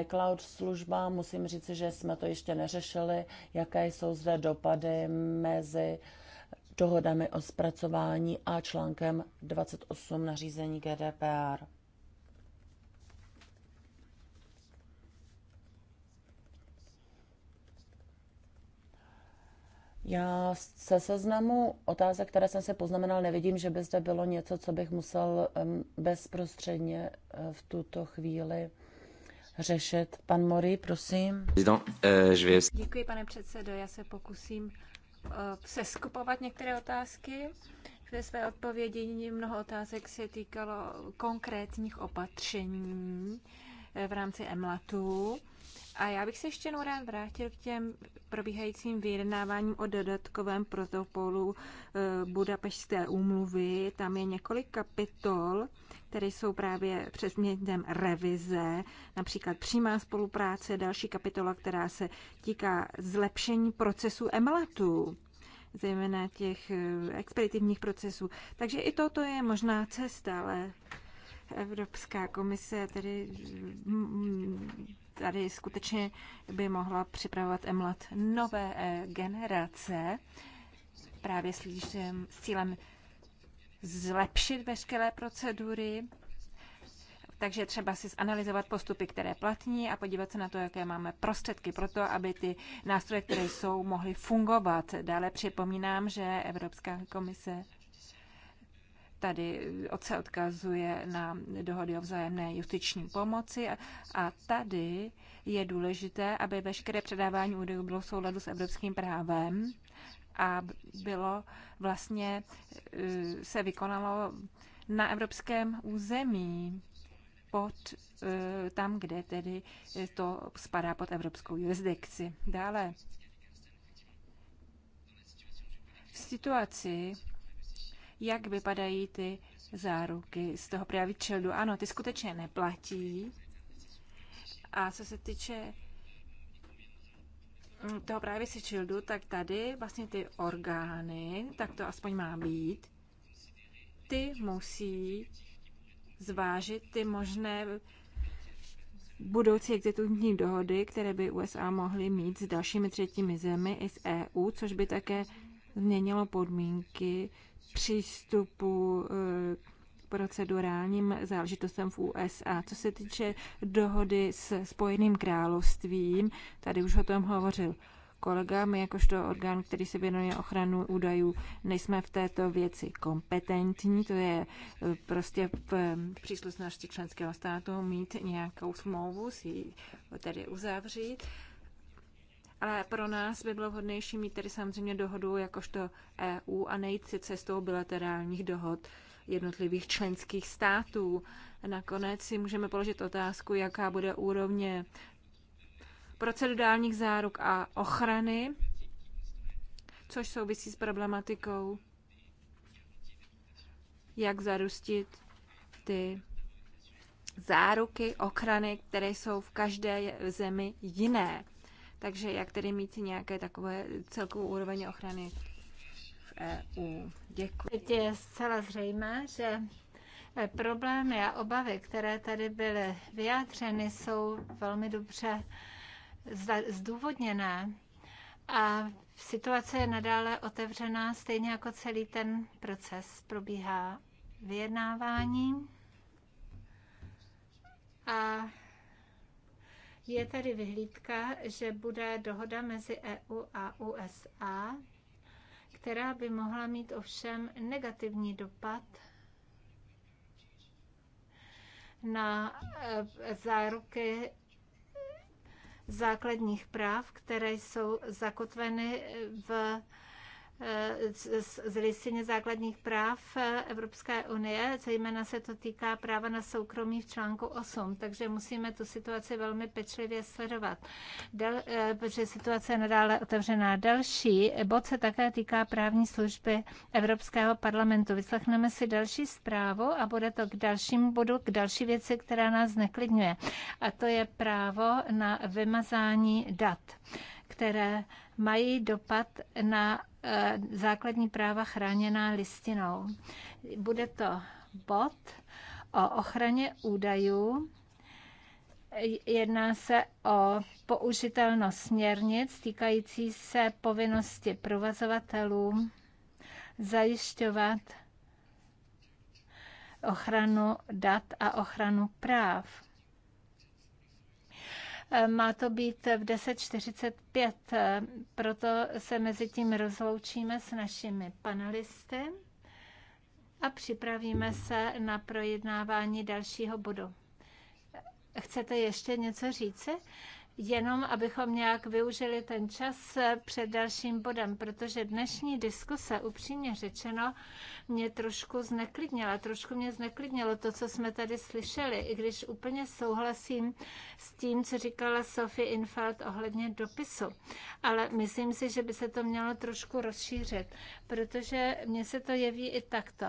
S2: iCloud služba, musím říct, že jsme to ještě neřešili, jaké jsou zde dopady mezi dohodami o zpracování a článkem 28 nařízení GDPR. Já se seznamu otázek, které jsem si poznamenal, nevidím, že by zde bylo něco, co bych musel bezprostředně eh, v tuto chvíli řešit. Pan Mori, prosím. Eh,
S3: Děkuji, pane předsedo. Já se pokusím seskupovat eh, některé otázky. Ve své odpovědi mnoho otázek se týkalo konkrétních opatření v rámci EMLATu. A já bych se ještě jenom rád vrátil k těm probíhajícím vyjednáváním o dodatkovém protokolu eh, Budapešské úmluvy. Tam je několik kapitol, které jsou právě předmětem revize, například přímá spolupráce, další kapitola, která se týká zlepšení procesu emalatu zejména těch eh, expeditivních procesů. Takže i toto je možná cesta, ale Evropská komise tedy mm, tady skutečně by mohla připravovat EMLAT nové eh, generace právě s, cílem zlepšit veškeré procedury, takže třeba si zanalizovat postupy, které platní a podívat se na to, jaké máme prostředky pro to, aby ty nástroje, které jsou, mohly fungovat. Dále připomínám, že Evropská komise Tady se odkazuje na dohody o vzájemné justiční pomoci a, a tady je důležité, aby veškeré předávání údajů bylo v souladu s evropským právem a bylo vlastně eh, se vykonalo na evropském území pod eh, tam, kde tedy to spadá pod evropskou jurisdikci. Dále v situaci, jak vypadají ty záruky z toho právě čeldu. Ano, ty skutečně neplatí. A co se týče mm, toho právě si čildu, tak tady vlastně ty orgány, tak to aspoň má být, ty musí zvážit ty možné budoucí exitutní dohody, které by USA mohly mít s dalšími třetími zemi i s EU, což by také změnilo podmínky přístupu eh, k procedurálním záležitostem v USA. Co se týče dohody s Spojeným královstvím, tady už o tom hovořil kolega, my jakožto orgán, který se věnuje ochranu údajů, nejsme v této věci kompetentní, to je eh, prostě eh, v příslušnosti členského státu mít nějakou smlouvu, si ji tedy uzavřít ale pro nás by bylo vhodnější mít tedy samozřejmě dohodu jakožto EU a nejít si cestou bilaterálních dohod jednotlivých členských států. Nakonec si můžeme položit otázku, jaká bude úrovně procedurálních záruk a ochrany, což souvisí s problematikou, jak zarustit ty záruky, ochrany, které jsou v každé zemi jiné. Takže jak tedy mít nějaké takové celkovou úroveň ochrany v EU? Děkuji. Teď je zcela zřejmé, že
S1: problémy a obavy, které tady byly vyjádřeny, jsou velmi dobře zdůvodněné a situace je nadále otevřená, stejně jako celý ten proces probíhá vyjednávání. A je tady vyhlídka, že bude dohoda mezi EU a USA, která by mohla mít ovšem negativní dopad na eh, záruky základních práv, které jsou zakotveny v Eh, z listině základních práv Evropské unie, zejména se to týká práva na soukromí v článku 8, takže musíme tu situaci velmi pečlivě sledovat, Del, eh, protože situace je nadále otevřená. Další bod se také týká právní služby Evropského parlamentu. Vyslechneme si další zprávu a bude to k dalšímu bodu, k další věci, která nás neklidňuje. A to je právo na vymazání dat, které mají dopad na Eh, základní práva chráněná listinou. Bude to bod o ochraně údajů Jedná se o použitelnost směrnic týkající se povinnosti provazovatelů zajišťovat ochranu dat a ochranu práv. Eh, má to být v 10.45, eh, proto se mezi tím rozloučíme s našimi panelisty a připravíme se na projednávání dalšího bodu. Chcete ještě něco říci? jenom abychom nějak využili ten čas eh, před dalším bodem, protože dnešní diskuse, upřímně řečeno, mě trošku zneklidnila. Trošku mě zneklidnilo to, co jsme tady slyšeli, i když úplně souhlasím s tím, co říkala Sophie Infeld ohledně dopisu. Ale myslím si, že by se to mělo trošku rozšířit, protože mně se to jeví i takto.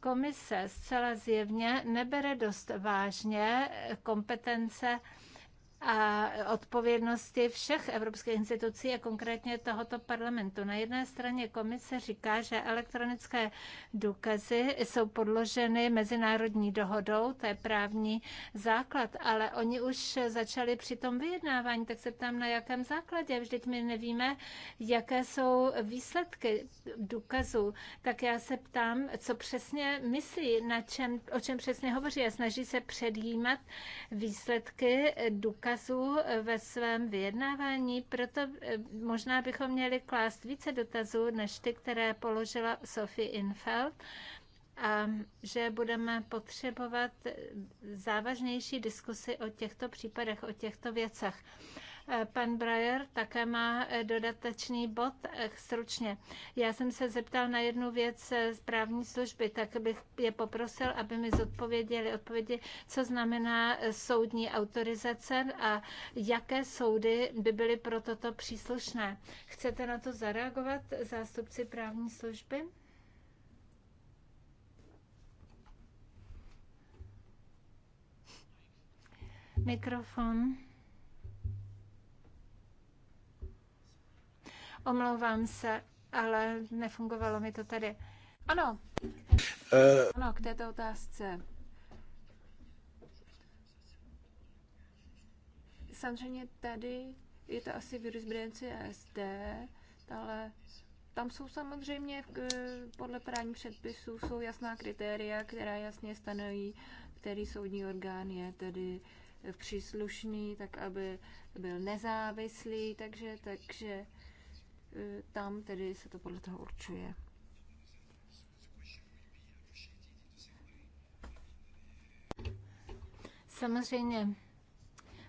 S1: Komise zcela zjevně nebere dost vážně eh, kompetence a odpovědnosti všech evropských institucí a konkrétně tohoto parlamentu. Na jedné straně komise říká, že elektronické důkazy jsou podloženy mezinárodní dohodou, to je právní základ, ale oni už začali při tom vyjednávání, tak se ptám, na jakém základě. Vždyť my nevíme, jaké jsou výsledky důkazů. Tak já se ptám, co přesně myslí, na čem, o čem přesně hovoří a snaží se předjímat výsledky důkazů dotazů ve svém vyjednávání, proto eh, možná bychom měli klást více dotazů než ty, které položila Sophie Infeld a že budeme potřebovat eh, závažnější diskusy o těchto případech, o těchto věcech. Pan Breyer také má eh, dodatečný bod eh, stručně. Já jsem se zeptal na jednu věc eh, z právní služby, tak bych je poprosil, aby mi zodpověděli odpovědi, co znamená soudní autorizace a jaké soudy by byly pro toto příslušné. Chcete na to zareagovat, zástupci právní služby? Mikrofon. Omlouvám se, ale
S3: nefungovalo mi to tady. Ano. Uh... Ano, k této otázce. Samozřejmě tady je to asi virus Brenci SD, ale tam jsou samozřejmě podle právní předpisů jsou jasná kritéria, která jasně stanoví, který soudní orgán je tedy příslušný, tak aby byl nezávislý, takže, takže E, tam tedy se to podle toho určuje.
S1: Samozřejmě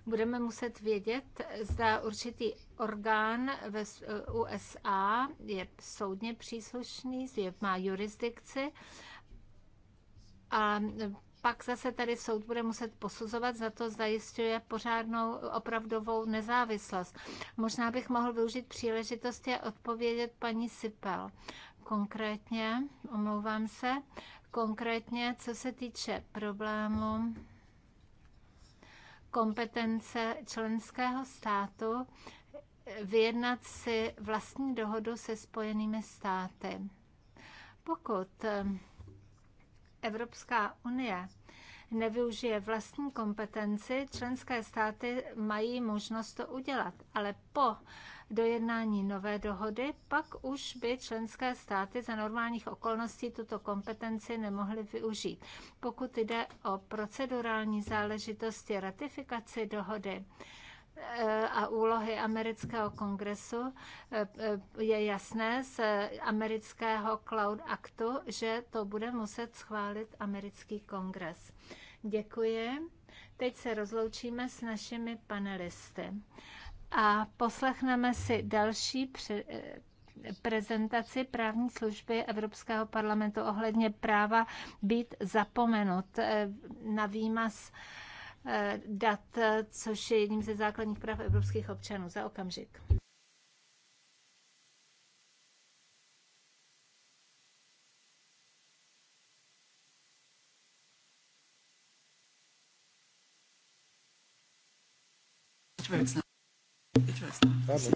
S1: budeme muset vědět, zda určitý orgán ve e, USA je soudně příslušný, je, má jurisdikci a pak zase tady soud bude muset posuzovat, za to zajišťuje pořádnou opravdovou nezávislost. Možná bych mohl využít příležitosti a odpovědět paní Sipel. Konkrétně, omlouvám se, konkrétně co se týče problému kompetence členského státu vyjednat si vlastní dohodu se spojenými státy. Pokud Evropská unie nevyužije vlastní kompetenci, členské státy mají možnost to udělat, ale po dojednání nové dohody pak už by členské státy za normálních okolností tuto kompetenci nemohly využít. Pokud jde o procedurální záležitosti ratifikaci dohody, Eh, a úlohy amerického kongresu eh, eh, je jasné z amerického Cloud Actu, že to bude muset schválit americký kongres. Děkuji. Teď se rozloučíme s našimi panelisty a poslechneme si další pře- prezentaci právní služby Evropského parlamentu ohledně práva být zapomenut na výmaz Eh, dat, eh, což je jedním ze základních práv evropských občanů. Za okamžik.
S2: Pardon.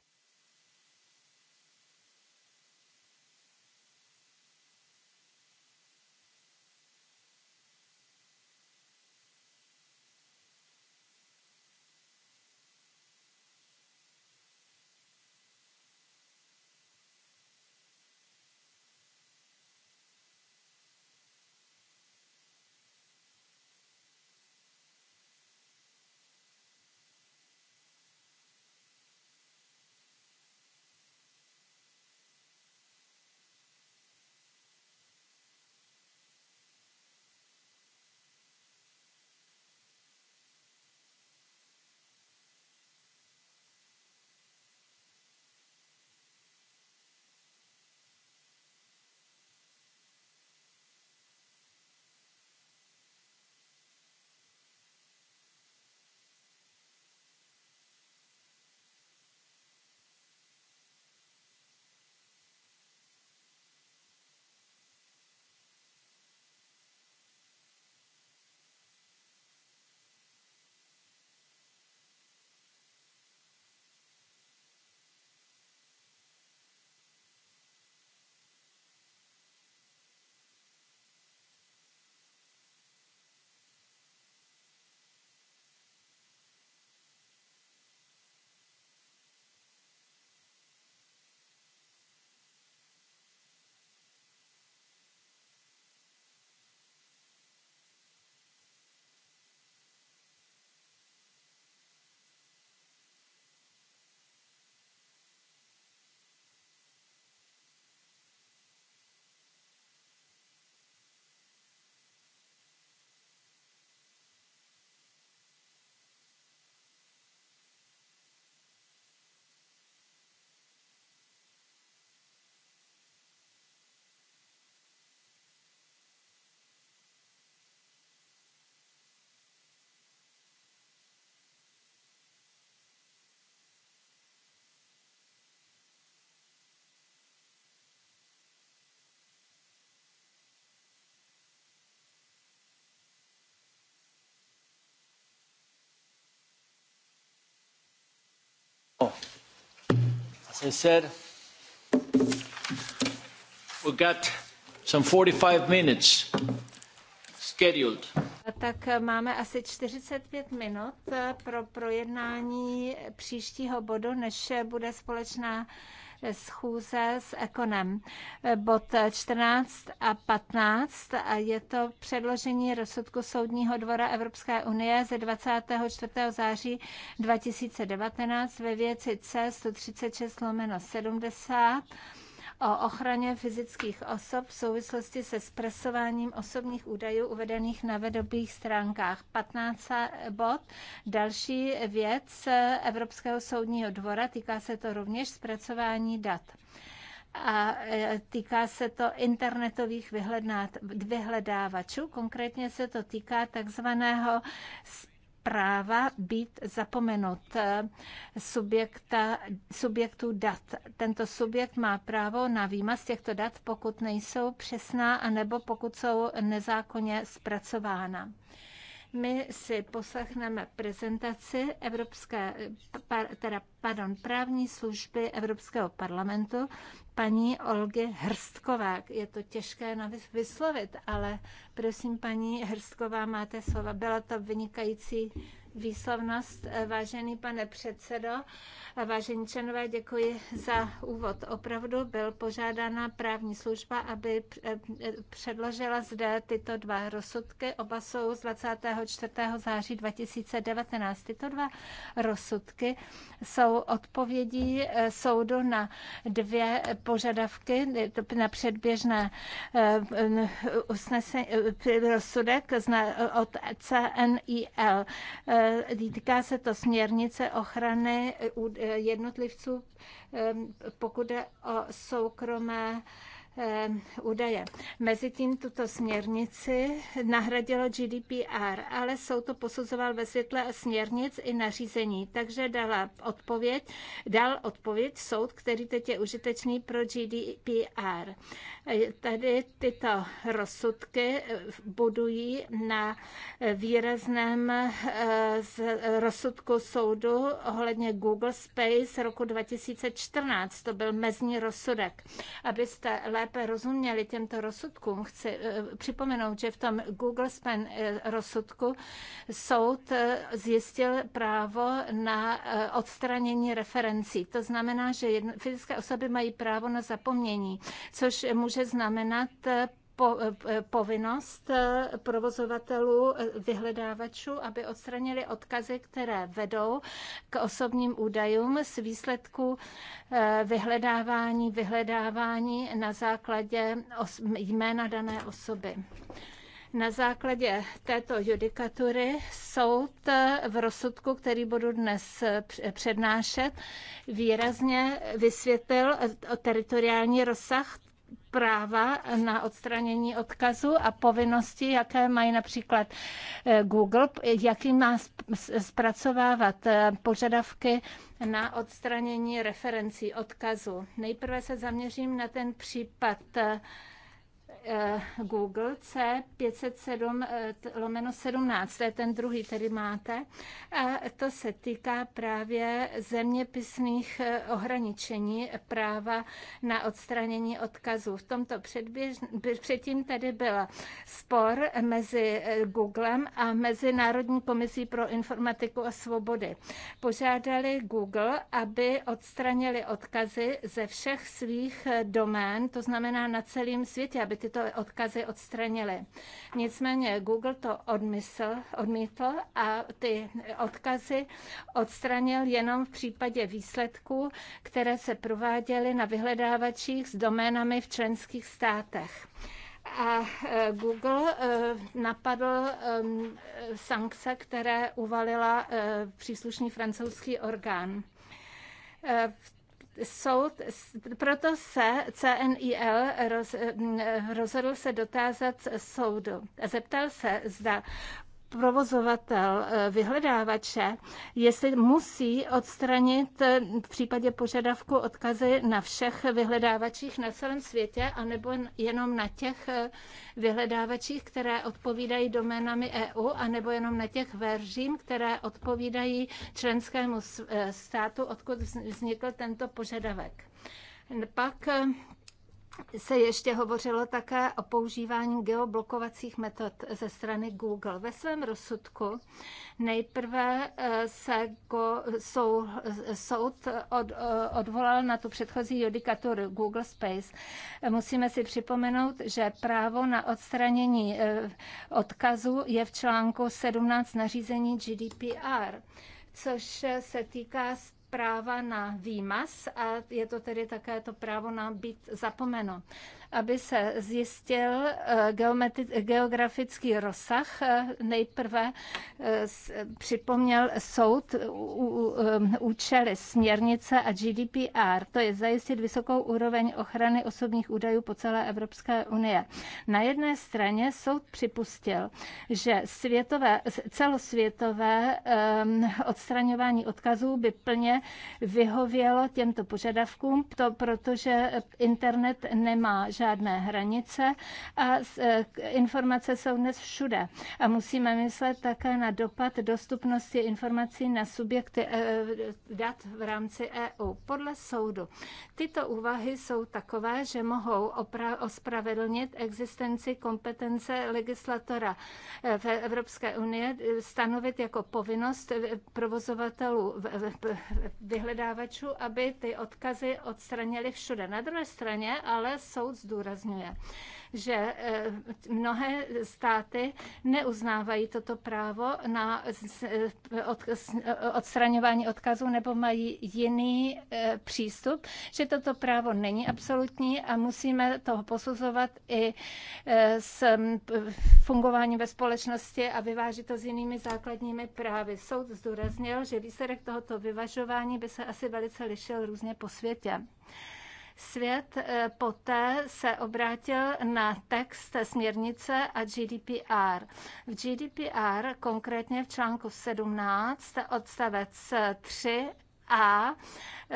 S3: Oh. As I said, we've got some 45 minutes scheduled.
S1: Tak máme asi 45 minut eh, pro projednání příštího bodu, než eh, bude společná schůze s Ekonem. Bod 14 a 15 a je to předložení rozsudku Soudního dvora Evropské unie ze 24. září 2019 ve věci C 136 lomeno 70 o ochraně fyzických osob v souvislosti se zpresováním osobních údajů uvedených na webových stránkách. 15 bod. Další věc Evropského soudního dvora, týká se to rovněž zpracování dat a e, týká se to internetových vyhledávačů. Konkrétně se to týká takzvaného práva být zapomenut eh, subjekta, subjektu dat. Tento subjekt má právo na výmaz těchto dat, pokud nejsou přesná a nebo pokud jsou nezákonně zpracována my si poslechneme prezentaci Evropské, teda, pardon, právní služby Evropského parlamentu, paní Olgy Hrstková. Je to těžké vyslovit, ale prosím, paní Hrstková, máte slova. Byla to vynikající výslovnost, eh, vážený pane předsedo. A vážení členové, děkuji za úvod. Opravdu byl požádána právní služba, aby eh, předložila zde tyto dva rozsudky. Oba jsou z 24. září 2019. Tyto dva rozsudky jsou odpovědí eh, soudu na dvě požadavky, na předběžné usnesení, rozsudek od CNIL týká se to směrnice ochrany eh, eh, jednotlivců, eh, pokud je o soukromé údaje. Mezitím tuto směrnici nahradilo GDPR, ale soud to posuzoval ve světle směrnic i nařízení, takže dala odpověď, dal odpověď soud, který teď je užitečný pro GDPR. Tady tyto rozsudky eh, budují na eh, výrazném eh, z rozsudku soudu ohledně Google Space roku 2014. To byl mezní rozsudek. Abyste lépe rozuměli těmto rozsudkům, chci připomenout, že v tom Google Space rozsudku soud zjistil právo na odstranění referencí. To znamená, že fyzické osoby mají právo na zapomnění, což může může znamenat eh, po, eh, povinnost eh, provozovatelů vyhledávačů, aby odstranili odkazy, které vedou k osobním údajům s výsledku vyhledávání, vyhledávání na základě jména dané osoby. Na základě této judikatury soud v rozsudku, který budu dnes přednášet, výrazně vysvětlil o teritoriální rozsah práva na odstranění odkazu a povinnosti, jaké mají například eh, Google, jaký má zpracovávat eh, požadavky na odstranění referencí odkazu. Nejprve se zaměřím na ten případ eh, Eh, Google C507 eh, lomeno 17, to je ten druhý, který máte. A to se týká právě zeměpisných eh, ohraničení práva na odstranění odkazů. V tomto předběž... předtím tady byl spor mezi Googlem a Mezinárodní komisí pro informatiku a svobody. Požádali Google, aby odstranili odkazy ze všech svých domén, to znamená na celém světě, aby ty tyto odkazy odstranili. Nicméně Google to odmysl, odmítl a ty odkazy odstranil jenom v případě výsledků, které se prováděly na vyhledávačích s doménami v členských státech a e, Google e, napadl sankce, které uvalila e, příslušný francouzský orgán soud, proto se CNIL roz, rozhodl se dotázat soudu. Zeptal se, zda provozovatel eh, vyhledávače, jestli musí odstranit eh, v případě požadavku odkazy na všech vyhledávačích na celém světě, anebo jenom na těch eh, vyhledávačích, které odpovídají doménami EU, anebo jenom na těch verzím, které odpovídají členskému státu, odkud vznikl tento požadavek. Pak se ještě hovořilo také o používání geoblokovacích metod ze strany Google. Ve svém rozsudku nejprve eh, se go, sou, soud od, eh, odvolal na tu předchozí judikaturu Google Space. Musíme si připomenout, že právo na odstranění eh, odkazu je v článku 17 nařízení GDPR což se týká práva na výmaz a je to tedy také to právo na být zapomeno aby se zjistil eh, geografický rozsah. Eh, nejprve eh, připomněl soud účely směrnice a GDPR, to je zajistit vysokou úroveň ochrany osobních údajů po celé Evropské unie. Na jedné straně soud připustil, že světové, celosvětové odstraňování odkazů by plně vyhovělo těmto požadavkům, to protože internet nemá žádné hranice a e, informace jsou dnes všude. A musíme myslet také na dopad dostupnosti informací na subjekty e, e, dat v rámci EU. Podle soudu tyto úvahy jsou takové, že mohou ospravedlnit existenci kompetence legislatora v Evropské unie stanovit jako povinnost provozovatelů vyhledávačů, aby ty odkazy odstranili všude. Na druhé straně ale soud zdůrazňuje, že eh, mnohé státy neuznávají toto právo na eh, eh, odstraňování odkazů nebo mají jiný přístup, že toto právo není absolutní a musíme toho posuzovat i s fungováním ve společnosti a vyvážit to s jinými základními právy. Soud zdůraznil, že výsledek tohoto vyvažování by se asi velice lišil různě po světě. Svět eh, poté se obrátil na text směrnice a GDPR. V GDPR, konkrétně v článku 17, odstavec 3 a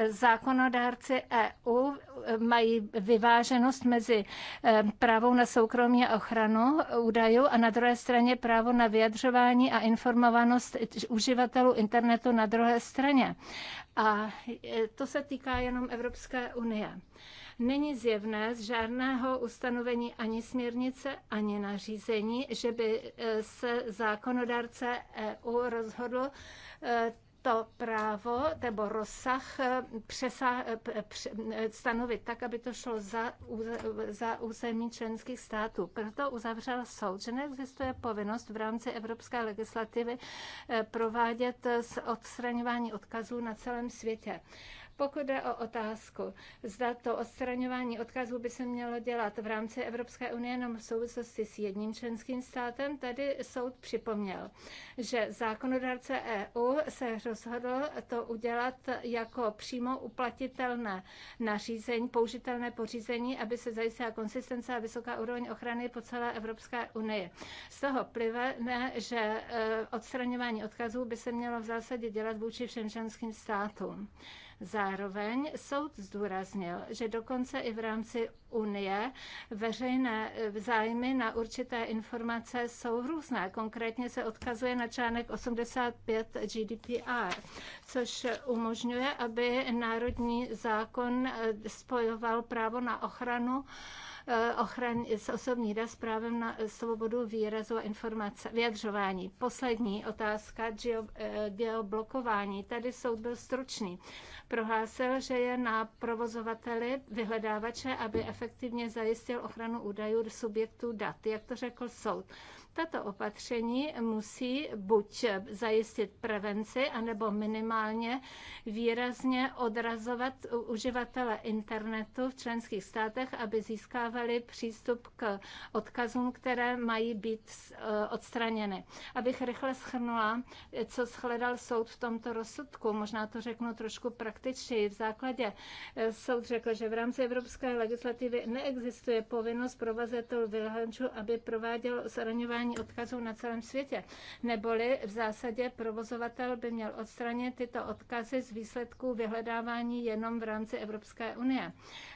S1: zákonodárci EU mají vyváženost mezi eh, právou na soukromí a ochranu údajů a na druhé straně právo na vyjadřování a informovanost uživatelů internetu na druhé straně. A eh, to se týká jenom Evropské unie. Není zjevné z žádného ustanovení ani směrnice, ani nařízení, že by eh, se zákonodárce EU rozhodl to právo nebo rozsah eh, přesah, eh, eh, stanovit tak, aby to šlo za, za území členských států. Proto uzavřel soud, že neexistuje povinnost v rámci evropské legislativy provádět odstraňování odkazů na celém světě. Pokud jde o otázku, zda to odstraňování odkazů by se mělo dělat v rámci Evropské unie jenom v souvislosti s jedním členským státem, tady soud připomněl, že zákonodárce EU se rozhodl to udělat jako přímo uplatitelné nařízení, použitelné pořízení, aby se zajistila konsistence a vysoká úroveň ochrany po celé Evropské unii. Z toho plive, ne, že e, odstraňování odkazů by se mělo v zásadě dělat vůči všem členským státům. Zároveň soud zdůraznil, že dokonce i v rámci Unie veřejné eh, zájmy na určité informace jsou různé. Konkrétně se odkazuje na článek 85 GDPR, což umožňuje, aby národní zákon eh, spojoval právo na ochranu eh, ochran, s osobní dat s právem na svobodu výrazu a informace, vyjadřování. Poslední otázka, geoblokování. Tady soud byl stručný prohlásil, že je na provozovateli vyhledávače, aby efektivně zajistil ochranu údajů subjektů dat, jak to řekl soud. Tato opatření musí buď zajistit prevenci, anebo minimálně výrazně odrazovat uživatele internetu v členských státech, aby získávali přístup k odkazům, které mají být eh, odstraněny. Abych rychle schrnula, eh, co shledal soud v tomto rozsudku, možná to řeknu trošku prakticky praktičtěji. V základě eh, soud řekl, že v rámci evropské legislativy neexistuje povinnost provazatelů vyhláčů, aby prováděl zraňování odkazů na celém světě. Neboli v zásadě provozovatel by měl odstranit tyto odkazy z výsledků vyhledávání jenom v rámci Evropské unie.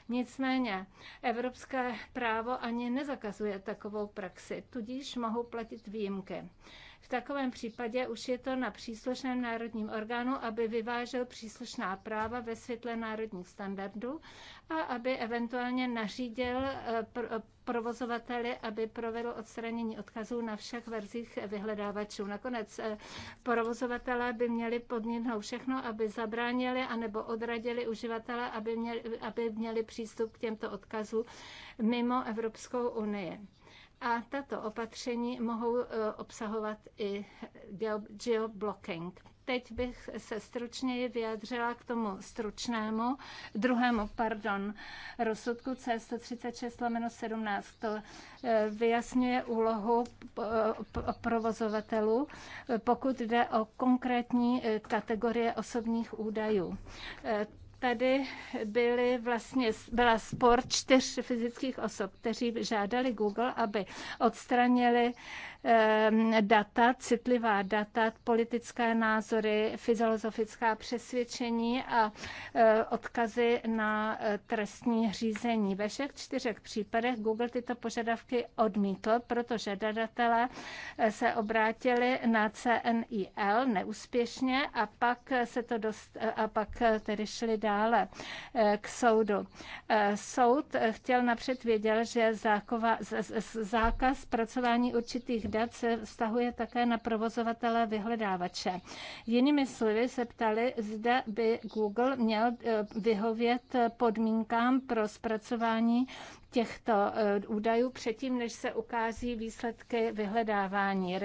S1: Nicméně evropské právo ani nezakazuje takovou praxi, tudíž mohou platit výjimky. V takovém případě už je to na příslušném národním orgánu, aby vyvážel příslušná práva ve světle národních standardů a aby eventuálně nařídil eh, provozovateli, aby provedl odstranění odkazů na všech verzích vyhledávačů. Nakonec eh, provozovatelé by měli podniknout všechno, aby zabránili anebo odradili uživatele, aby měli, aby měli přístup k těmto odkazům mimo Evropskou unii a tato opatření mohou eh, obsahovat i geoblocking. Teď bych se stručněji vyjádřila k tomu stručnému, druhému, pardon, rozsudku C136 17. To eh, vyjasňuje úlohu eh, provozovatelů, pokud jde o konkrétní kategorie osobních údajů tady byly vlastně, byla spor čtyř fyzických osob, kteří žádali Google, aby odstranili Ehm, data, citlivá data, politické názory, filozofická přesvědčení a eh, odkazy na eh, trestní řízení. Ve všech čtyřech případech Google tyto požadavky odmítl, protože dodatelé eh, se obrátili na CNIL neúspěšně a pak se to dost, a pak tedy šli dále k soudu. Soud chtěl napřed věděl, že zákova, zákaz zpracování určitých dat se vztahuje také na provozovatele vyhledávače. Jinými slovy se ptali, zda by Google měl eh, vyhovět podmínkám pro zpracování těchto eh, údajů předtím, než se ukází výsledky vyhledávání.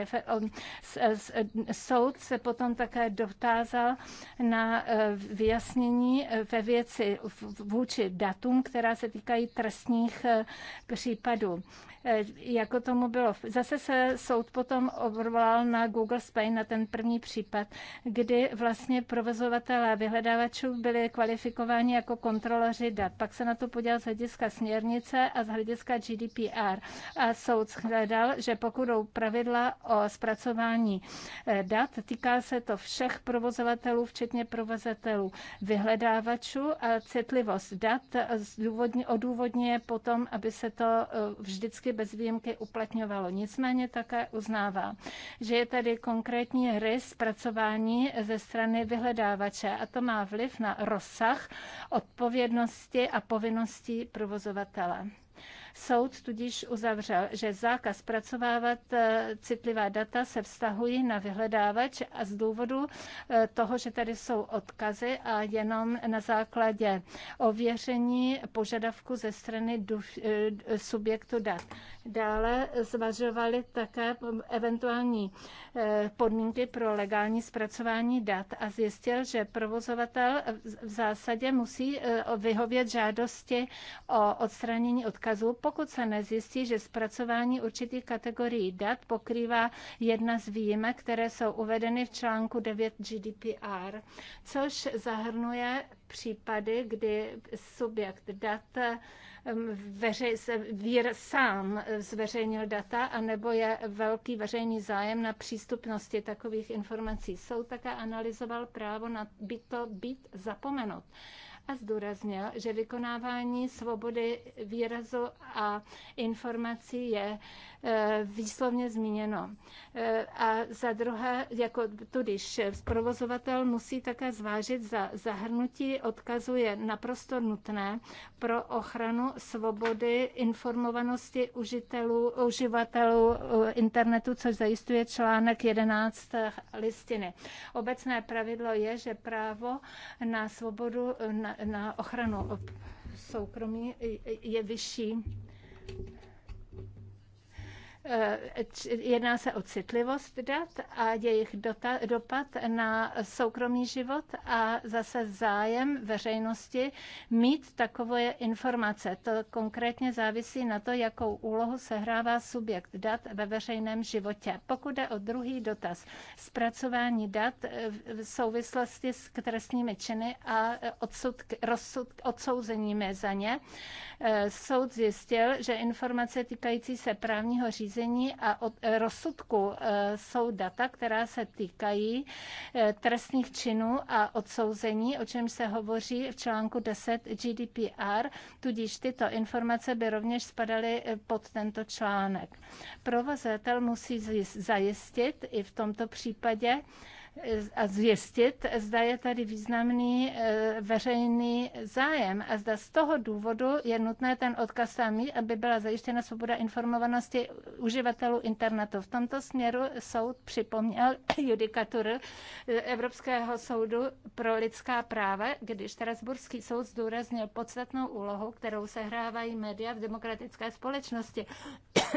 S1: Soud se potom také dotázal na eh, vyjasnění ve věci vůči datům, která se týkají trestních případů. Eh, jako tomu bylo. Zase se soud potom obvolal na Google Spain, na ten první případ, kdy vlastně provozovatelé vyhledávačů byli kvalifikováni jako kontroloři dat. Pak se na to podíval z hlediska směrnice a z hlediska GDPR. A soud shledal, že pokud jdou pravidla o zpracování eh, dat, týká se to všech provozovatelů, včetně provozatelů vyhledávačů a citlivost dat odůvodně potom, aby se to eh, vždycky bez výjimky uplatňovalo. Nicméně také uznává, že je tady konkrétní rys zpracování ze strany vyhledávače a to má vliv na rozsah odpovědnosti a povinností provozovatele. Soud tudíž uzavřel, že zákaz zpracovávat eh, citlivá data se vztahují na vyhledávač a z důvodu eh, toho, že tady jsou odkazy a jenom na základě ověření požadavku ze strany eh, subjektu dat. Dále zvažovali také eventuální eh, podmínky pro legální zpracování dat a zjistil, že provozovatel v zásadě musí eh, vyhovět žádosti o odstranění odkazů, pokud se nezjistí, že zpracování určitých kategorií dat pokrývá jedna z výjimek, které jsou uvedeny v článku 9 GDPR, což zahrnuje případy, kdy subjekt dat veřej, vír sám eh, zveřejnil data, anebo je velký veřejný zájem na přístupnosti takových informací. Jsou také analyzoval právo na by to být zapomenut a zdůraznil, že vykonávání svobody výrazu a informací je e, výslovně zmíněno. E, a za druhé, jako tudíž provozovatel musí také zvážit, za zahrnutí odkazu je naprosto nutné pro ochranu svobody informovanosti užitelů, uživatelů e, internetu, což zajišťuje článek 11 listiny. Obecné pravidlo je, že právo na svobodu na na ochranu soukromí je vyšší Eh, jedná se o citlivost dat a jejich dopad na soukromý život a zase zájem veřejnosti mít takové informace. To konkrétně závisí na to, jakou úlohu sehrává subjekt dat ve veřejném životě. Pokud jde o druhý dotaz, zpracování dat eh, v souvislosti s trestními činy a eh, odsudk, rozsudk, odsouzeními za ně, soud zjistil, že informace týkající se právního řízení řízení a od eh, rozsudku jsou eh, data, která se týkají eh, trestných činů a odsouzení, o čem se hovoří v článku 10 GDPR, tudíž tyto informace by rovněž spadaly pod tento článek. Provozatel musí zajistit i v tomto případě, a zjistit, zda je tady významný e, veřejný zájem a zda z toho důvodu je nutné ten odkaz tam mít, aby byla zajištěna svoboda informovanosti uživatelů internetu. V tomto směru soud připomněl judikaturu e, Evropského soudu pro lidská práva, když Strasburský soud zdůraznil podstatnou úlohu, kterou sehrávají média v demokratické společnosti.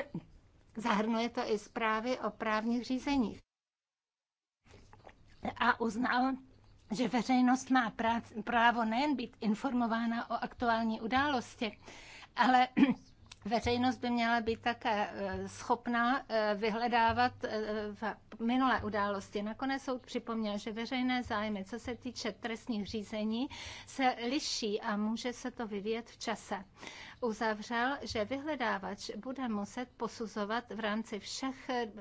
S1: Zahrnuje to i zprávy o právních řízeních a uznal, že veřejnost má právo nejen být informována o aktuální události, ale Veřejnost by měla být také e, schopná e, vyhledávat e, v minulé události. Nakonec soud připomněl, že veřejné zájmy, co se týče trestních řízení, se liší a může se to vyvíjet v čase uzavřel, že vyhledávač bude muset posuzovat v rámci všech eh,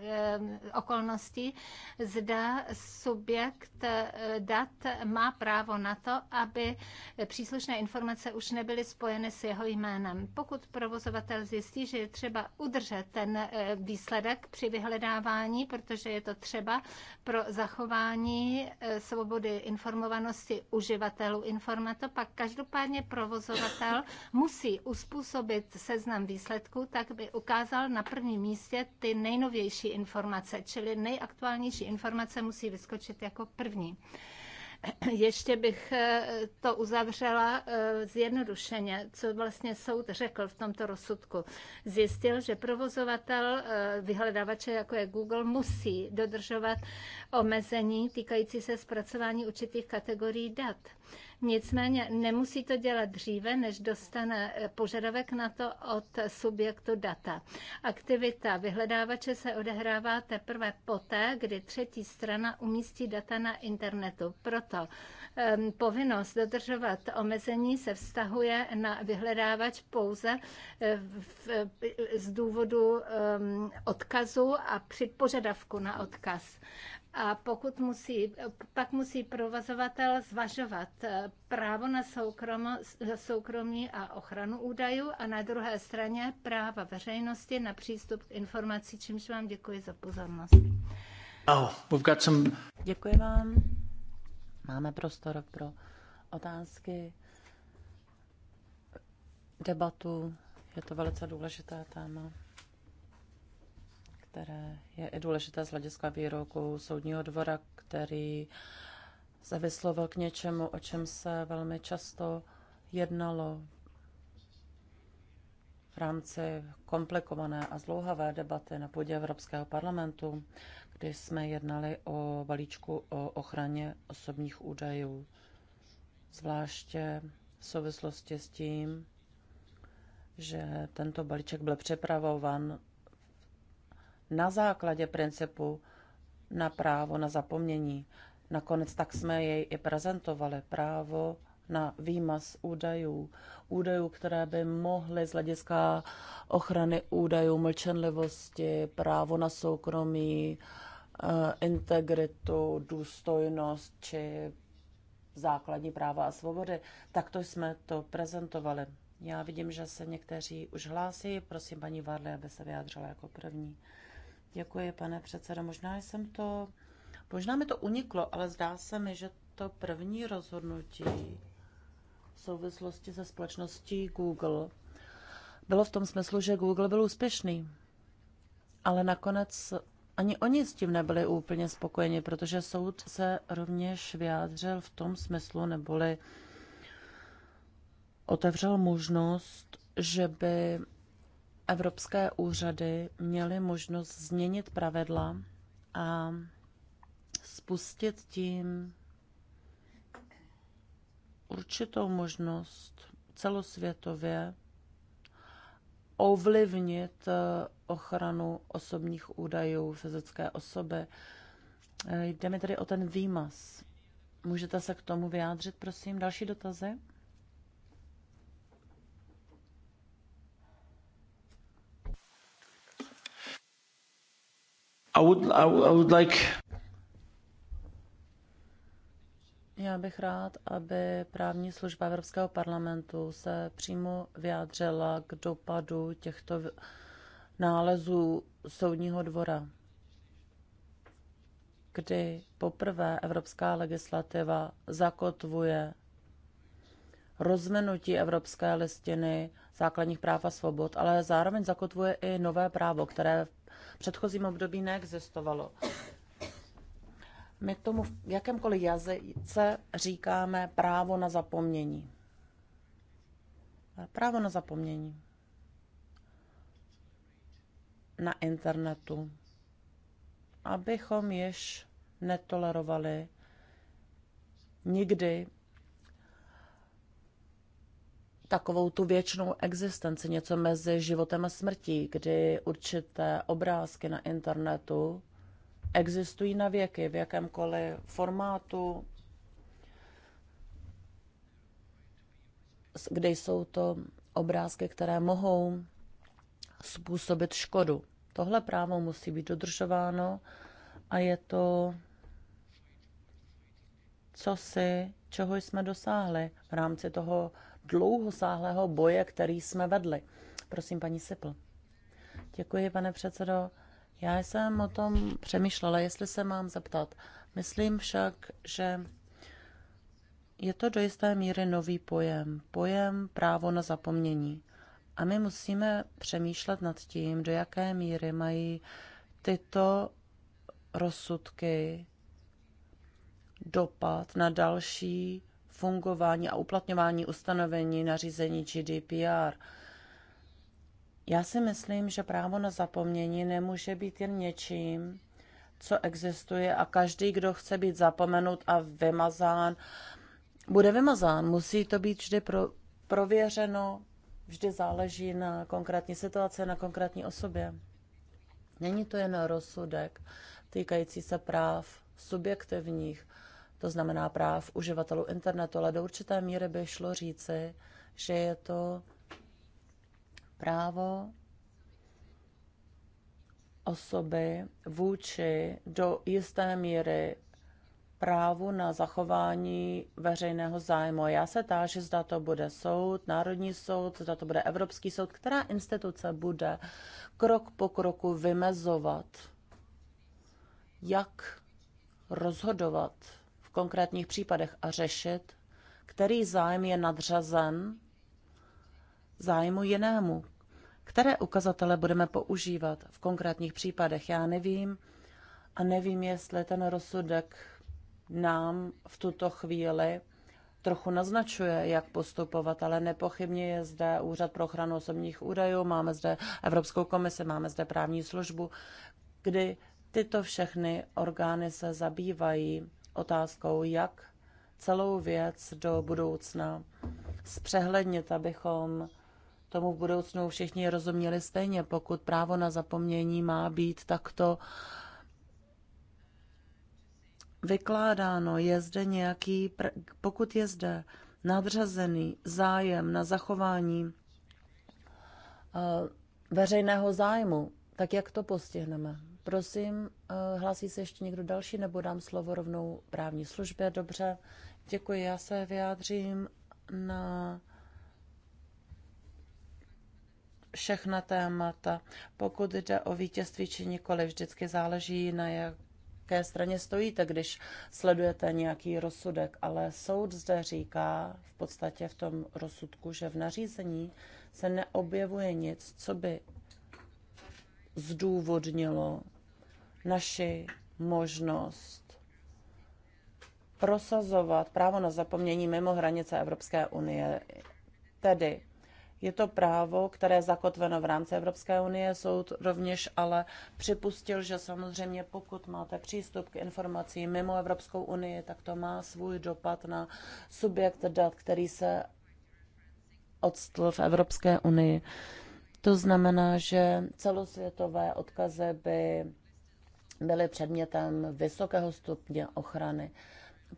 S1: okolností, zda subjekt eh, dat má právo na to, aby příslušné informace už nebyly spojeny s jeho jménem. Pokud provozovatel zjistí, že je třeba udržet ten eh, výsledek při vyhledávání, protože je to třeba pro zachování svobody informovanosti uživatelů informato, pak každopádně provozovatel musí uspokojit uspůsobit seznam výsledků, tak by ukázal na prvním místě ty nejnovější informace, čili nejaktuálnější informace musí vyskočit jako první. Ještě bych eh, to uzavřela eh, zjednodušeně, co vlastně soud řekl v tomto rozsudku. Zjistil, že provozovatel eh, vyhledávače, jako je Google, musí dodržovat omezení týkající se zpracování určitých kategorií dat Nicméně nemusí to dělat dříve, než dostane eh, požadavek na to od subjektu data. Aktivita vyhledávače se odehrává teprve poté, kdy třetí strana umístí data na internetu. Proto um, povinnost dodržovat omezení se vztahuje na vyhledávač pouze eh, v, eh, z důvodu um, odkazu a při požadavku na odkaz. A pokud musí, pak musí provozovatel zvažovat eh, právo na soukromo, soukromí a ochranu údajů a na druhé straně práva veřejnosti na přístup k informací, čímž vám děkuji za pozornost.
S2: Děkuji vám. Máme prostor pro otázky, debatu. Je to velice důležité téma které je i důležité z hlediska výroku soudního dvora, který se vyslovil k něčemu, o čem se velmi často jednalo v rámci komplikované a zlouhavé debaty na půdě Evropského parlamentu, kdy jsme jednali o balíčku o ochraně osobních údajů, zvláště v souvislosti s tím, že tento balíček byl připravovan na základě principu na právo na zapomnění. Nakonec tak jsme jej i prezentovali. Právo na výmaz údajů, údajů, které by mohly z hlediska ochrany údajů, mlčenlivosti, právo na soukromí, eh, integritu, důstojnost či základní práva a svobody. Takto jsme to prezentovali. Já vidím, že se někteří už hlásí. Prosím paní Varle, aby se vyjádřila jako první. Děkuji, pane předsedo. Možná jsem to, možná mi to uniklo, ale zdá se mi, že to první rozhodnutí v souvislosti se společností Google bylo v tom smyslu, že Google byl úspěšný. Ale nakonec ani oni s tím nebyli úplně spokojeni, protože soud se rovněž vyjádřil v tom smyslu, neboli otevřel možnost, že by evropské úřady měly možnost změnit pravidla a spustit tím určitou možnost celosvětově ovlivnit eh, ochranu osobních údajů fyzické osoby. Eh, jde mi tedy o ten výmaz. Můžete se k tomu vyjádřit, prosím? Další dotazy? I would, I would like... Já bych rád, aby právní služba Evropského parlamentu se přímo vyjádřila k dopadu těchto nálezů soudního dvora, kdy poprvé evropská legislativa zakotvuje rozvinutí Evropské listiny základních práv a svobod, ale zároveň zakotvuje i nové právo, které v předchozím období neexistovalo. My tomu v jakémkoliv jazyce říkáme právo na zapomnění. Právo na zapomnění. Na internetu. Abychom již netolerovali nikdy takovou tu věčnou existenci, něco mezi životem a smrtí, kdy určité obrázky na internetu existují na věky, v jakémkoliv formátu, kde jsou to obrázky, které mohou způsobit škodu. Tohle právo musí být dodržováno a je to co si, čeho jsme dosáhli v rámci toho dlouhosáhlého boje, který jsme vedli. Prosím, paní Sipl. Děkuji, pane předsedo. Já jsem o tom přemýšlela, jestli se mám zeptat. Myslím však, že je to do jisté míry nový pojem. Pojem právo na zapomnění. A my musíme přemýšlet nad tím, do jaké míry mají tyto rozsudky dopad na další fungování a uplatňování ustanovení nařízení GDPR. Já si myslím, že právo na zapomnění nemůže být jen něčím, co existuje a každý, kdo chce být zapomenut a vymazán, bude vymazán. Musí to být vždy pro, prověřeno, vždy záleží na konkrétní situaci, na konkrétní osobě. Není to jen rozsudek týkající se práv subjektivních, to znamená práv uživatelů internetu, ale do určité míry by šlo říci, že je to právo osoby vůči do jisté míry právu na zachování veřejného zájmu. Já se táži, zda to bude soud, Národní soud, zda to bude Evropský soud, která instituce bude krok po kroku vymezovat, jak rozhodovat konkrétních případech a řešit, který zájem je nadřazen zájmu jinému, které ukazatele budeme používat v konkrétních případech. Já nevím a nevím, jestli ten rozsudek nám v tuto chvíli trochu naznačuje, jak postupovat, ale nepochybně je zde Úřad pro ochranu osobních údajů, máme zde Evropskou komisi, máme zde právní službu, kdy tyto všechny orgány se zabývají otázkou, jak celou věc do budoucna zpřehlednit, abychom tomu v budoucnu všichni rozuměli stejně, pokud právo na zapomnění má být takto vykládáno, je zde nějaký, pokud je zde nadřazený zájem na zachování eh, veřejného zájmu, tak jak to postihneme? Prosím, eh, hlásí se ještě někdo další, nebo dám slovo rovnou právní službě? Dobře, děkuji. Já se vyjádřím na všechna témata. Pokud jde o vítězství či nikoli, vždycky záleží na jaké straně stojíte, když sledujete nějaký rozsudek, ale soud zde říká v podstatě v tom rozsudku, že v nařízení se neobjevuje nic, co by zdůvodnilo naši možnost prosazovat právo na zapomnění mimo hranice Evropské unie. Tedy je to právo, které je zakotveno v rámci Evropské unie. Soud rovněž ale připustil, že samozřejmě pokud máte přístup k informacím mimo Evropskou unii, tak to má svůj dopad na subjekt dat, který se odstl v Evropské unii. To znamená, že celosvětové odkazy by byly předmětem vysokého stupně ochrany.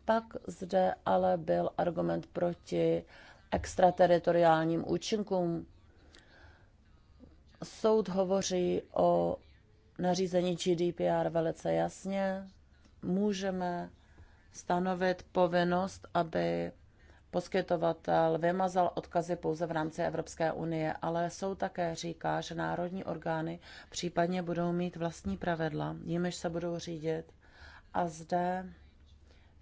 S2: Pak zde ale byl argument proti extrateritoriálním účinkům. Soud hovoří o nařízení GDPR velice jasně. Můžeme stanovit povinnost, aby poskytovatel vymazal odkazy pouze v rámci Evropské unie, ale jsou také říká, že národní orgány případně budou mít vlastní pravidla, jimiž se budou řídit. A zde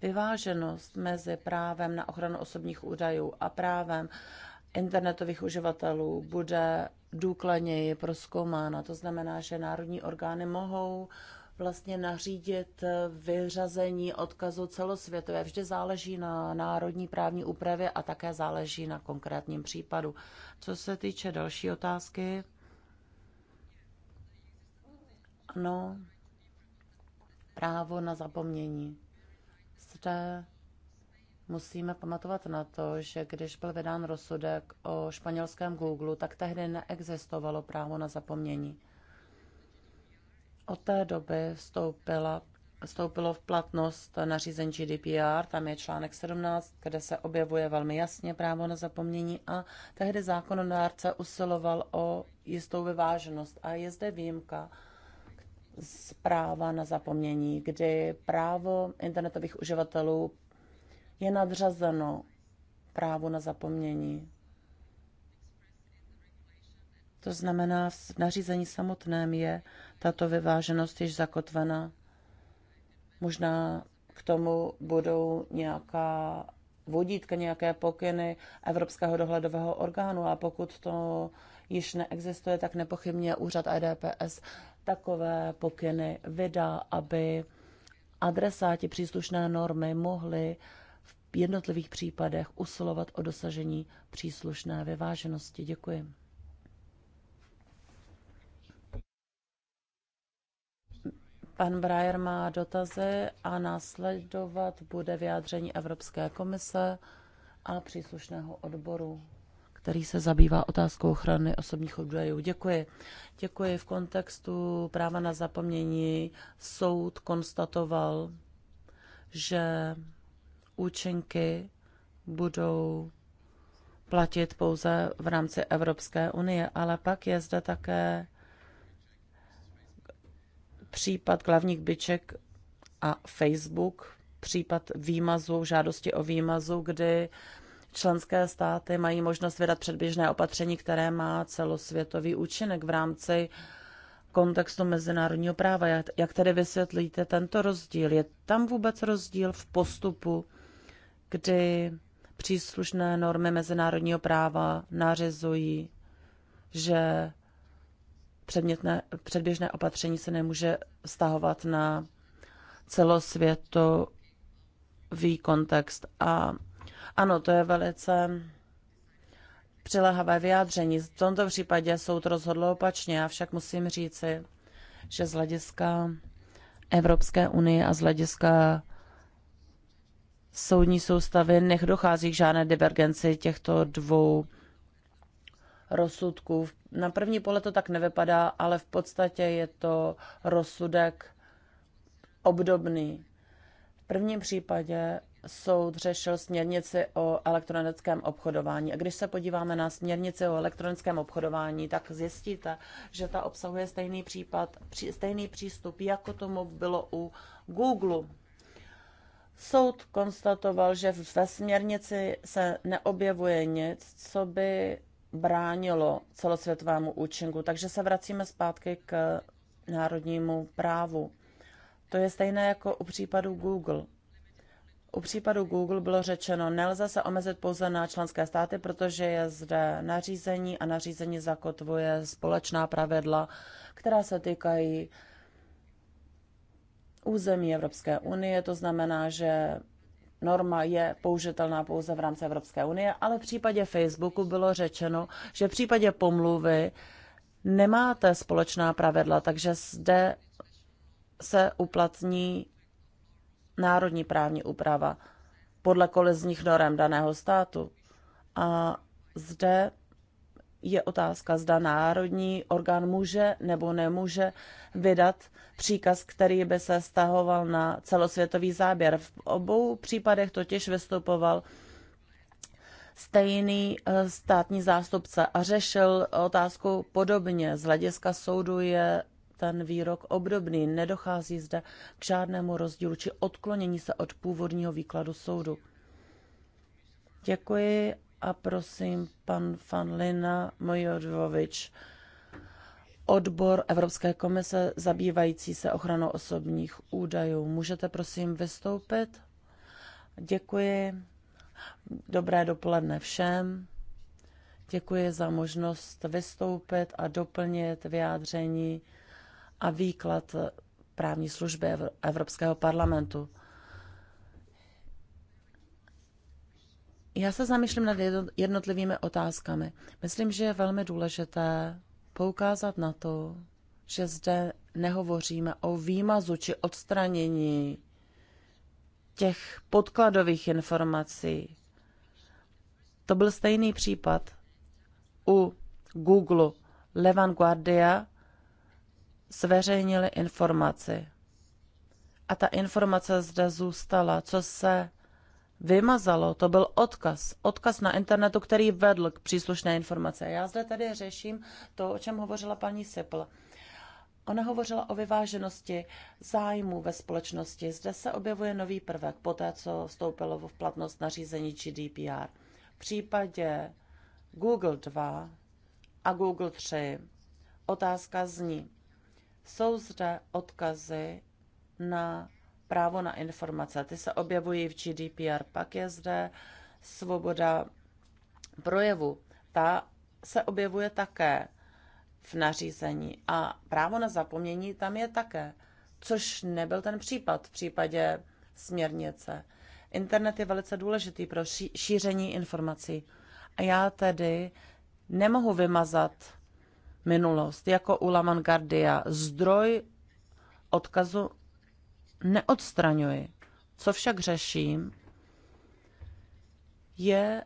S2: vyváženost mezi právem na ochranu osobních údajů a právem internetových uživatelů bude důkladněji proskoumána. To znamená, že národní orgány mohou vlastně nařídit eh, vyřazení odkazu celosvětové. Vždy záleží na národní právní úpravě a také záleží na konkrétním případu. Co se týče další otázky, ano, právo na zapomnění. Zde musíme pamatovat na to, že když byl vydán rozsudek o španělském Google, tak tehdy neexistovalo právo na zapomnění. Od té doby vstoupila, vstoupilo v platnost nařízení GDPR, tam je článek 17, kde se objevuje velmi jasně právo na zapomnění a tehdy zákonodárce usiloval o jistou vyváženost a je zde výjimka z práva na zapomnění, kdy právo internetových uživatelů je nadřazeno právu na zapomnění. To znamená, v nařízení samotném je tato vyváženost již zakotvena. Možná k tomu budou nějaká vodítka, nějaké pokyny Evropského dohledového orgánu a pokud to již neexistuje, tak nepochybně úřad IDPS takové pokyny vydá, aby adresáti příslušné normy mohli v jednotlivých případech usilovat o dosažení příslušné vyváženosti. Děkuji. Pan Brajer má dotazy a následovat bude vyjádření Evropské komise a příslušného odboru, který se zabývá otázkou ochrany osobních údajů. Děkuji. Děkuji. V kontextu práva na zapomnění soud konstatoval, že účinky budou platit pouze v rámci Evropské unie, ale pak je zde také případ hlavních byček a Facebook, případ výmazu, žádosti o výmazu, kdy členské státy mají možnost vydat předběžné opatření, které má celosvětový účinek v rámci kontextu mezinárodního práva. Jak, jak tedy vysvětlíte tento rozdíl? Je tam vůbec rozdíl v postupu, kdy příslušné normy mezinárodního práva nařizují, že předmětné, předběžné opatření se nemůže stahovat na celosvětový kontext. A ano, to je velice přilehavé vyjádření. V tomto případě soud rozhodl opačně, avšak musím říci, že z hlediska Evropské unie a z hlediska soudní soustavy nech dochází k žádné divergenci těchto dvou rozsudku. Na první pohled to tak nevypadá, ale v podstatě je to rozsudek obdobný. V prvním případě soud řešil směrnici o elektronickém obchodování. A když se podíváme na směrnici o elektronickém obchodování, tak zjistíte, že ta obsahuje stejný případ, stejný přístup, jako tomu bylo u Google. Soud konstatoval, že ve směrnici se neobjevuje nic, co by bránilo celosvětovému účinku. Takže se vracíme zpátky k národnímu právu. To je stejné jako u případu Google. U případu Google bylo řečeno, nelze se omezit pouze na členské státy, protože je zde nařízení a nařízení zakotvuje společná pravidla, která se týkají území Evropské unie. To znamená, že norma je použitelná pouze v rámci Evropské unie, ale v případě Facebooku bylo řečeno, že v případě pomluvy nemáte společná pravidla, takže zde se uplatní národní právní úprava podle kolizních norem daného státu. A zde je otázka, zda národní orgán může nebo nemůže vydat příkaz, který by se stahoval na celosvětový záběr. V obou případech totiž vystupoval stejný eh, státní zástupce a řešil otázku podobně. Z hlediska soudu je ten výrok obdobný. Nedochází zde k žádnému rozdílu či odklonění se od původního výkladu soudu. Děkuji a prosím pan Fanlina Mojodvovič, odbor Evropské komise zabývající se ochranou osobních údajů. Můžete prosím vystoupit? Děkuji. Dobré dopoledne všem. Děkuji za možnost vystoupit a doplnit vyjádření a výklad právní služby Evropského parlamentu. Já se zamýšlím nad jednotlivými otázkami. Myslím, že je velmi důležité poukázat na to, že zde nehovoříme o výmazu či odstranění těch podkladových informací. To byl stejný případ u Google. Levan Guardia zveřejnili informaci. A ta informace zde zůstala, co se vymazalo. To byl odkaz. Odkaz na internetu, který vedl k příslušné informace. Já zde tady řeším to, o čem hovořila paní Sepl. Ona hovořila o vyváženosti zájmu ve společnosti. Zde se objevuje nový prvek po té, co vstoupilo v platnost nařízení GDPR. V případě Google 2 a Google 3 otázka zní, jsou zde odkazy na právo na informace. Ty se objevují v GDPR. Pak je zde svoboda projevu. Ta se objevuje také v nařízení a právo na zapomnění tam je také, což nebyl ten případ v případě směrnice. Internet je velice důležitý pro šíření informací a já tedy nemohu vymazat minulost, jako u Lamangardia, zdroj odkazu neodstraňuji. Co však řeším, je,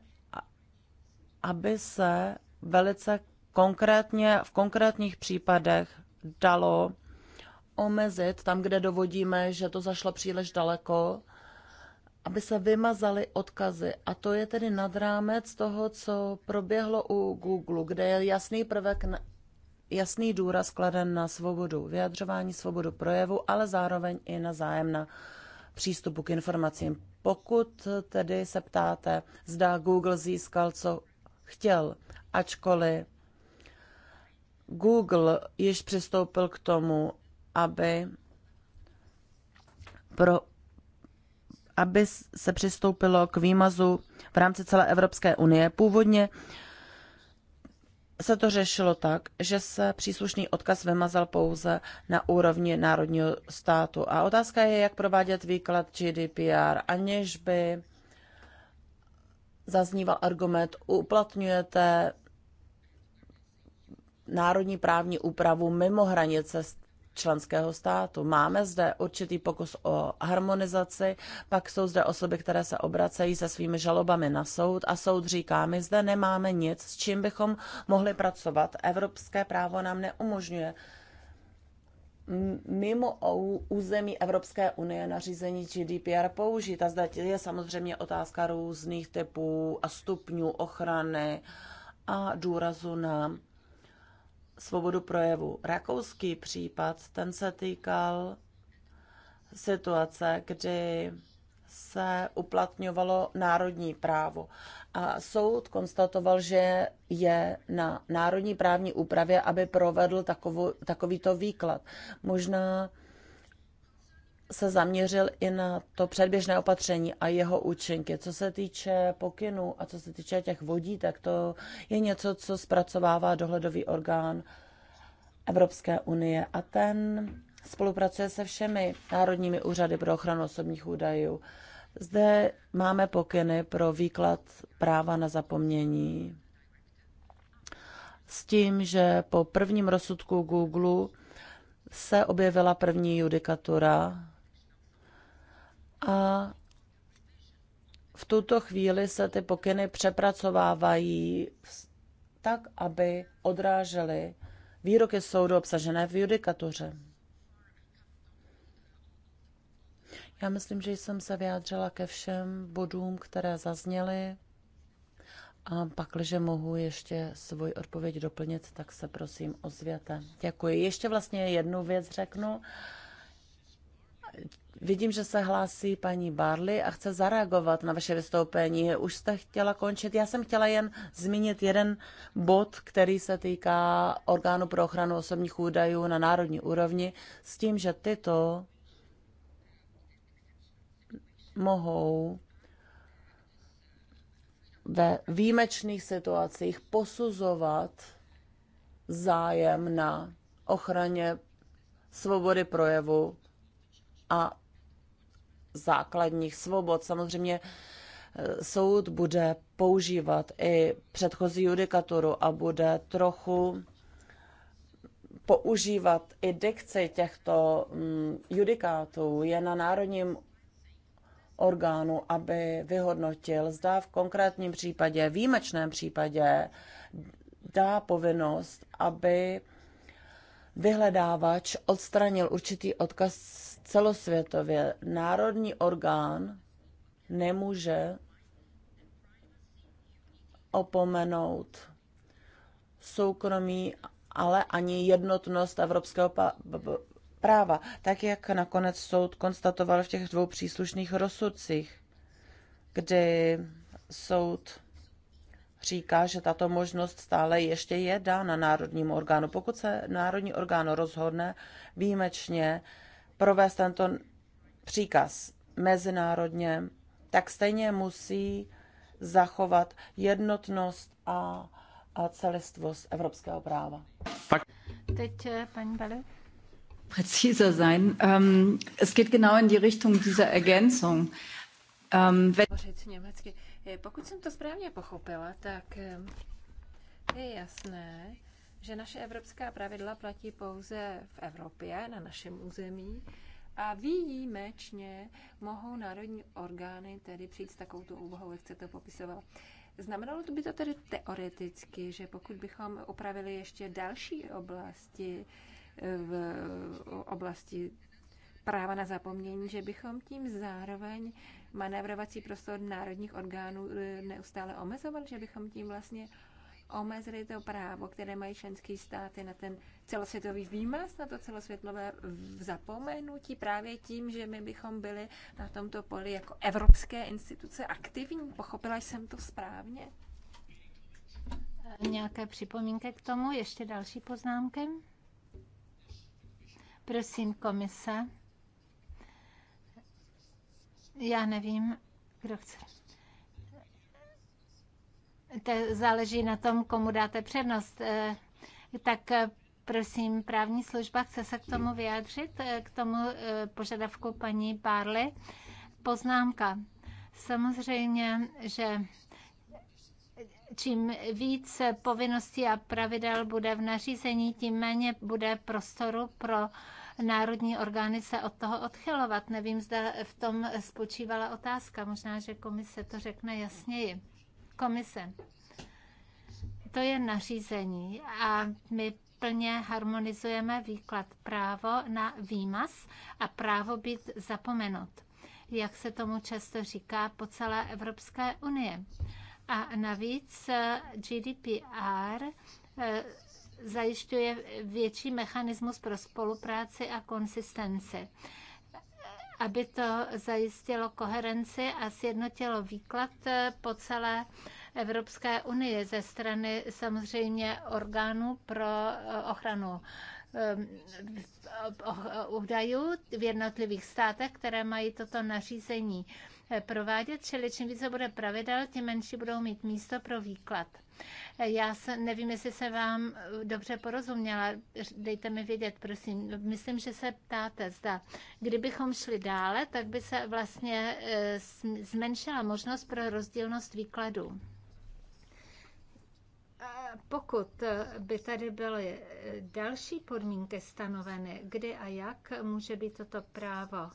S2: aby se velice konkrétně v konkrétních případech dalo omezit tam, kde dovodíme, že to zašlo příliš daleko, aby se vymazaly odkazy. A to je tedy nad rámec toho, co proběhlo u Google, kde je jasný prvek jasný důraz kladen na svobodu vyjadřování, svobodu projevu, ale zároveň i na zájem na přístupu k informacím. Pokud tedy se ptáte, zda Google získal, co chtěl, ačkoliv Google již přistoupil k tomu, aby pro aby se přistoupilo k výmazu v rámci celé Evropské unie. Původně uh, se to řešilo tak, že se příslušný odkaz vymazal pouze na úrovni národního státu. A otázka je, jak provádět výklad GDPR, aniž by zazníval argument, uplatňujete národní právní úpravu mimo hranice členského státu. Máme zde určitý pokus o harmonizaci, pak jsou zde osoby, které se obracejí se svými žalobami na soud a soud říká, my zde nemáme nic, s čím bychom mohli pracovat. Evropské právo nám neumožňuje mimo území Evropské unie nařízení GDPR použít. A zde je samozřejmě otázka různých typů a stupňů ochrany a důrazu na svobodu projevu. Rakouský případ, ten se týkal situace, kdy se uplatňovalo národní právo. A soud konstatoval, že je na národní právní úpravě, aby provedl takovou, takovýto výklad. Možná se zaměřil i na to předběžné opatření a jeho účinky. Co se týče pokynů a co se týče těch vodí, tak to je něco, co zpracovává dohledový orgán Evropské unie a ten spolupracuje se všemi národními úřady pro ochranu osobních údajů. Zde máme pokyny pro výklad práva na zapomnění s tím, že po prvním rozsudku Google se objevila první judikatura a v tuto chvíli se ty pokyny přepracovávají tak, aby odrážely výroky soudu obsažené v judikatuře. Já myslím, že jsem se vyjádřila ke všem bodům, které zazněly. A pak, když mohu ještě svoji odpověď doplnit, tak se prosím ozvěte. Děkuji. Ještě vlastně jednu věc řeknu. Vidím, že se hlásí paní Barley a chce zareagovat na vaše vystoupení. Už jste chtěla končit. Já jsem chtěla jen zmínit jeden bod, který se týká orgánu pro ochranu osobních údajů na národní úrovni, s tím, že tyto mohou ve výjimečných situacích posuzovat zájem na ochraně svobody projevu a základních svobod. Samozřejmě eh, soud bude používat i předchozí judikaturu a bude trochu používat i dikci těchto mm, judikátů. Je na národním orgánu, aby vyhodnotil, zda v konkrétním případě, výjimečném případě, dá povinnost, aby vyhledávač odstranil určitý odkaz celosvětově národní orgán nemůže opomenout soukromí, ale ani jednotnost evropského práva, tak jak nakonec soud konstatoval v těch dvou příslušných rozsudcích, kdy soud říká, že tato možnost stále ještě je dána národnímu orgánu. Pokud se národní orgán rozhodne výjimečně provést tento příkaz mezinárodně, tak stejně musí zachovat jednotnost a, a celistvost evropského práva. Tak.
S1: Teď eh, paní
S3: Bale. Präziser sein. Um, es geht genau in die Richtung dieser Ergänzung. Um, Pokud jsem to správně pochopila, tak eh, je jasné, že naše evropská pravidla platí pouze v Evropě, na našem území, a výjimečně mohou národní orgány tedy přijít s takovouto úvahou, jak jste to popisoval. Znamenalo to by to tedy teoreticky, že pokud bychom upravili ještě další oblasti v oblasti práva na zapomnění, že bychom tím zároveň manévrovací prostor národních orgánů neustále omezovali, že bychom tím vlastně omezili to právo, které mají členské státy na ten celosvětový výmaz, na to celosvětové zapomenutí právě tím, že my bychom byli na tomto poli jako evropské instituce aktivní. Pochopila jsem to správně? Nějaké připomínky k tomu? Ještě další poznámky?
S1: Prosím, komise. Já nevím, kdo chce to záleží na tom, komu dáte přednost. E, tak e, prosím, právní služba chce se k tomu vyjádřit, e, k tomu požadavku paní Párly. Poznámka. Samozřejmě, že čím víc povinností a pravidel bude v nařízení, tím méně bude prostoru pro národní orgány se od toho odchylovat. Nevím, zda v tom spočívala otázka. Možná, že komise to řekne jasněji komise. To je nařízení a my plně harmonizujeme výklad právo na výmaz a právo být zapomenut, jak se tomu často říká po celé Evropské unie. A navíc eh, GDPR eh, zajišťuje větší mechanismus pro spolupráci a konsistenci aby to zajistilo koherenci a sjednotilo výklad po celé Evropské unie ze strany samozřejmě orgánů pro eh, ochranu eh, údajů v jednotlivých státech, které mají toto nařízení Eh, provádět, čili čím více bude pravidel, tím menší budou mít místo pro výklad. Eh, já se, nevím, jestli se vám eh, dobře porozuměla, dejte mi vědět, prosím. Myslím, že se ptáte, zda kdybychom šli dále, tak by se vlastně zmenšila možnost pro rozdílnost výkladu. Pokud by tady byly další podmínky stanoveny, kdy a jak může být toto právo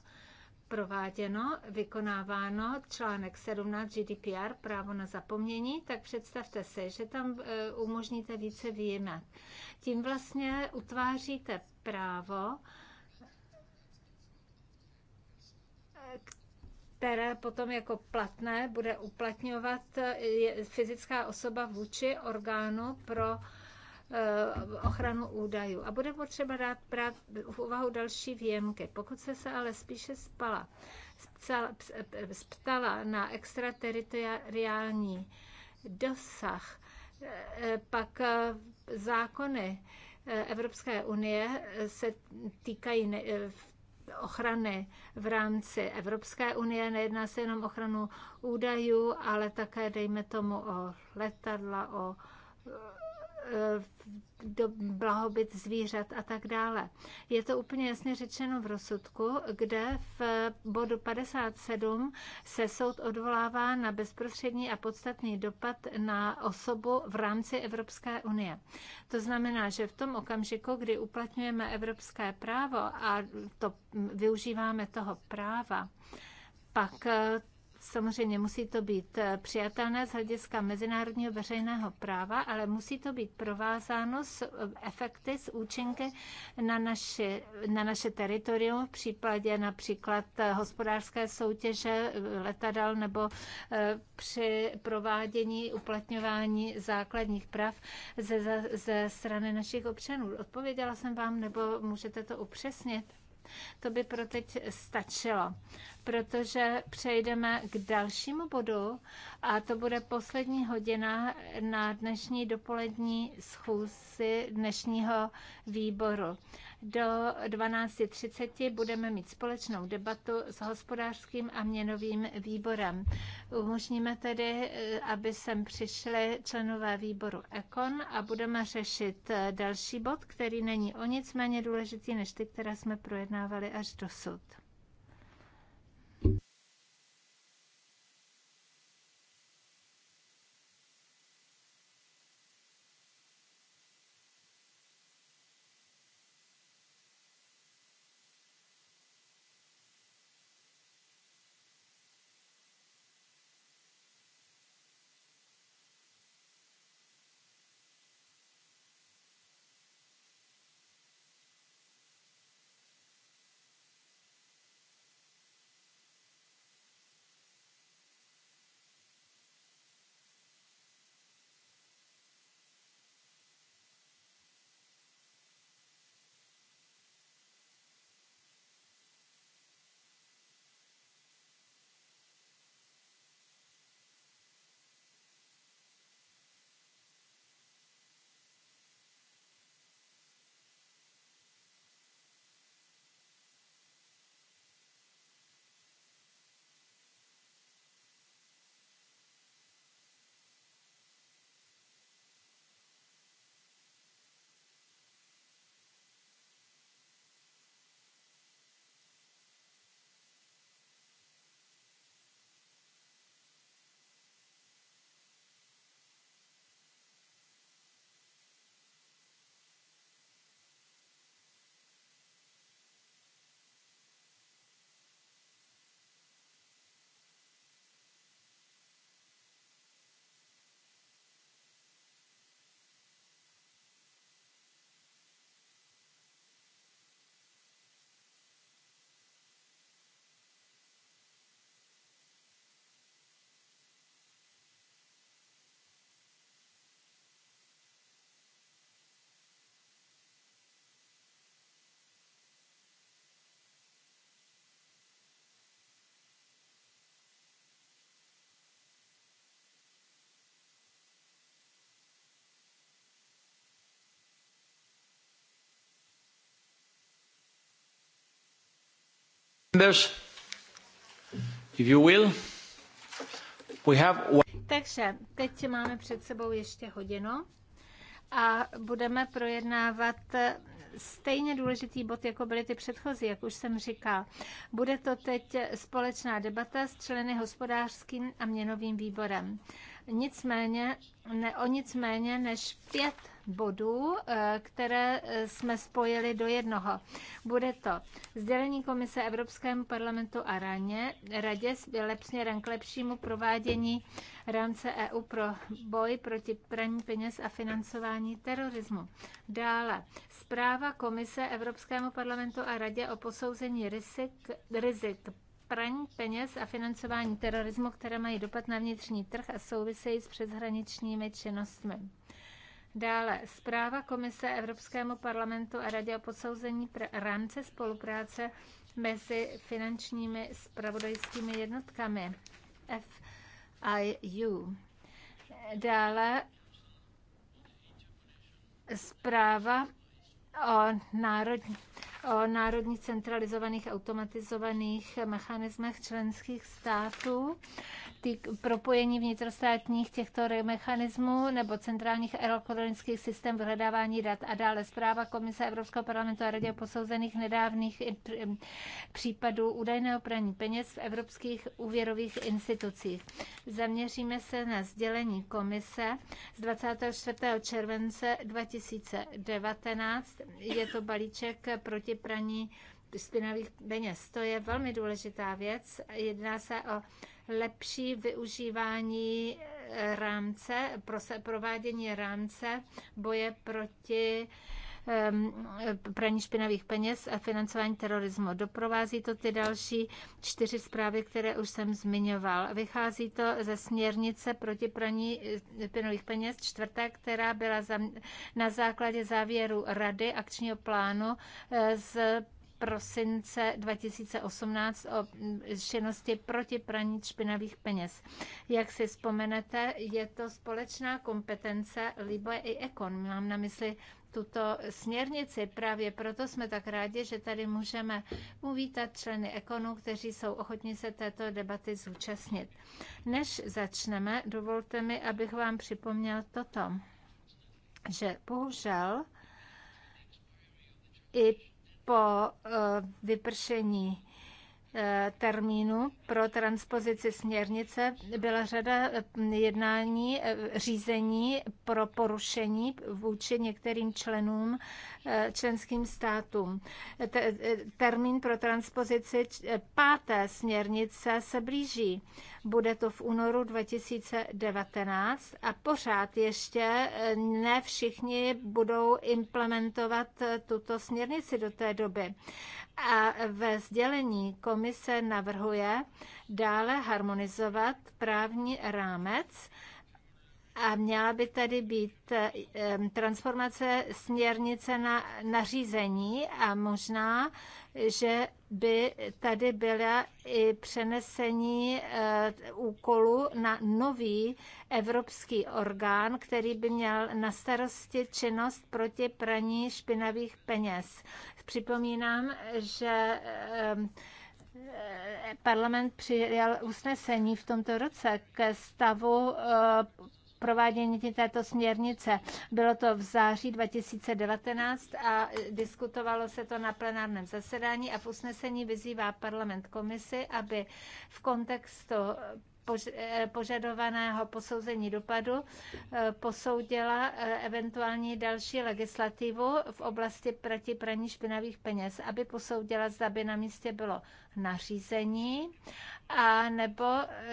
S1: prováděno, vykonáváno článek 17 GDPR, právo na zapomnění, tak představte si, že tam e, umožníte více výjimek. Tím vlastně utváříte právo, které potom jako platné bude uplatňovat e, fyzická osoba vůči orgánu pro Eh, ochranu údajů. A bude potřeba dát brát v úvahu další výjemky. Pokud se se ale spíše spala, eh, ptala na extrateritoriální dosah, eh, pak zákony Evropské unie se týkají ochrany v rámci Evropské unie. Nejedná se jenom ochranu údajů, ale také, dejme tomu, o letadla, o Eh, do blahobyt zvířat a tak dále. Je to úplně jasně řečeno v rozsudku, kde v bodu 57 se soud odvolává na bezprostřední a podstatný dopad na osobu v rámci Evropské unie. To znamená, že v tom okamžiku, kdy uplatňujeme evropské právo a to využíváme toho práva, pak eh, Samozřejmě musí to být eh, přijatelné z hlediska mezinárodního veřejného práva, ale musí to být provázáno s eh, efekty, s účinky na naše, na naše teritorium, v případě například eh, hospodářské soutěže letadel nebo při provádění uplatňování základních práv ze, ze strany našich občanů. Odpověděla jsem vám, nebo můžete to upřesnit? To by pro teď stačilo, protože přejdeme k dalšímu bodu a to bude poslední hodina na dnešní dopolední schůzi dnešního výboru. Do 12.30 budeme mít společnou debatu s hospodářským a měnovým výborem. Umožníme tedy, eh, aby sem přišli členové výboru Econ a budeme řešit eh, další bod, který není o nic méně důležitý než ty, které jsme projednávali až dosud. Takže teď máme před sebou ještě hodinu a budeme projednávat stejně důležitý bod, jako byly ty předchozí, jak už jsem říkal. Bude to teď společná debata s členy hospodářským a měnovým výborem. Nicméně, ne o nic méně než pět bodů, eh, které eh, jsme spojili do jednoho. Bude to sdělení Komise Evropskému parlamentu a raně, radě lepšně rank lepšímu provádění rámce EU pro boj proti praní peněz a financování terorismu. Dále zpráva Komise Evropskému parlamentu a radě o posouzení rizik, rizik praní peněz a financování terorismu, které mají dopad na vnitřní trh a souvisejí s přeshraničními činnostmi. Dále zpráva Komise Evropskému parlamentu a Radě o podsouzení rámce spolupráce mezi finančními spravodajskými jednotkami FIU. Dále zpráva o, národ, o národních centralizovaných automatizovaných mechanismech členských států ty propojení vnitrostátních těchto mechanismů nebo centrálních elektronických systém vyhledávání dat a dále zpráva Komise Evropského parlamentu a radě posouzených nedávných případů údajného praní peněz v evropských úvěrových institucích. Zaměříme se na sdělení komise z 24. července 2019. Je to balíček proti praní špinavých peněz. To je velmi důležitá věc. Jedná se o lepší využívání eh, rámce, provádění rámce boje proti ehm, praní špinavých peněz a financování terorismu. Doprovází to ty další čtyři zprávy, které už jsem zmiňoval. Vychází to ze směrnice proti praní eh, špinavých peněz čtvrté, která byla na základě závěru Rady akčního plánu eh, z prosince 2018 o činnosti proti praní špinavých peněz. Jak si vzpomenete, je to společná kompetence Libe i Ekon. Mám na mysli tuto směrnici. Právě proto jsme tak rádi, že tady můžeme uvítat členy ekonu, kteří jsou ochotní se této debaty zúčastnit. Než začneme, dovolte mi, abych vám připomněl toto, že bohužel i po eh, vypršení Eh, termínu pro transpozici směrnice byla řada mm, jednání, eh, řízení pro porušení vůči některým členům eh, členským státům. Termín pro transpozici páté směrnice se blíží. Bude to v únoru 2019 a pořád ještě ne všichni budou implementovat tuto směrnici do té doby. A ve sdělení komise navrhuje dále harmonizovat právní rámec a měla by tady být eh, transformace směrnice na nařízení a možná, že by tady byla i přenesení eh, úkolu na nový evropský orgán, který by měl na starosti činnost proti praní špinavých peněz. Připomínám, že eh, Parlament přijal usnesení v tomto roce ke stavu provádění této směrnice. Bylo to v září 2019 a diskutovalo se to na plenárním zasedání a v usnesení vyzývá parlament komisi, aby v kontextu Eh, požadovaného posouzení dopadu eh, posoudila eh, eventuální další legislativu v oblasti proti praní špinavých peněz, aby posoudila, zda by na místě bylo nařízení a nebo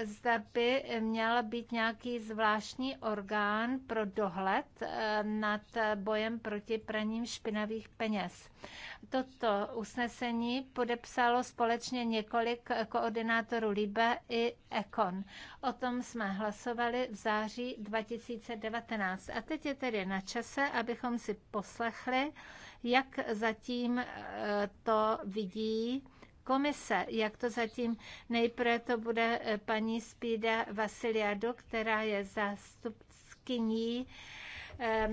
S1: zda by měl být nějaký zvláštní orgán pro dohled nad bojem proti praním špinavých peněz. Toto usnesení podepsalo společně několik koordinátorů LIBE i ECON. O tom jsme hlasovali v září 2019. A teď je tedy na čase, abychom si poslechli, jak zatím eh, to vidí komise, jak to zatím nejprve to bude eh, paní Spída Vasiliadu, která je zástupkyní eh,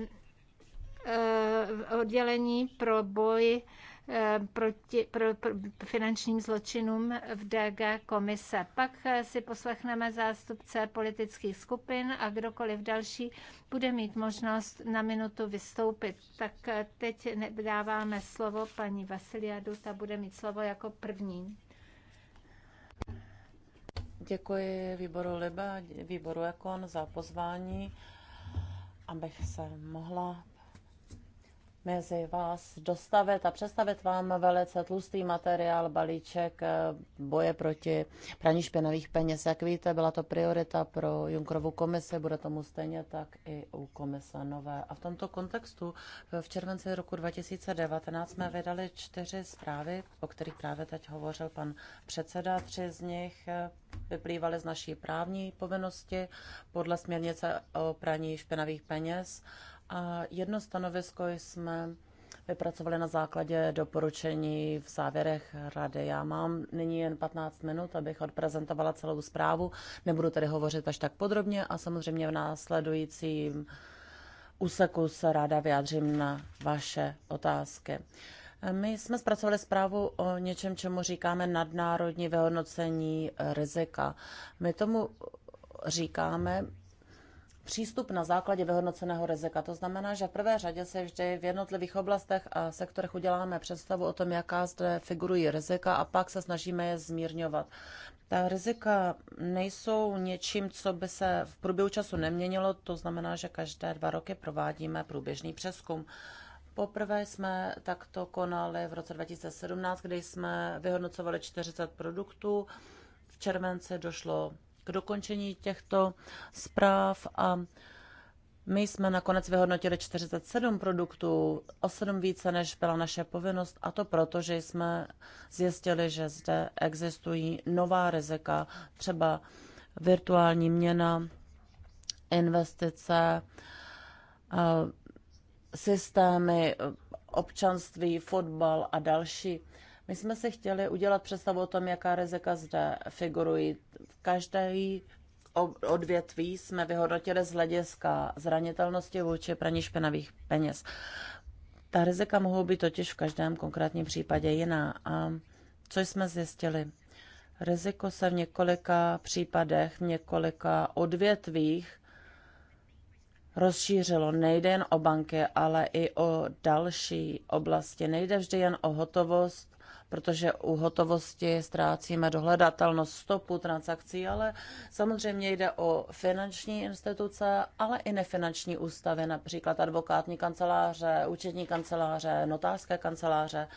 S1: Eh, oddělení pro boj eh, proti pro, pro finančním zločinům v DG komise. Pak eh, si poslechneme zástupce politických skupin a kdokoliv další bude mít možnost na minutu vystoupit. Tak teď dáváme slovo paní Vasiliadu, ta bude mít slovo jako první.
S2: Děkuji výboru Liba, výboru Ekon za pozvání, abych se mohla mezi vás dostavit a představit vám velice tlustý materiál, balíček eh, boje proti praní špinavých peněz. Jak víte, byla to priorita pro Junkrovu komisi, bude tomu stejně tak i u komise nové. A v tomto kontextu eh, v červenci roku 2019 jsme vydali čtyři zprávy, o kterých právě teď hovořil pan předseda. Tři z nich eh, vyplývaly z naší právní povinnosti podle směrnice o praní špinavých peněz a jedno stanovisko jsme vypracovali na základě doporučení v závěrech rady. Já mám nyní jen 15 minut, abych odprezentovala celou zprávu. Nebudu tedy hovořit až tak podrobně a samozřejmě v následujícím úseku se ráda vyjádřím na vaše otázky. My jsme zpracovali zprávu o něčem, čemu říkáme nadnárodní vyhodnocení rizika. My tomu říkáme přístup na základě vyhodnoceného rizika. To znamená, že v prvé řadě se vždy v jednotlivých oblastech a sektorech uděláme představu o tom, jaká zde figurují rizika a pak se snažíme je zmírňovat. Ta rizika nejsou něčím, co by se v průběhu času neměnilo, to znamená, že každé dva roky provádíme průběžný přeskum. Poprvé jsme takto konali v roce 2017, kdy jsme vyhodnocovali 40 produktů. V červenci došlo k dokončení těchto zpráv a my jsme nakonec vyhodnotili 47 produktů, o 7 více, než byla naše povinnost, a to proto, že jsme zjistili, že zde existují nová rizika, třeba virtuální měna, investice, systémy občanství, fotbal a další. My jsme si chtěli udělat představu o tom, jaká rizika zde figurují. V každé odvětví jsme vyhodnotili z hlediska zranitelnosti vůči praní špinavých peněz. Ta rizika mohou být totiž v každém konkrétním případě jiná. A co jsme zjistili? Riziko se v několika případech, v několika odvětvích rozšířilo. Nejde jen o banky, ale i o další oblasti. Nejde vždy jen o hotovost, protože u hotovosti ztrácíme dohledatelnost stopu transakcí, ale samozřejmě jde o finanční instituce, ale i nefinanční ústavy, například advokátní kanceláře, účetní kanceláře, notářské kanceláře,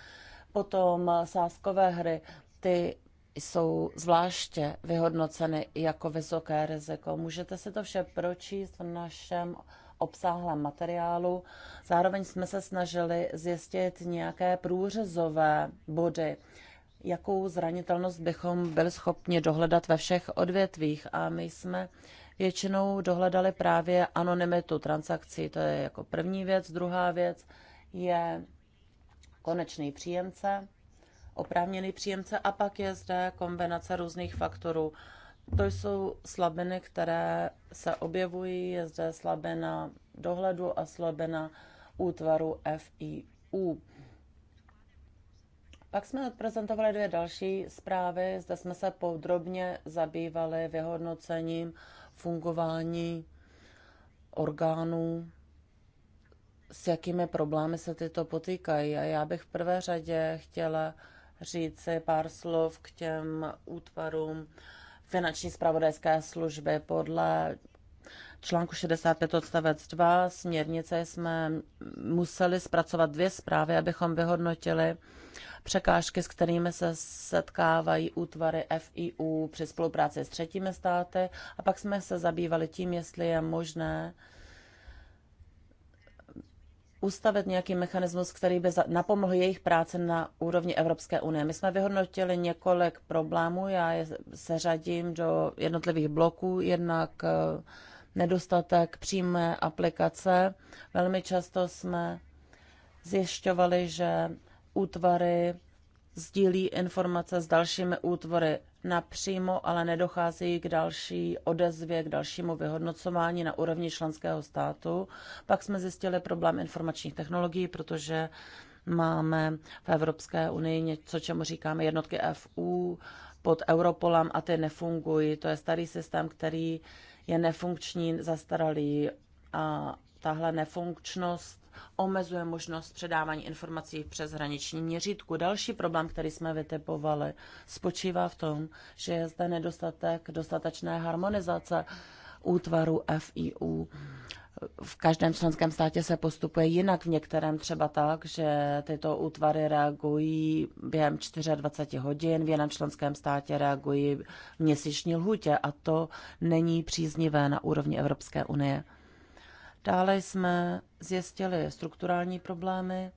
S2: potom sázkové hry. Ty jsou zvláště vyhodnoceny jako vysoké riziko. Můžete si to vše pročíst v našem obsáhlém materiálu. Zároveň jsme se snažili zjistit nějaké průřezové body, jakou zranitelnost bychom byli schopni dohledat ve všech odvětvích. A my jsme většinou dohledali právě anonymitu transakcí. To je jako první věc. Druhá věc je konečný příjemce, oprávněný příjemce a pak je zde kombinace různých faktorů to jsou slabiny, které se objevují. Je zde slabina dohledu a slabina útvaru FIU. Pak jsme odprezentovali dvě další zprávy. Zde jsme se podrobně zabývali vyhodnocením fungování orgánů, s jakými problémy se tyto potýkají. A já bych v prvé řadě chtěla říct si pár slov k těm útvarům finanční spravodajské služby. Podle článku 65 odstavec 2 směrnice jsme museli zpracovat dvě zprávy, abychom vyhodnotili překážky, s kterými se setkávají útvary FIU při spolupráci s třetími státy a pak jsme se zabývali tím, jestli je možné ustavit nějaký mechanismus, který by napomohl jejich práce na úrovni Evropské unie. My jsme vyhodnotili několik problémů, já je seřadím do jednotlivých bloků, jednak eh, nedostatek přímé aplikace. Velmi často jsme zjišťovali, že útvary sdílí informace s dalšími útvory napřímo, ale nedochází k další odezvě, k dalšímu vyhodnocování na úrovni členského státu. Pak jsme zjistili problém informačních technologií, protože máme v Evropské unii něco, čemu říkáme jednotky FU pod Europolem a ty nefungují. To je starý systém, který je nefunkční, zastaralý a tahle nefunkčnost omezuje možnost předávání informací v přeshraniční měřítku. Další problém, který jsme vytipovali, spočívá v tom, že je zde nedostatek dostatečné harmonizace útvaru FIU. V každém členském státě se postupuje jinak, v některém třeba tak, že tyto útvary reagují během 24 hodin, v jiném členském státě reagují v měsíční lhůtě a to není příznivé na úrovni Evropské unie. Dále jsme zjistili strukturální problémy.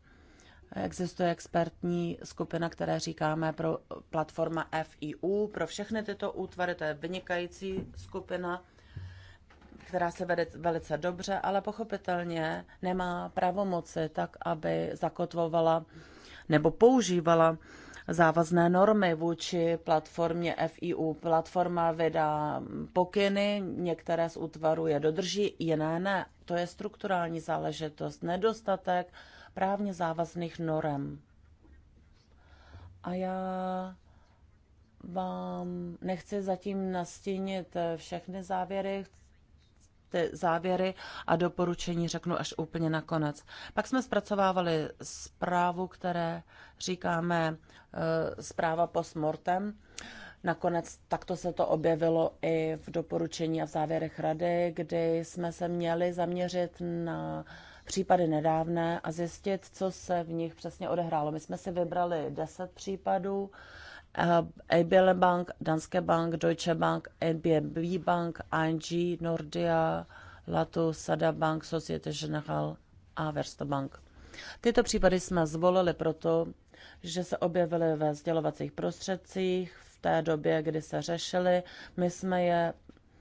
S2: Existuje expertní skupina, které říkáme pro platforma FIU. Pro všechny tyto útvary to je vynikající skupina, která se vede velice dobře, ale pochopitelně nemá pravomoci tak, aby zakotvovala nebo používala závazné normy vůči platformě FIU. Platforma vydá pokyny, některé z útvarů je dodrží, jiné ne. To je strukturální záležitost, nedostatek právně závazných norem. A já vám nechci zatím nastínit všechny závěry, ty závěry a doporučení řeknu až úplně nakonec. Pak jsme zpracovávali zprávu, které říkáme eh, zpráva mortem. Nakonec takto se to objevilo i v doporučení a v závěrech rady, kdy jsme se měli zaměřit na případy nedávné a zjistit, co se v nich přesně odehrálo. My jsme si vybrali 10 případů, Eh, ABL Bank, Danske Bank, Deutsche Bank, NBMB Bank, ING, Nordea, Latu, Sada Bank, Societe Generale a Versto Bank. Tyto případy jsme zvolili proto, že se objevily ve sdělovacích prostředcích v té době, kdy se řešily. My jsme je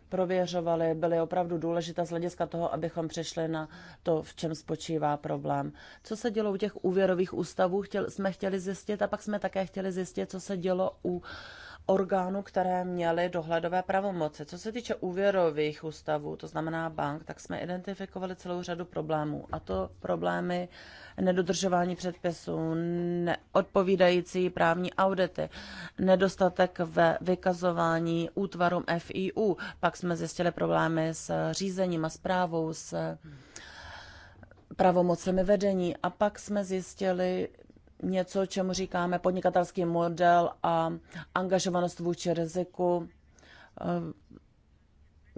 S2: prověřovali, byly opravdu důležité z hlediska toho, abychom přišli na to, v čem spočívá problém. Co se dělo u těch úvěrových ústavů, chtěli, jsme chtěli zjistit a pak jsme také chtěli zjistit, co se dělo u orgánů, které měly dohledové pravomoci. Co se týče úvěrových ústavů, to znamená bank, tak jsme identifikovali celou řadu problémů. A to problémy nedodržování předpisů, odpovídající právní audity, nedostatek ve vykazování útvarům FIU. Pak jsme zjistili problémy s řízením a zprávou, s pravomocemi vedení. A pak jsme zjistili něco, čemu říkáme podnikatelský model a angažovanost vůči riziku, eh,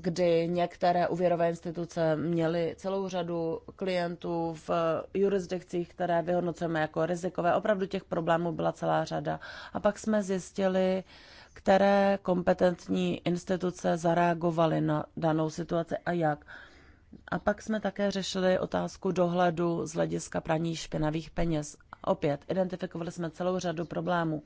S2: kdy některé úvěrové instituce měly celou řadu klientů v jurisdikcích, které vyhodnocujeme jako rizikové. Opravdu těch problémů byla celá řada. A pak jsme zjistili, které kompetentní instituce zareagovaly na danou situaci a jak. A pak jsme také řešili otázku dohledu z hlediska praní špinavých peněz. Opět, identifikovali jsme celou řadu problémů.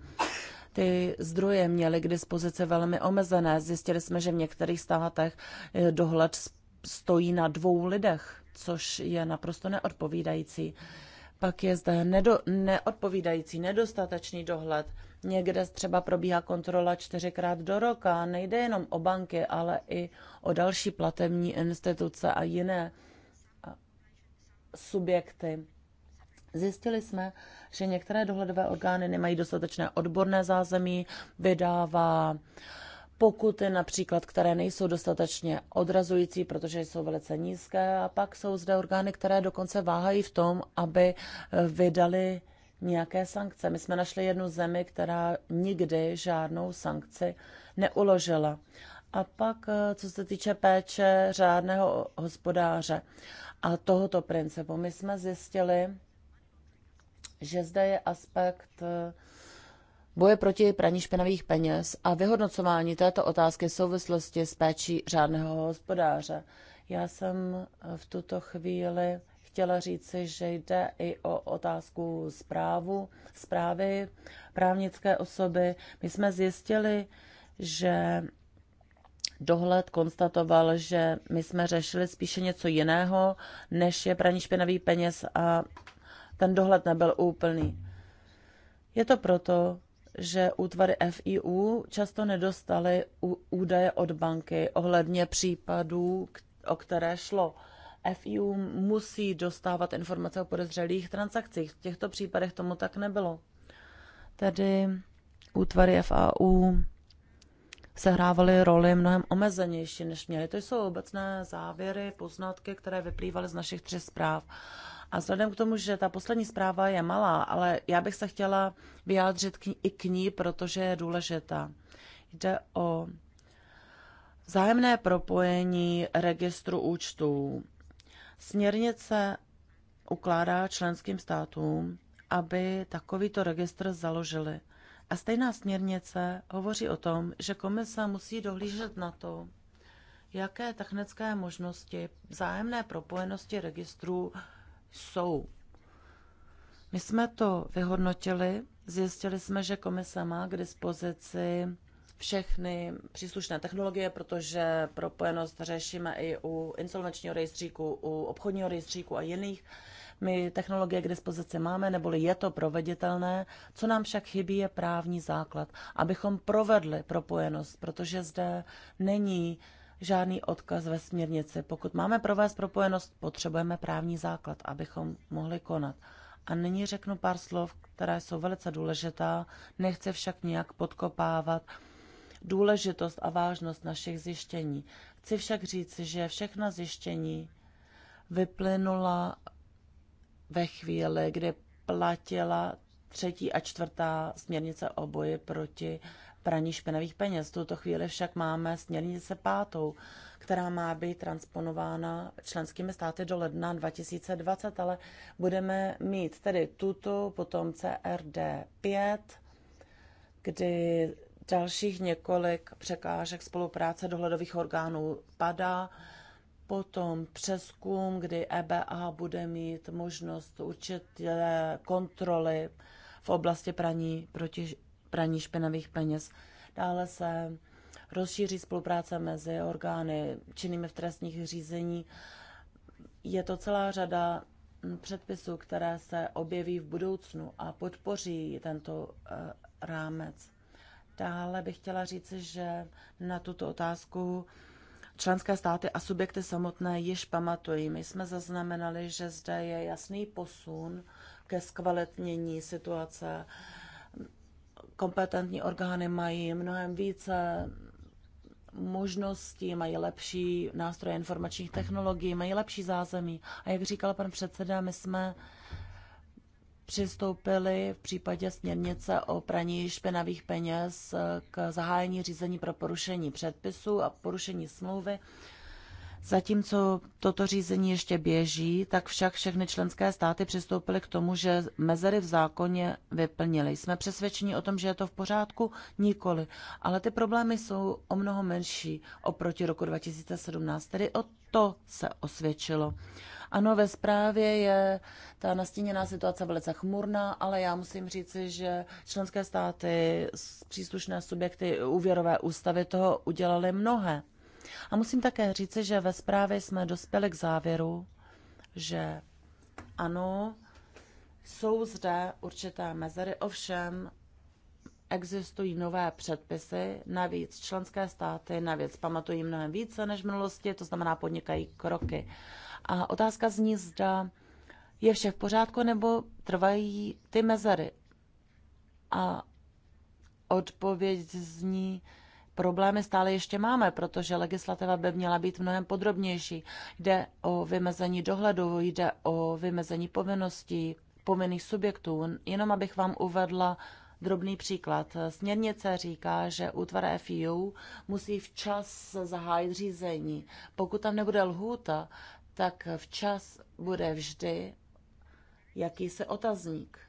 S2: Ty zdroje měly k dispozici velmi omezené. Zjistili jsme, že v některých státech eh, dohled stojí na dvou lidech, což je naprosto neodpovídající. Pak je zde nedo, neodpovídající, nedostatečný dohled. Někde třeba probíhá kontrola čtyřikrát do roka. Nejde jenom o banky, ale i o další platební instituce a jiné subjekty. Zjistili jsme, že některé dohledové orgány nemají dostatečné odborné zázemí, vydává pokuty například, které nejsou dostatečně odrazující, protože jsou velice nízké a pak jsou zde orgány, které dokonce váhají v tom, aby eh, vydali nějaké sankce. My jsme našli jednu zemi, která nikdy žádnou sankci neuložila. A pak, eh, co se týče péče řádného hospodáře a tohoto principu, my jsme zjistili, že zde je aspekt eh, boje proti praní špinavých peněz a vyhodnocování této otázky v souvislosti s péčí řádného hospodáře. Já jsem eh, v tuto chvíli chtěla říci, že jde i o otázku zprávu, zprávy právnické osoby. My jsme zjistili, že dohled konstatoval, že my jsme řešili spíše něco jiného, než je praní špinavý peněz a ten dohled nebyl úplný. Je to proto, že útvary FIU často nedostaly údaje od banky ohledně případů, o které šlo. FIU musí dostávat informace o podezřelých transakcích. V těchto případech tomu tak nebylo. Tedy útvary FAU sehrávaly roli mnohem omezenější, než měly. To jsou obecné závěry, poznatky, které vyplývaly z našich tři zpráv. A vzhledem k tomu, že ta poslední zpráva je malá, ale já bych se chtěla vyjádřit k ní, i k ní, protože je důležitá. Jde o zájemné propojení registru účtů. Směrnice ukládá členským státům, aby takovýto registr založili. A stejná směrnice hovoří o tom, že komise musí dohlížet na to, jaké technické možnosti vzájemné propojenosti registrů jsou. My jsme to vyhodnotili, zjistili jsme, že komise má k dispozici všechny příslušné technologie, protože propojenost řešíme i u insolvenčního rejstříku, u obchodního rejstříku a jiných. My technologie k dispozici máme, neboli je to proveditelné. Co nám však chybí, je právní základ, abychom provedli propojenost, protože zde není uh, žádný odkaz ve směrnici. Pokud máme provést propojenost, potřebujeme právní základ, abychom mohli konat. A nyní řeknu pár slov, která jsou velice důležitá, nechce však nijak podkopávat důležitost a vážnost našich zjištění. Chci však říct, že všechna zjištění vyplynula ve chvíli, kdy platila třetí a čtvrtá směrnice o boji proti praní špinavých peněz. V tuto chvíli však máme směrnice pátou, která má být transponována členskými státy do ledna 2020, ale budeme mít tedy tuto, potom CRD 5, kdy dalších několik překážek spolupráce dohledových orgánů padá. Potom přeskum, kdy EBA bude mít možnost určité kontroly v oblasti praní proti praní špinavých peněz. Dále se rozšíří spolupráce mezi orgány činnými v trestních řízení. Je to celá řada mm, předpisů, které se objeví v budoucnu a podpoří tento e, rámec. Dále bych chtěla říci, že na tuto otázku členské státy a subjekty samotné již pamatují. My jsme zaznamenali, že zde je jasný posun ke zkvalitnění situace kompetentní orgány mají mnohem více možností, mají lepší nástroje informačních technologií, mají lepší zázemí. A jak říkal pan předseda, my jsme přistoupili v případě směrnice o praní špinavých peněz k zahájení řízení pro porušení předpisů a porušení smlouvy Zatímco toto řízení ještě běží, tak však všechny členské státy přistoupily k tomu, že mezery v zákoně vyplnily. Jsme přesvědčeni o tom, že je to v pořádku? Nikoli. Ale ty problémy jsou o mnoho menší oproti roku 2017, tedy o to se osvědčilo. Ano, ve zprávě je ta nastíněná situace velice chmurná, ale já musím říci, že členské státy, příslušné subjekty, úvěrové ústavy toho udělali mnohé. A musím také říci, že ve zprávě jsme dospěli k závěru, že ano, jsou zde určité mezery, ovšem existují nové předpisy, navíc členské státy navíc pamatují mnohem více než v minulosti, to znamená podnikají kroky. A otázka zní, zda je vše v pořádku nebo trvají ty mezery. A odpověď zní, problémy stále ještě máme, protože legislativa by měla být mnohem podrobnější. Jde o vymezení dohledu, jde o vymezení povinností, povinných subjektů. Jenom abych vám uvedla drobný příklad. Směrnice říká, že útvar FIU musí včas zahájit řízení. Pokud tam nebude lhůta, tak včas bude vždy jakýsi otazník.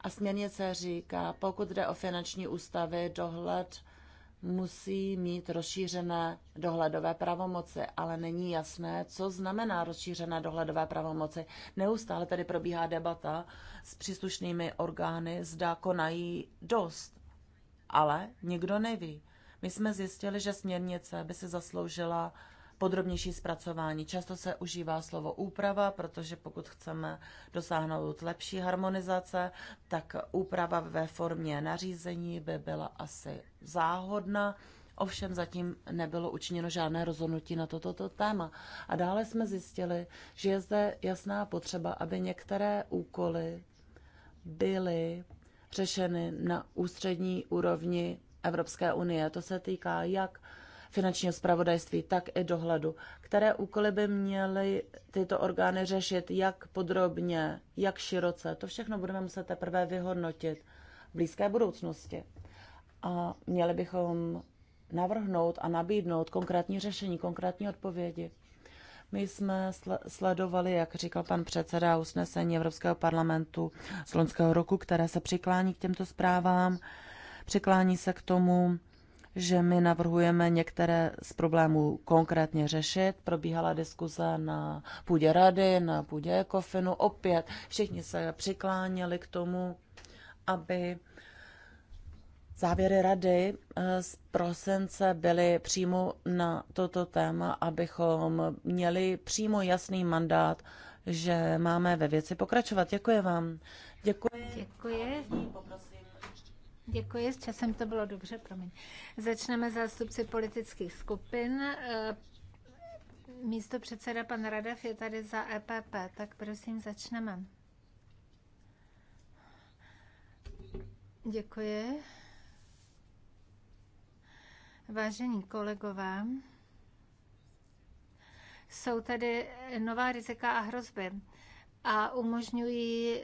S2: A směrnice říká, pokud jde o finanční ústavy, dohled musí mít rozšířené dohledové pravomoci, ale není jasné, co znamená rozšířené dohledové pravomoci. Neustále tedy probíhá debata s příslušnými orgány, zda konají dost, ale nikdo neví. My jsme zjistili, že směrnice by se zasloužila podrobnější zpracování. Často se užívá slovo úprava, protože pokud chceme dosáhnout lepší harmonizace, tak úprava ve formě nařízení by byla asi záhodna. Ovšem zatím nebylo učiněno žádné rozhodnutí na toto to, téma. A dále jsme zjistili, že je zde jasná potřeba, aby některé úkoly byly řešeny na ústřední úrovni Evropské unie. To se týká jak finančního spravodajství, tak i dohledu. Které úkoly by měly tyto orgány řešit, jak podrobně, jak široce, to všechno budeme muset teprve vyhodnotit v blízké budoucnosti. A měli bychom navrhnout a nabídnout konkrétní řešení, konkrétní odpovědi. My jsme sledovali, jak říkal pan předseda, usnesení Evropského parlamentu z loňského roku, které se přiklání k těmto zprávám, přiklání se k tomu, že my navrhujeme některé z problémů konkrétně řešit. Probíhala diskuze na půdě rady, na půdě kofinu. Opět všichni se přikláněli k tomu, aby závěry rady eh, z prosince byly přímo na toto téma, abychom měli přímo jasný mandát, že máme ve věci pokračovat. Děkuji vám. Děkuji.
S1: Děkuji. Poprosím. Děkuji, s časem to bylo dobře, promiň. Začneme zástupci politických skupin. Eh, místo předseda pan Radev je tady za EPP, tak prosím začneme. Děkuji. Vážení kolegové, jsou tady nová rizika a hrozby a umožňují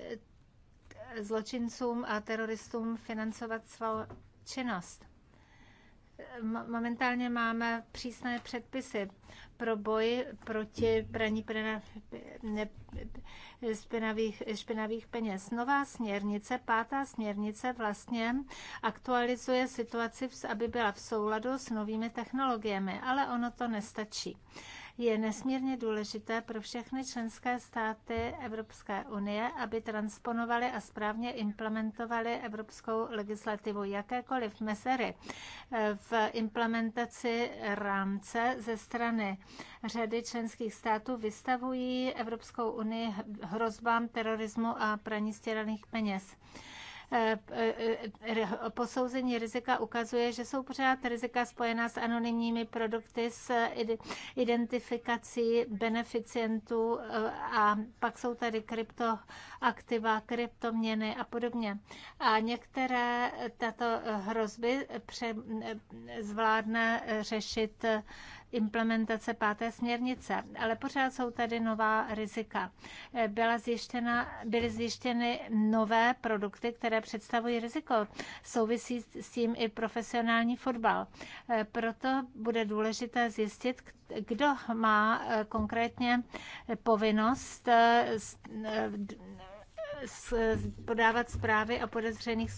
S1: zločincům a teroristům financovat svou činnost. Momentálně máme přísné předpisy pro boj proti praní špinavých, špinavých peněz. Nová směrnice, pátá směrnice vlastně aktualizuje situaci, aby byla v souladu s novými technologiemi, ale ono to nestačí je nesmírně důležité pro všechny členské státy Evropské unie, aby transponovali a správně implementovali evropskou legislativu. Jakékoliv mezery eh, v implementaci rámce ze strany řady členských států vystavují Evropskou unii hrozbám terorismu a praní stěraných peněz. Eh, eh, eh, posouzení rizika ukazuje, že jsou pořád rizika spojená s anonymními produkty, s identifikací beneficientů a pak jsou tady kryptoaktiva, kryptoměny a podobně. A některé tato hrozby pře- zvládne řešit implementace páté směrnice, ale pořád jsou tady nová rizika. Eh, byla zjištěna, byly zjištěny nové produkty, které představují riziko. Souvisí s tím i profesionální fotbal. Eh, proto bude důležité zjistit, kdo má eh, konkrétně povinnost podávat zprávy o podezřených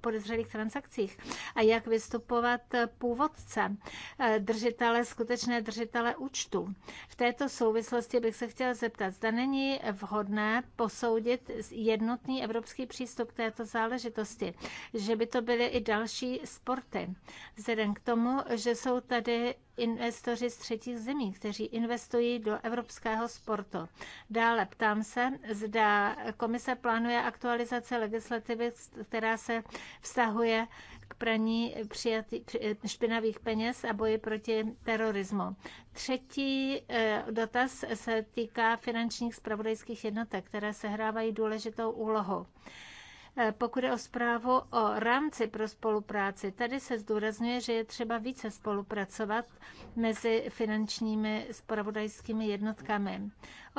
S1: podezřelých transakcích a jak vystupovat původce, eh, držitele, skutečné držitele účtu. V této souvislosti bych se chtěla zeptat, zda není vhodné posoudit jednotný evropský přístup k této záležitosti, že by to byly i další sporty. Vzhledem k tomu, že jsou tady investoři z třetích zemí, kteří investují do evropského sportu. Dále ptám se, zda komise plánuje aktualizace legislativy legislativy, která se vztahuje k praní přijatý, špinavých peněz a boji proti terorismu. Třetí eh, dotaz se týká finančních spravodajských jednotek, které sehrávají důležitou úlohu. E, pokud je o zprávu o rámci pro spolupráci, tady se zdůrazňuje, že je třeba více spolupracovat mezi finančními spravodajskými jednotkami.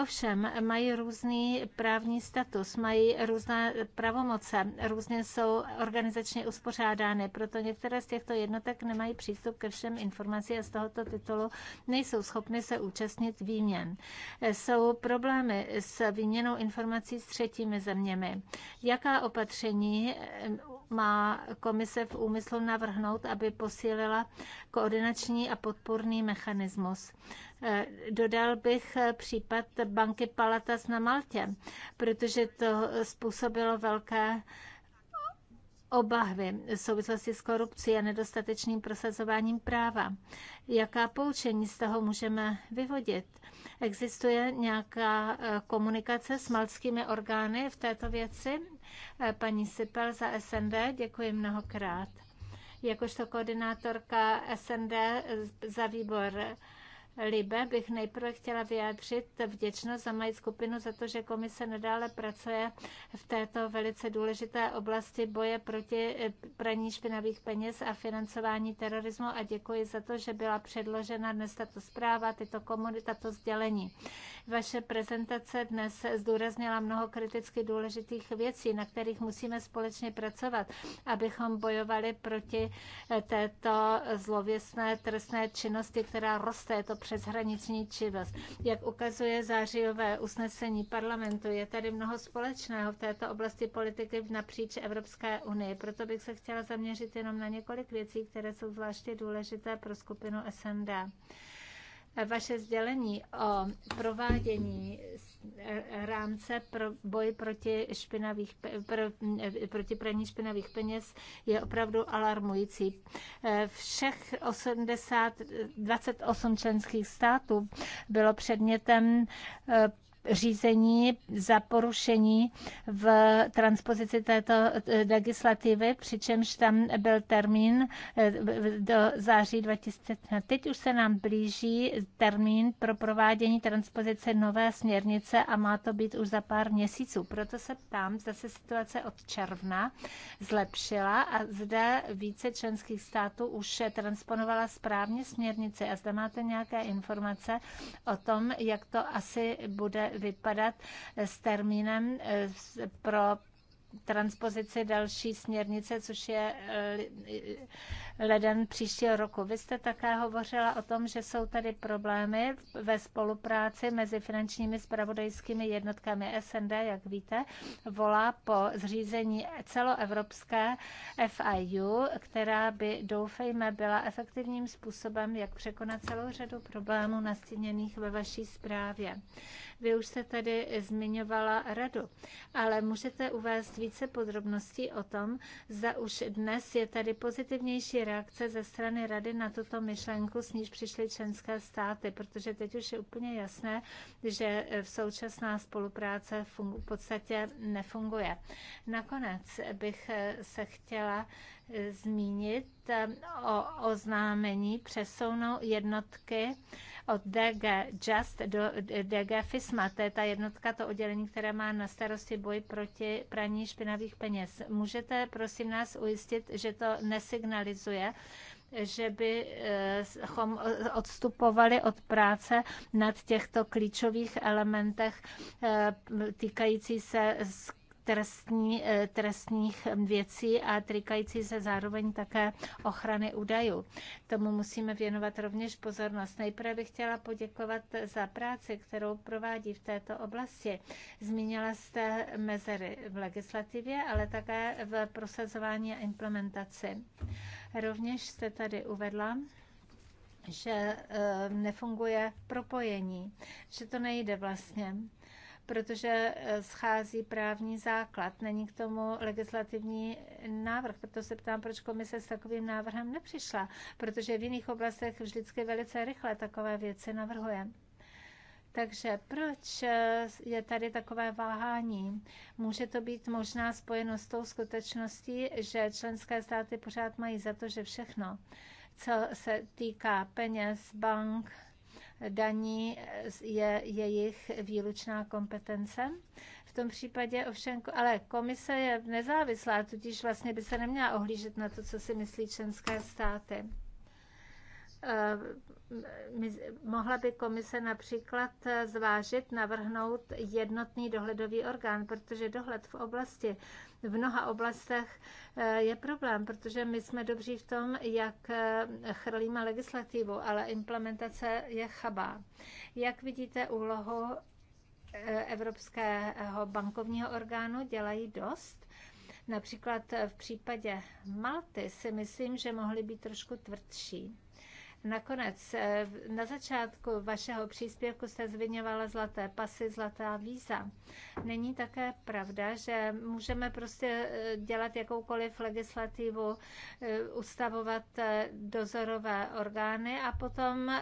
S1: Ovšem, mají různý právní status, mají různé pravomoce, různě jsou organizačně uspořádány, proto některé z těchto jednotek nemají přístup ke všem informacím a z tohoto titulu nejsou schopny se účastnit výměn. E, jsou problémy s výměnou informací s třetími zeměmi. Jaká opatření opatření má komise v úmyslu navrhnout, aby posílila koordinační a podporný mechanismus. Dodal bych případ banky Palatas na Maltě, protože to způsobilo velké obavy v souvislosti s korupcí a nedostatečným prosazováním práva. Jaká poučení z toho můžeme vyvodit? Existuje nějaká komunikace s maltskými orgány v této věci? Eh, paní Sipel za SND. Děkuji mnohokrát. Jakožto koordinátorka SND eh, za výbor Libe bych nejprve chtěla vyjádřit vděčnost za mají skupinu za to, že komise nadále pracuje v této velice důležité oblasti boje proti eh, praní špinavých peněz a financování terorismu a děkuji za to, že byla předložena dnes tato zpráva, tyto komody, tato sdělení. Vaše prezentace dnes zdůraznila mnoho kriticky důležitých věcí, na kterých musíme společně pracovat, abychom bojovali proti eh, této zlověstné trestné činnosti, která roste. Je to přeshraniční činnost. Jak ukazuje zářijové usnesení parlamentu, je tady mnoho společného v této oblasti politiky napříč Evropské unii. Proto bych se chtěla zaměřit jenom na několik věcí, které jsou zvláště důležité pro skupinu SND vaše sdělení o provádění rámce pro boj proti, špinavých, pro, proti praní špinavých peněz je opravdu alarmující. E, všech 80, 28 členských států bylo předmětem e, řízení za porušení v transpozici této eh, legislativy, přičemž tam byl termín eh, do září 2000. Teď už se nám blíží termín pro provádění transpozice nové směrnice a má to být už za pár měsíců. Proto se ptám, zda se situace od června zlepšila a zde více členských států už transponovala správně směrnice a zda máte nějaké informace o tom, jak to asi bude vypadat s termínem eh, pro transpozici další směrnice, což je eh, leden příštího roku. Vy jste také hovořila o tom, že jsou tady problémy ve spolupráci mezi finančními spravodajskými jednotkami SND, jak víte, volá po zřízení celoevropské FIU, která by, doufejme, byla efektivním způsobem, jak překonat celou řadu problémů nastíněných ve vaší zprávě. Vy už se tady zmiňovala radu, ale můžete uvést víc více podrobností o tom, zda už dnes je tady pozitivnější reakce ze strany Rady na tuto myšlenku, s níž přišly členské státy, protože teď už je úplně jasné, že v eh, současná spolupráce v podstatě nefunguje. Nakonec bych eh, se chtěla zmínit eh, o oznámení přesunu jednotky od DG Just do DG FISMA. To je ta jednotka, to oddělení, které má na starosti boj proti praní špinavých peněz. Můžete prosím nás ujistit, že to nesignalizuje že bychom eh, odstupovali od práce nad těchto klíčových elementech eh, týkající se trestní, eh, trestních věcí a trikající se zároveň také ochrany údajů. Tomu musíme věnovat rovněž pozornost. Nejprve bych chtěla poděkovat za práci, kterou provádí v této oblasti. Zmínila jste mezery v legislativě, ale také v prosazování a implementaci. Rovněž jste tady uvedla, že eh, nefunguje propojení, že to nejde vlastně protože eh, schází právní základ. Není k tomu legislativní návrh, proto se ptám, proč komise s takovým návrhem nepřišla, protože v jiných oblastech vždycky velice rychle takové věci navrhuje. Takže proč eh, je tady takové váhání? Může to být možná spojeno s tou skutečností, že členské státy pořád mají za to, že všechno, co se týká peněz, bank, daní je jejich výlučná kompetence. V tom případě ovšem, ale komise je nezávislá, tudíž vlastně by se neměla ohlížet na to, co si myslí členské státy. Eh, mohla by komise například eh, zvážit, navrhnout jednotný dohledový orgán, protože dohled v oblasti, v mnoha oblastech eh, je problém, protože my jsme dobří v tom, jak chrlíme legislativu, ale implementace je chabá. Jak vidíte úlohu Evropského bankovního orgánu, dělají dost? Například v případě Malty si myslím, že mohly být trošku tvrdší Nakonec, eh, na začátku vašeho příspěvku jste zmiňovala zlaté pasy, zlatá víza. Není také pravda, že můžeme prostě eh, dělat jakoukoliv legislativu, eh, ustavovat dozorové orgány a potom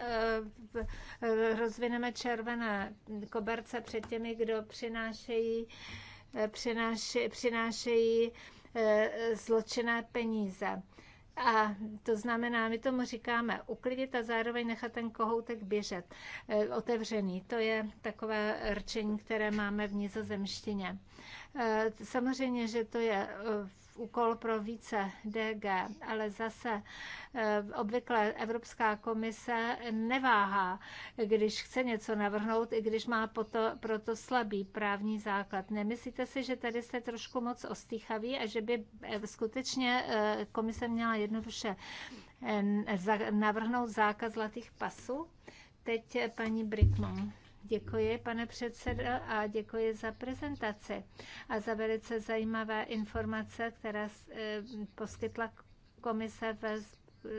S1: rozvineme červené koberce před těmi, kdo přinášejí, přinášejí, přinášejí zločinné peníze. A to znamená, my tomu říkáme uklidit a zároveň nechat ten kohoutek běžet e, otevřený. To je takové rčení, které máme v nizozemštině. E, samozřejmě, že to je e, úkol pro více DG, ale zase eh, obvykle Evropská komise neváhá, když chce něco navrhnout, i když má proto, proto slabý právní základ. Nemyslíte si, že tady jste trošku moc ostýchaví a že by eh, skutečně eh, komise měla jednoduše navrhnout zákaz zlatých pasů? Teď paní Brickman. Děkuji, pane předsedo, a děkuji za prezentaci a za velice zajímavé informace, které eh, poskytla komise ve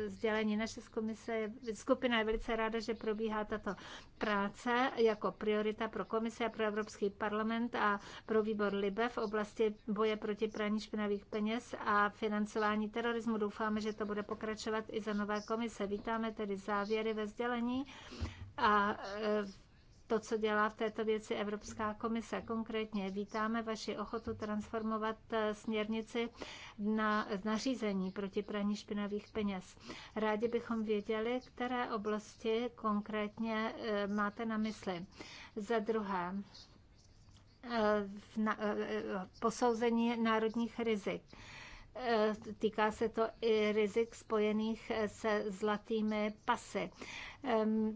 S1: sdělení. Naše komise, skupina je velice ráda, že probíhá tato práce jako priorita pro komisi a pro Evropský parlament a pro výbor LIBE v oblasti boje proti praní špinavých peněz a financování terorismu. Doufáme, že to bude pokračovat i za nové komise. Vítáme tedy závěry ve sdělení a eh, to, co dělá v této věci Evropská komise. Konkrétně vítáme vaši ochotu transformovat eh, směrnici na nařízení proti praní špinavých peněz. Rádi bychom věděli, které oblasti konkrétně eh, máte na mysli. Za druhé, eh, v na, posouzení národních rizik. Týká se to i rizik spojených se zlatými pasy.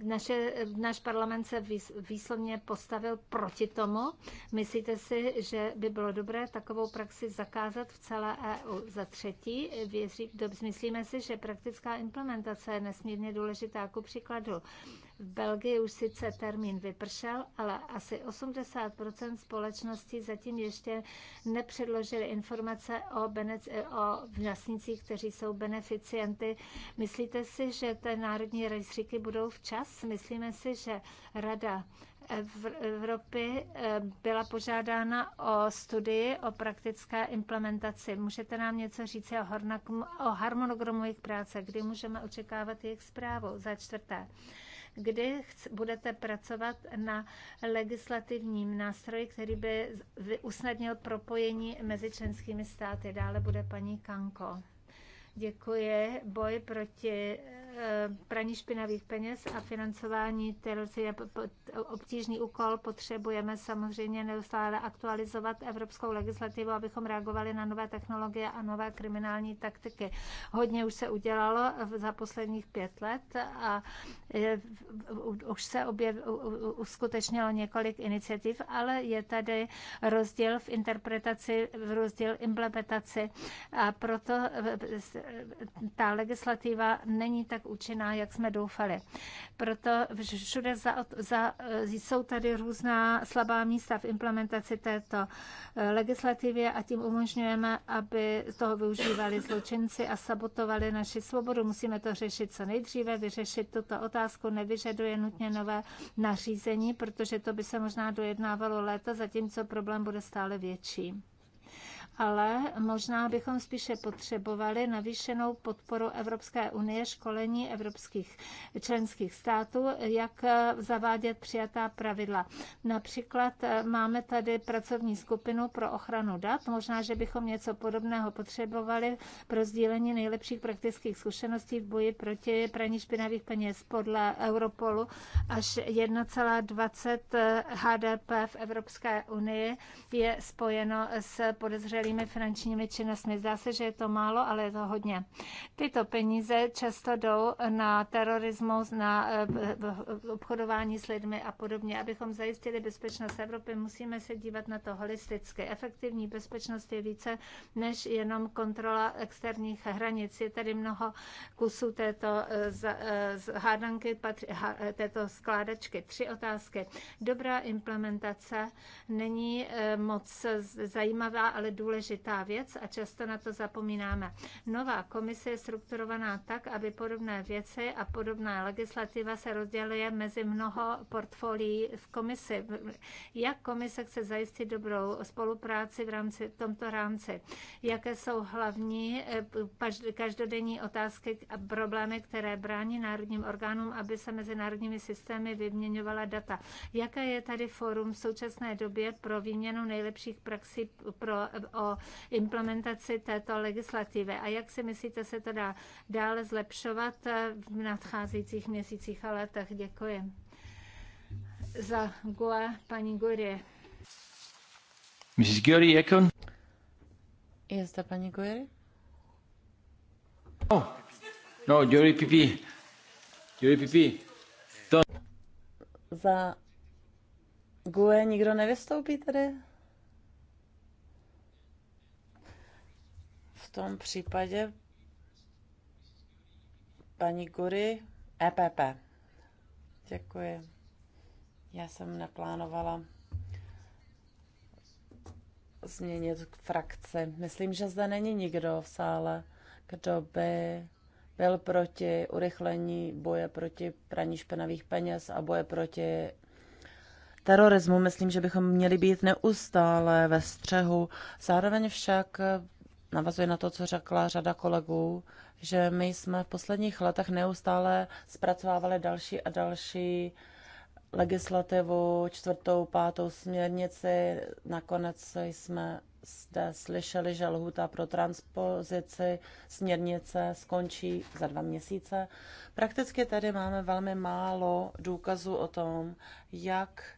S1: Naše, náš parlament se výslovně postavil proti tomu. Myslíte si, že by bylo dobré takovou praxi zakázat v celé EU? Za třetí, věří, myslíme si, že praktická implementace je nesmírně důležitá. Ku příkladu, v Belgii už sice termín vypršel, ale asi 80 společností zatím ještě nepředložili informace o, benec, o vlastnících, kteří jsou beneficienty. Myslíte si, že ty národní rejstříky budou budou včas. Myslíme si, že Rada Evropy eh, byla požádána o studii o praktické implementaci. Můžete nám něco říct o harmonogramu jejich práce, kdy můžeme očekávat jejich zprávu? Za čtvrté kdy budete pracovat na legislativním nástroji, který by usnadnil propojení mezi členskými státy. Dále bude paní Kanko. Děkuji. Boj proti eh, Eh, praní špinavých peněz a financování terorismu je obtížný úkol. Potřebujeme samozřejmě neustále aktualizovat evropskou legislativu, abychom reagovali na nové technologie a nové kriminální taktiky. Hodně už se udělalo za posledních pět let a eh, už se objev, uskutečnilo několik iniciativ, ale je tady rozdíl v interpretaci, rozdíl implementaci a proto eh, ta legislativa není tak tak účinná, jak jsme doufali. Proto všude za, za, jsou tady různá slabá místa v implementaci této eh, legislativě a tím umožňujeme, aby toho využívali zločinci a sabotovali naši svobodu. Musíme to řešit co nejdříve, vyřešit tuto otázku nevyžaduje nutně nové nařízení, protože to by se možná dojednávalo léta, zatímco problém bude stále větší ale možná bychom spíše potřebovali navýšenou podporu Evropské unie, školení evropských členských států, jak zavádět přijatá pravidla. Například eh, máme tady pracovní skupinu pro ochranu dat. Možná, že bychom něco podobného potřebovali pro sdílení nejlepších praktických zkušeností v boji proti praní špinavých peněz podle Europolu až 1,20 eh, HDP v Evropské unii je spojeno s podezřelým svými finančními činnostmi. Zdá se, že je to málo, ale je to hodně. Tyto peníze často jdou na terorismus, na eh, obchodování s lidmi a podobně. Abychom zajistili bezpečnost Evropy, musíme se dívat na to holisticky. Efektivní bezpečnost je více než jenom kontrola externích hranic. Je tady mnoho kusů této eh, eh, hádanky, této skládačky. Tři otázky. Dobrá implementace není moc zajímavá, ale důležitá důležitá věc a často na to zapomínáme. Nová komise je strukturovaná tak, aby podobné věci a podobná legislativa se rozděluje mezi mnoho portfolií v komisi. Jak komise chce zajistit dobrou spolupráci v rámci v tomto rámci? Jaké jsou hlavní eh, každodenní otázky a problémy, které brání národním orgánům, aby se mezi národními systémy vyměňovala data? Jaké je tady forum v současné době pro výměnu nejlepších praxí pro o implementaci této legislativy a jak si myslíte, se to dá dále zlepšovat v nadcházejících měsících a letech. Děkuji. Za Gua,
S2: paní Gurie.
S1: Mrs. Gurie, Ekon.
S2: Je zde paní Gurie?
S3: No, no, Gurie Pipi. Gurie Pipi, to...
S2: Za GUE nikdo nevystoupí tady? tom případě paní Gury EPP. Děkuji. Já jsem neplánovala změnit frakci. Myslím, že zde není nikdo v sále, kdo by byl proti urychlení boje proti praní špinavých peněz a boje proti terorismu. Myslím, že bychom měli být neustále ve střehu. Zároveň však navazuje na to, co řekla řada kolegů, že my jsme v posledních letech neustále zpracovávali další a další legislativu, čtvrtou, pátou směrnici. Nakonec jsme zde slyšeli, že lhůta pro transpozici směrnice skončí za dva měsíce. Prakticky tedy máme velmi málo důkazů o tom, jak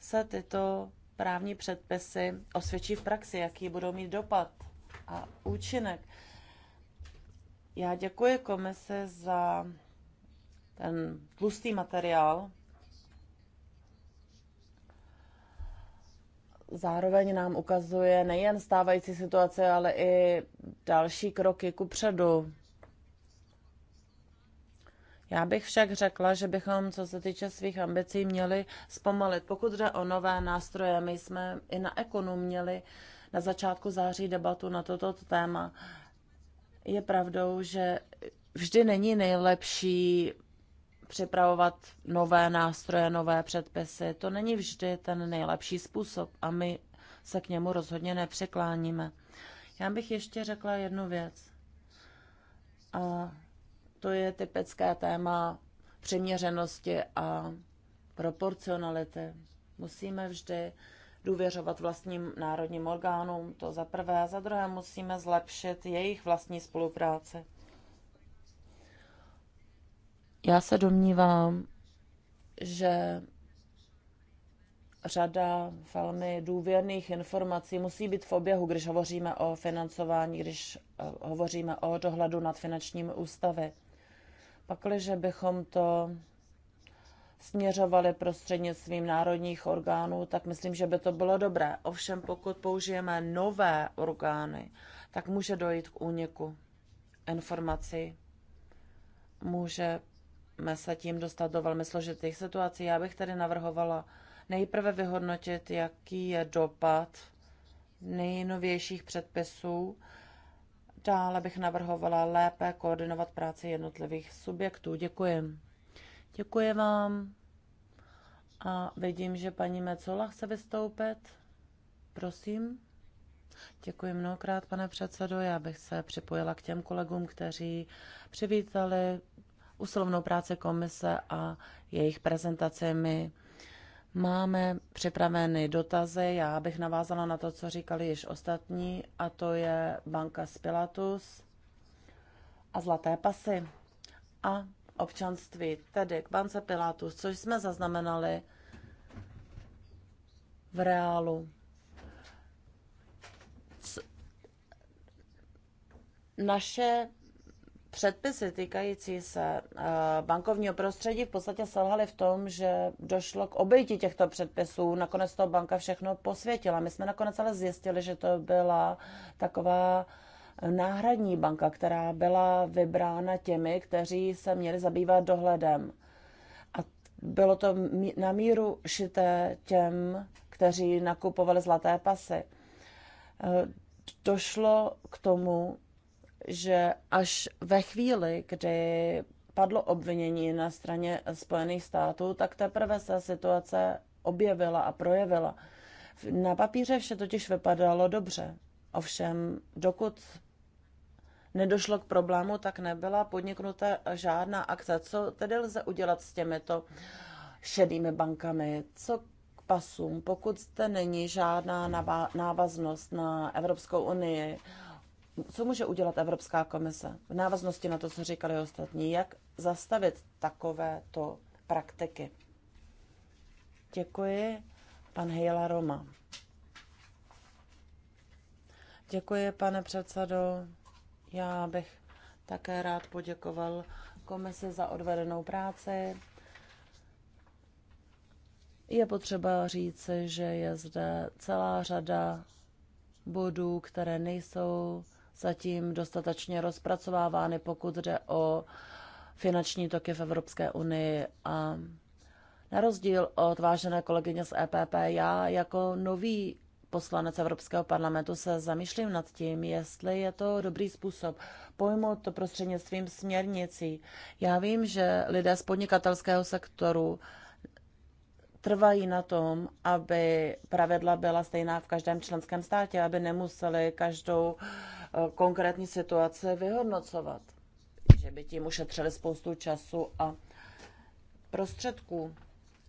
S2: se tyto právní předpisy osvědčí v praxi, jaký budou mít dopad a účinek. Já děkuji komise za ten tlustý materiál. Zároveň nám ukazuje nejen stávající situace, ale i další kroky ku předu. Já bych však řekla, že bychom, co se týče svých ambicí, měli zpomalit. Pokud jde o nové nástroje, my jsme i na Ekonu měli uh, na začátku září debatu na toto téma. Je pravdou, že vždy není nejlepší připravovat nové nástroje, nové předpisy. To není vždy ten nejlepší způsob a my se k němu rozhodně nepřekláníme. Já bych ještě řekla jednu věc. A to je typické téma přiměřenosti a proporcionality. Musíme vždy důvěřovat vlastním národním orgánům, to za prvé, a za druhé musíme zlepšit jejich vlastní spolupráce. Já se domnívám, že řada velmi důvěrných informací musí být v oběhu, když hovoříme o financování, když eh, hovoříme o dohledu nad finančními ústavy. Pakliže bychom to směřovaly prostřednictvím národních orgánů, tak myslím, že by to bylo dobré. Ovšem, pokud použijeme nové orgány, tak může dojít k úniku informací. Můžeme se tím dostat do velmi složitých situací. Já bych tedy navrhovala nejprve vyhodnotit, jaký je dopad nejnovějších předpisů. Dále bych navrhovala lépe koordinovat práci jednotlivých subjektů. Děkuji. Děkuji vám. A vidím, že paní Mecola chce vystoupit. Prosím. Děkuji mnohokrát, pane předsedo. Já bych se připojila k těm kolegům, kteří přivítali usilovnou práci komise a jejich prezentaci. My máme připraveny dotazy. Já bych navázala na to, co říkali již ostatní, a to je banka Spilatus a zlaté pasy. A občanství, tedy k bance Pilatus, což jsme zaznamenali v reálu. Naše předpisy týkající se eh, bankovního prostředí v podstatě selhaly v tom, že došlo k obejití těchto předpisů. Nakonec to banka všechno posvětila. My jsme nakonec ale zjistili, že to byla taková náhradní banka, která byla vybrána těmi, kteří se měli zabývat dohledem. A bylo to na míru šité těm, kteří nakupovali zlaté pasy. Došlo k tomu, že až ve chvíli, kdy padlo obvinění na straně Spojených států, tak teprve se situace objevila a projevila. Na papíře vše totiž vypadalo dobře. Ovšem, dokud nedošlo k problému, tak nebyla podniknuta žádná akce. Co tedy lze udělat s těmito šedými bankami? Co k pasům? Pokud zde není žádná návaznost na Evropskou unii, co může udělat Evropská komise v návaznosti na to, co říkali ostatní? Jak zastavit takovéto praktiky? Děkuji, pan Hejla Roma. Děkuji, pane předsedo. Já bych také rád poděkoval komisi za odvedenou práci. Je potřeba říci, že je zde celá řada bodů, které nejsou zatím dostatečně rozpracovávány, pokud jde o finanční toky v Evropské unii. A na rozdíl od vážené kolegyně z EPP, já jako nový poslanec Evropského parlamentu, se zamýšlím nad tím, jestli je to dobrý způsob pojmout to prostřednictvím směrnicí. Já vím, že lidé z podnikatelského sektoru trvají na tom, aby pravidla byla stejná v každém členském státě, aby nemuseli každou eh, konkrétní situaci vyhodnocovat, že by tím ušetřili spoustu času a prostředků.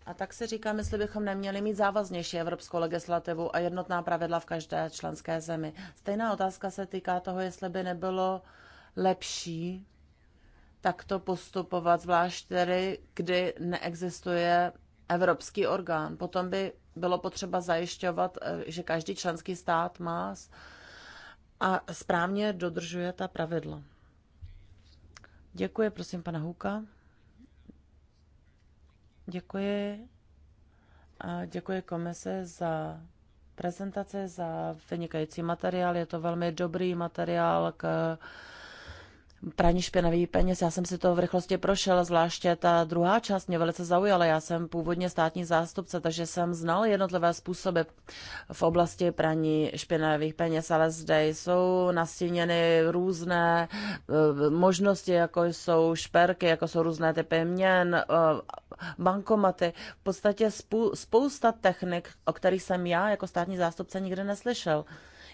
S2: A tak se říká, jestli bychom neměli mít závaznější evropskou legislativu a jednotná pravidla v každé členské zemi. Stejná otázka se týká toho, jestli by nebylo lepší takto postupovat, zvlášť tedy, kdy neexistuje evropský orgán. Potom by bylo potřeba zajišťovat, eh, že každý členský stát má a správně dodržuje ta pravidla. Děkuji, prosím, pana Huka. Děkuji a děkuji komise za prezentaci, za vynikající materiál. Je to velmi dobrý materiál k praní špinavý peněz. Já jsem si to v rychlosti prošel, zvláště ta druhá část mě velice zaujala. Já jsem původně státní zástupce, takže jsem znal jednotlivé způsoby v oblasti praní špinavých peněz, ale zde jsou nastíněny různé eh, možnosti, jako jsou šperky, jako jsou různé typy měn, eh, bankomaty. V podstatě spousta technik, o kterých jsem já jako státní zástupce nikdy neslyšel.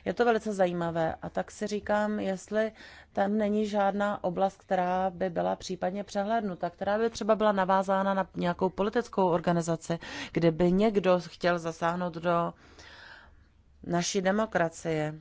S2: Je to velice zajímavé a tak si říkám, jestli tam není žádná oblast, která by byla případně přehlédnuta, která by třeba byla navázána na nějakou politickou organizaci, kdyby někdo chtěl zasáhnout do naší demokracie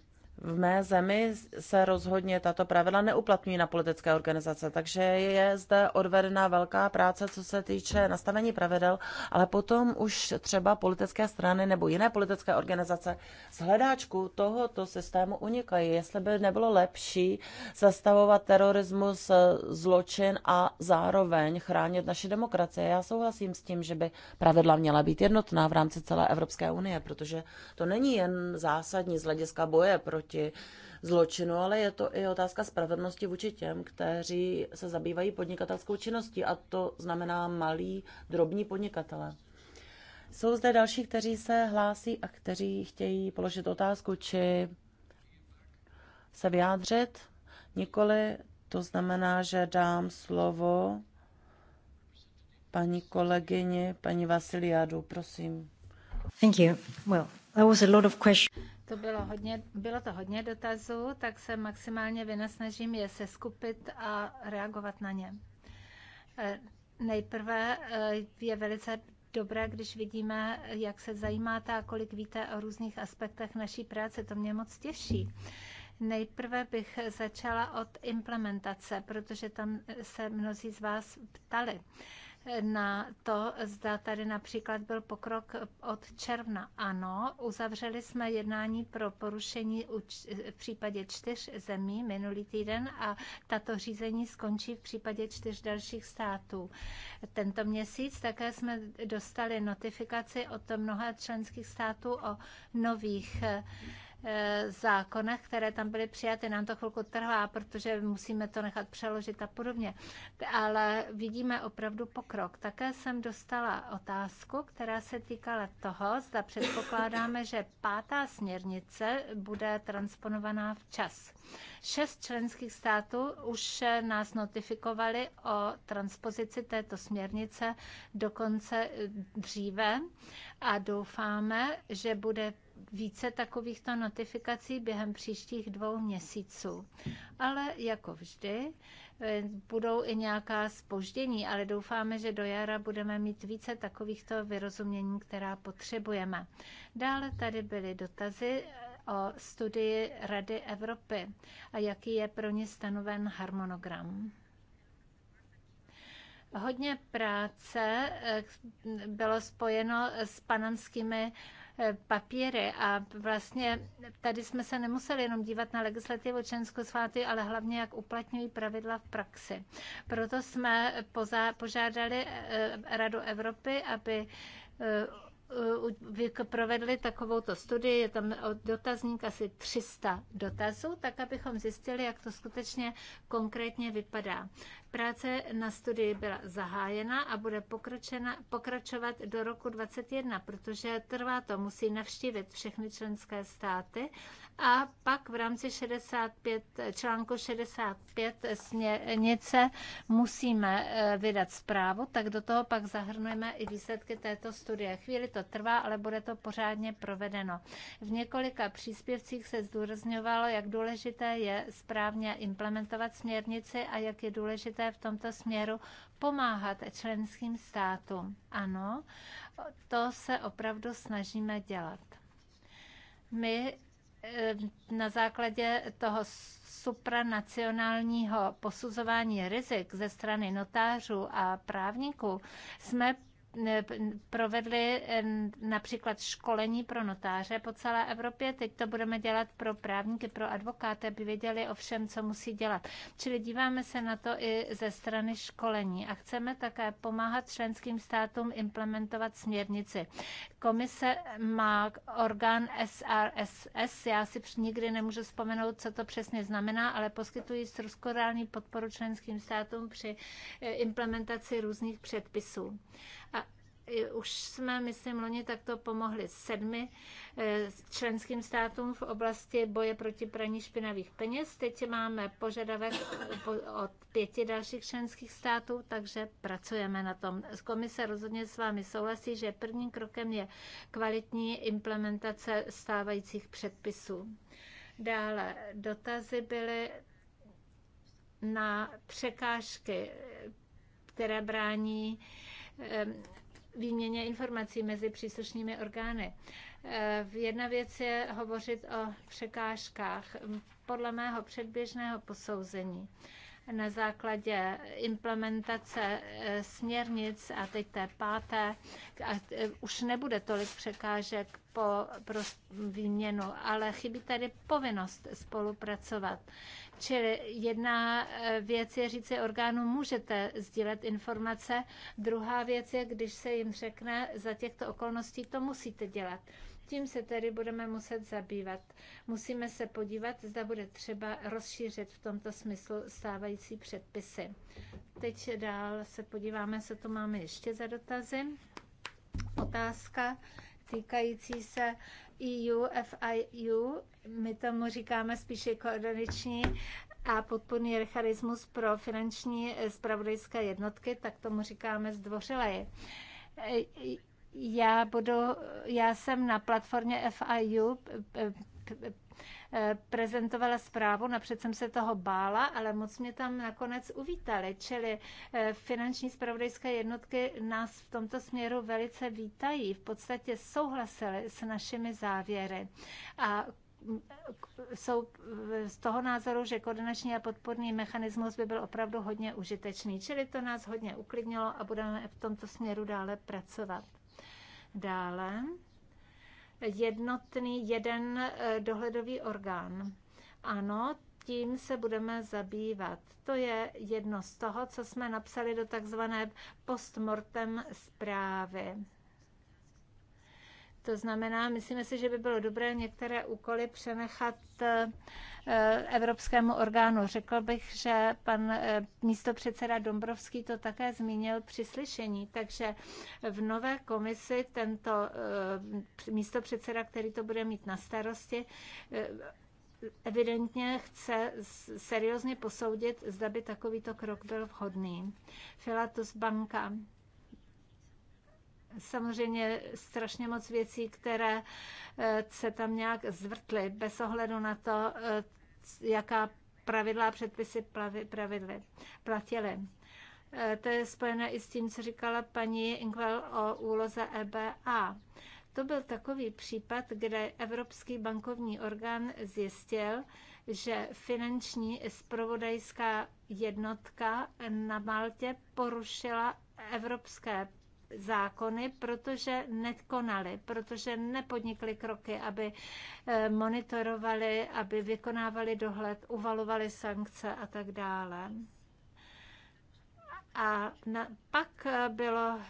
S2: v mé zemi se rozhodně tato pravidla neuplatňují na politické organizace, takže je zde odvedena velká práce, co se týče nastavení pravidel, ale potom už třeba politické strany nebo jiné politické organizace z hledáčku tohoto systému unikají. Jestli by nebylo lepší zastavovat terorismus, zločin a zároveň chránit naši demokracie. Já souhlasím s tím, že by pravidla měla být jednotná v rámci celé Evropské unie, protože to není jen zásadní z hlediska boje proti proti zločinu, ale je to i otázka spravedlnosti vůči těm, kteří se zabývají podnikatelskou činností a to znamená malí, drobní podnikatele. Jsou zde další, kteří se hlásí a kteří chtějí položit otázku, či se vyjádřit. Nikoli, to znamená, že dám slovo paní kolegyni, paní Vasiliadu, prosím. Thank you. Well, was a lot of questions
S1: to bylo hodně, bylo to hodně dotazů, tak se maximálně vynasnažím je seskupit a reagovat na ně. Eh, nejprve eh, je velice dobré, když vidíme, jak se zajímáte a kolik víte o různých aspektech naší práce. To mě moc těší. Nejprve bych začala od implementace, protože tam se mnozí z vás ptali na to, zda tady například byl pokrok od června. Ano, uzavřeli jsme jednání pro porušení v případě čtyř zemí minulý týden a tato řízení skončí v případě čtyř dalších států. Tento měsíc také jsme dostali notifikaci od mnoha členských států o nových Eh, zákonech, které tam byly přijaty. Nám to chvilku trvá, protože musíme to nechat přeložit a podobně. Ale vidíme opravdu pokrok. Také jsem dostala otázku, která se týkala toho, zda předpokládáme, že pátá směrnice bude transponovaná včas. Šest členských států už nás notifikovali o transpozici této směrnice dokonce dříve a doufáme, že bude více takovýchto notifikací během příštích dvou měsíců. Ale jako vždy, eh, budou i nějaká spoždění, ale doufáme, že do jara budeme mít více takovýchto vyrozumění, která potřebujeme. Dále tady byly dotazy eh, o studii Rady Evropy a jaký je pro ně stanoven harmonogram. Hodně práce eh, bylo spojeno s panamskými Eh, papíry a vlastně tady jsme se nemuseli jenom dívat na legislativu členské sváty, ale hlavně jak uplatňují pravidla v praxi. Proto jsme požádali eh, Radu Evropy, aby eh, provedli takovouto studii, je tam od dotazník asi 300 dotazů, tak abychom zjistili, jak to skutečně konkrétně vypadá. Práce na studii byla zahájena a bude pokračovat do roku 2021, protože trvá to, musí navštívit všechny členské státy a pak v rámci 65, článku 65 směrnice musíme eh, vydat zprávu, tak do toho pak zahrnujeme i výsledky této studie. Chvíli to trvá, ale bude to pořádně provedeno. V několika příspěvcích se zdůrazňovalo, jak důležité je správně implementovat směrnici a jak je důležité důležité v tomto směru pomáhat členským státům. Ano, to se opravdu snažíme dělat. My eh, na základě toho supranacionálního posuzování rizik ze strany notářů a právníků jsme provedli například školení pro notáře po celé Evropě. Teď to budeme dělat pro právníky, pro advokáty, aby věděli o všem, co musí dělat. Čili díváme se na to i ze strany školení a chceme také pomáhat členským státům implementovat směrnici. Komise má orgán SRSS, já si nikdy nemůžu vzpomenout, co to přesně znamená, ale poskytují strukturální podporu členským státům při eh, implementaci různých předpisů už jsme, myslím, loni takto pomohli sedmi eh, členským státům v oblasti boje proti praní špinavých peněz. Teď máme požadavek od pěti dalších členských států, takže pracujeme na tom. Komise rozhodně s vámi souhlasí, že prvním krokem je kvalitní implementace stávajících předpisů. Dále dotazy byly na překážky, které brání eh, výměně informací mezi příslušnými orgány. Eh, jedna věc je hovořit o překážkách. Podle mého předběžného posouzení na základě implementace eh, směrnic a teď té páté, a eh, už nebude tolik překážek po, pro výměnu, ale chybí tady povinnost spolupracovat. Čili jedna eh, věc je říci orgánu, můžete sdílet informace, druhá věc je, když se jim řekne, za těchto okolností to musíte dělat. Tím se tedy budeme muset zabývat. Musíme se podívat, zda bude třeba rozšířit v tomto smyslu stávající předpisy. Teď dál se podíváme, co tu máme ještě za dotazy. Otázka týkající se EU, FIU, my tomu říkáme spíše koordinační a podporný recharismus pro finanční spravodajské e, jednotky, tak tomu říkáme zdvořileji e, já, budu, já jsem na platformě FIU prezentovala zprávu, napřed jsem se toho bála, ale moc mě tam nakonec uvítali, čili eh, finanční spravodajské jednotky nás v tomto směru velice vítají, v podstatě souhlasili s našimi závěry a mm, jsou eh, z toho názoru, že koordinační a podporný mechanismus by byl opravdu hodně užitečný. Čili to nás hodně uklidnilo a budeme v tomto směru dále pracovat. Dále jednotný jeden eh, dohledový orgán. Ano, tím se budeme zabývat. To je jedno z toho, co jsme napsali do takzvané postmortem zprávy. To znamená, myslíme si, že by bylo dobré některé úkoly přenechat eh, eh, Evropskému orgánu. Řekl bych, že pan eh, místopředseda Dombrovský to také zmínil při slyšení, takže v nové komisi tento místopředseda, který to bude mít na starosti, evidentně chce seriózně posoudit, zda by takovýto krok byl vhodný. Filatus Banka samozřejmě strašně moc věcí, které eh, se tam nějak zvrtly, bez ohledu na to, eh, jaká pravidla a předpisy pravidly, platily. Eh, to je spojené i s tím, co říkala paní Ingwell o úloze EBA. To byl takový případ, kde Evropský bankovní orgán zjistil, že finanční zpravodajská jednotka na Maltě porušila evropské zákony, protože nekonali, protože nepodnikli kroky, aby eh, monitorovali, aby vykonávali dohled, uvalovali sankce a tak dále. A na, pak eh, bylo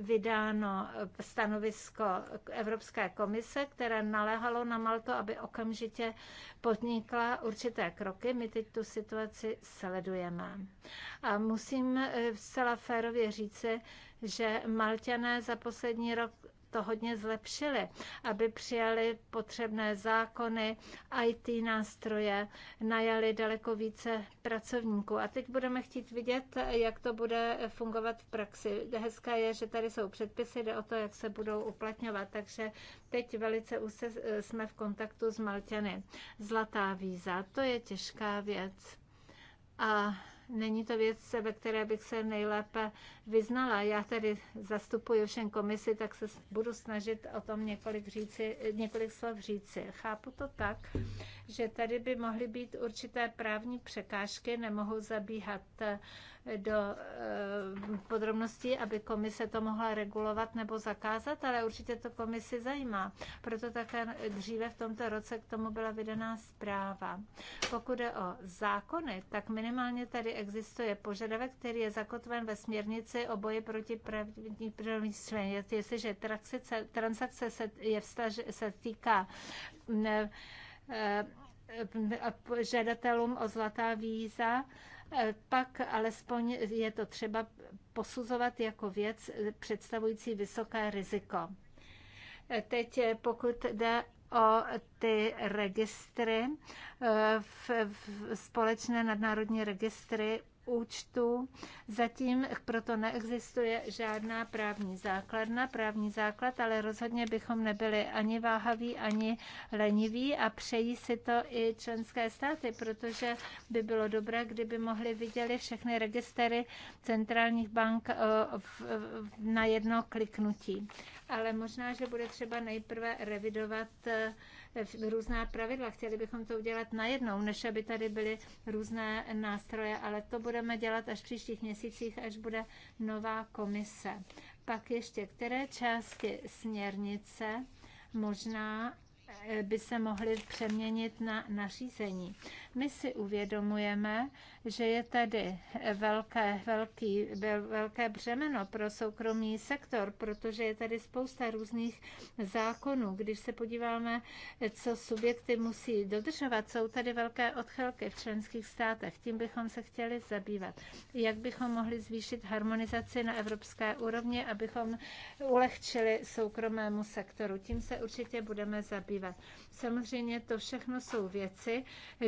S1: vydáno stanovisko Evropské komise, které naléhalo na Malto, aby okamžitě podnikla určité kroky. My teď tu situaci sledujeme. A musím eh, zcela férově říci, že Malťané za poslední rok to hodně zlepšili, aby přijali potřebné zákony, IT nástroje, najali daleko více pracovníků. A teď budeme chtít vidět, jak to bude fungovat v praxi. Hezké je, že tady jsou předpisy, jde o to, jak se budou uplatňovat. Takže teď velice už jsme v kontaktu s Malťany. Zlatá víza, to je těžká věc. A Není to věc, ve které bych se nejlépe vyznala. Já tedy zastupuji všem komisi, tak se budu snažit o tom několik, říci, několik slov říci. Chápu to tak, že tady by mohly být určité právní překážky, nemohou zabíhat eh, do eh, podrobností, aby komise to mohla regulovat nebo zakázat, ale určitě to komisi zajímá. Proto také dříve v tomto roce k tomu byla vydaná zpráva. Pokud jde o zákony, tak minimálně tady existuje požadavek, který je zakotven ve směrnici o boji proti právní přemýšlení. Jestliže transakce se, je vztaž, se týká ne, eh, eh, žadatelům o zlatá víza, Eh, pak alespoň je to třeba posuzovat jako věc představující vysoké riziko. Eh, teď eh, pokud jde o ty registry, v, v společné nadnárodní registry účtu Zatím proto neexistuje žádná právní základna, právní základ, ale rozhodně bychom nebyli ani váhaví, ani leniví a přejí si to i členské státy, protože by bylo dobré, kdyby mohli viděli všechny registry centrálních bank eh, na jedno kliknutí. Ale možná, že bude třeba nejprve revidovat eh, různá pravidla. Chtěli bychom to udělat najednou, než aby tady byly různé nástroje, ale to budeme dělat až v příštích měsících, až bude nová komise. Pak ještě, které části směrnice možná eh, by se mohly přeměnit na nařízení. My si uvědomujeme, že je tady velké, velký, velké břemeno pro soukromý sektor, protože je tady spousta různých zákonů. Když se podíváme, co subjekty musí dodržovat, jsou tady velké odchylky v členských státech. Tím bychom se chtěli zabývat. Jak bychom mohli zvýšit harmonizaci na evropské úrovni, abychom ulehčili soukromému sektoru. Tím se určitě budeme zabývat. Samozřejmě to všechno jsou věci,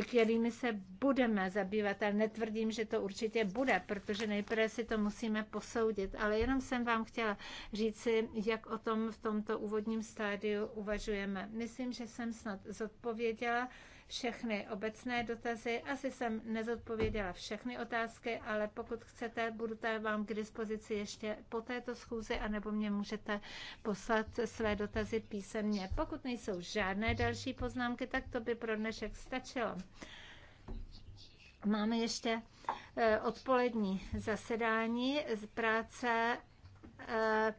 S1: kterými se budeme zabývat, ale netvrdím, že to určitě bude, protože nejprve si to musíme posoudit, ale jenom jsem vám chtěla říci, jak o tom v tomto úvodním stádiu uvažujeme. Myslím, že jsem snad zodpověděla všechny obecné dotazy. Asi jsem nezodpověděla všechny otázky, ale pokud chcete, budu tady vám k dispozici ještě po této schůzi, anebo mě můžete poslat své dotazy písemně. Pokud nejsou žádné další poznámky, tak to by pro dnešek stačilo. Máme ještě eh, odpolední zasedání z práce eh,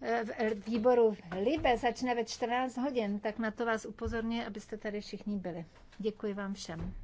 S1: eh, v výboru Libe začne ve 14 hodin, tak na to vás upozorňuji, abyste tady všichni byli. Děkuji vám všem.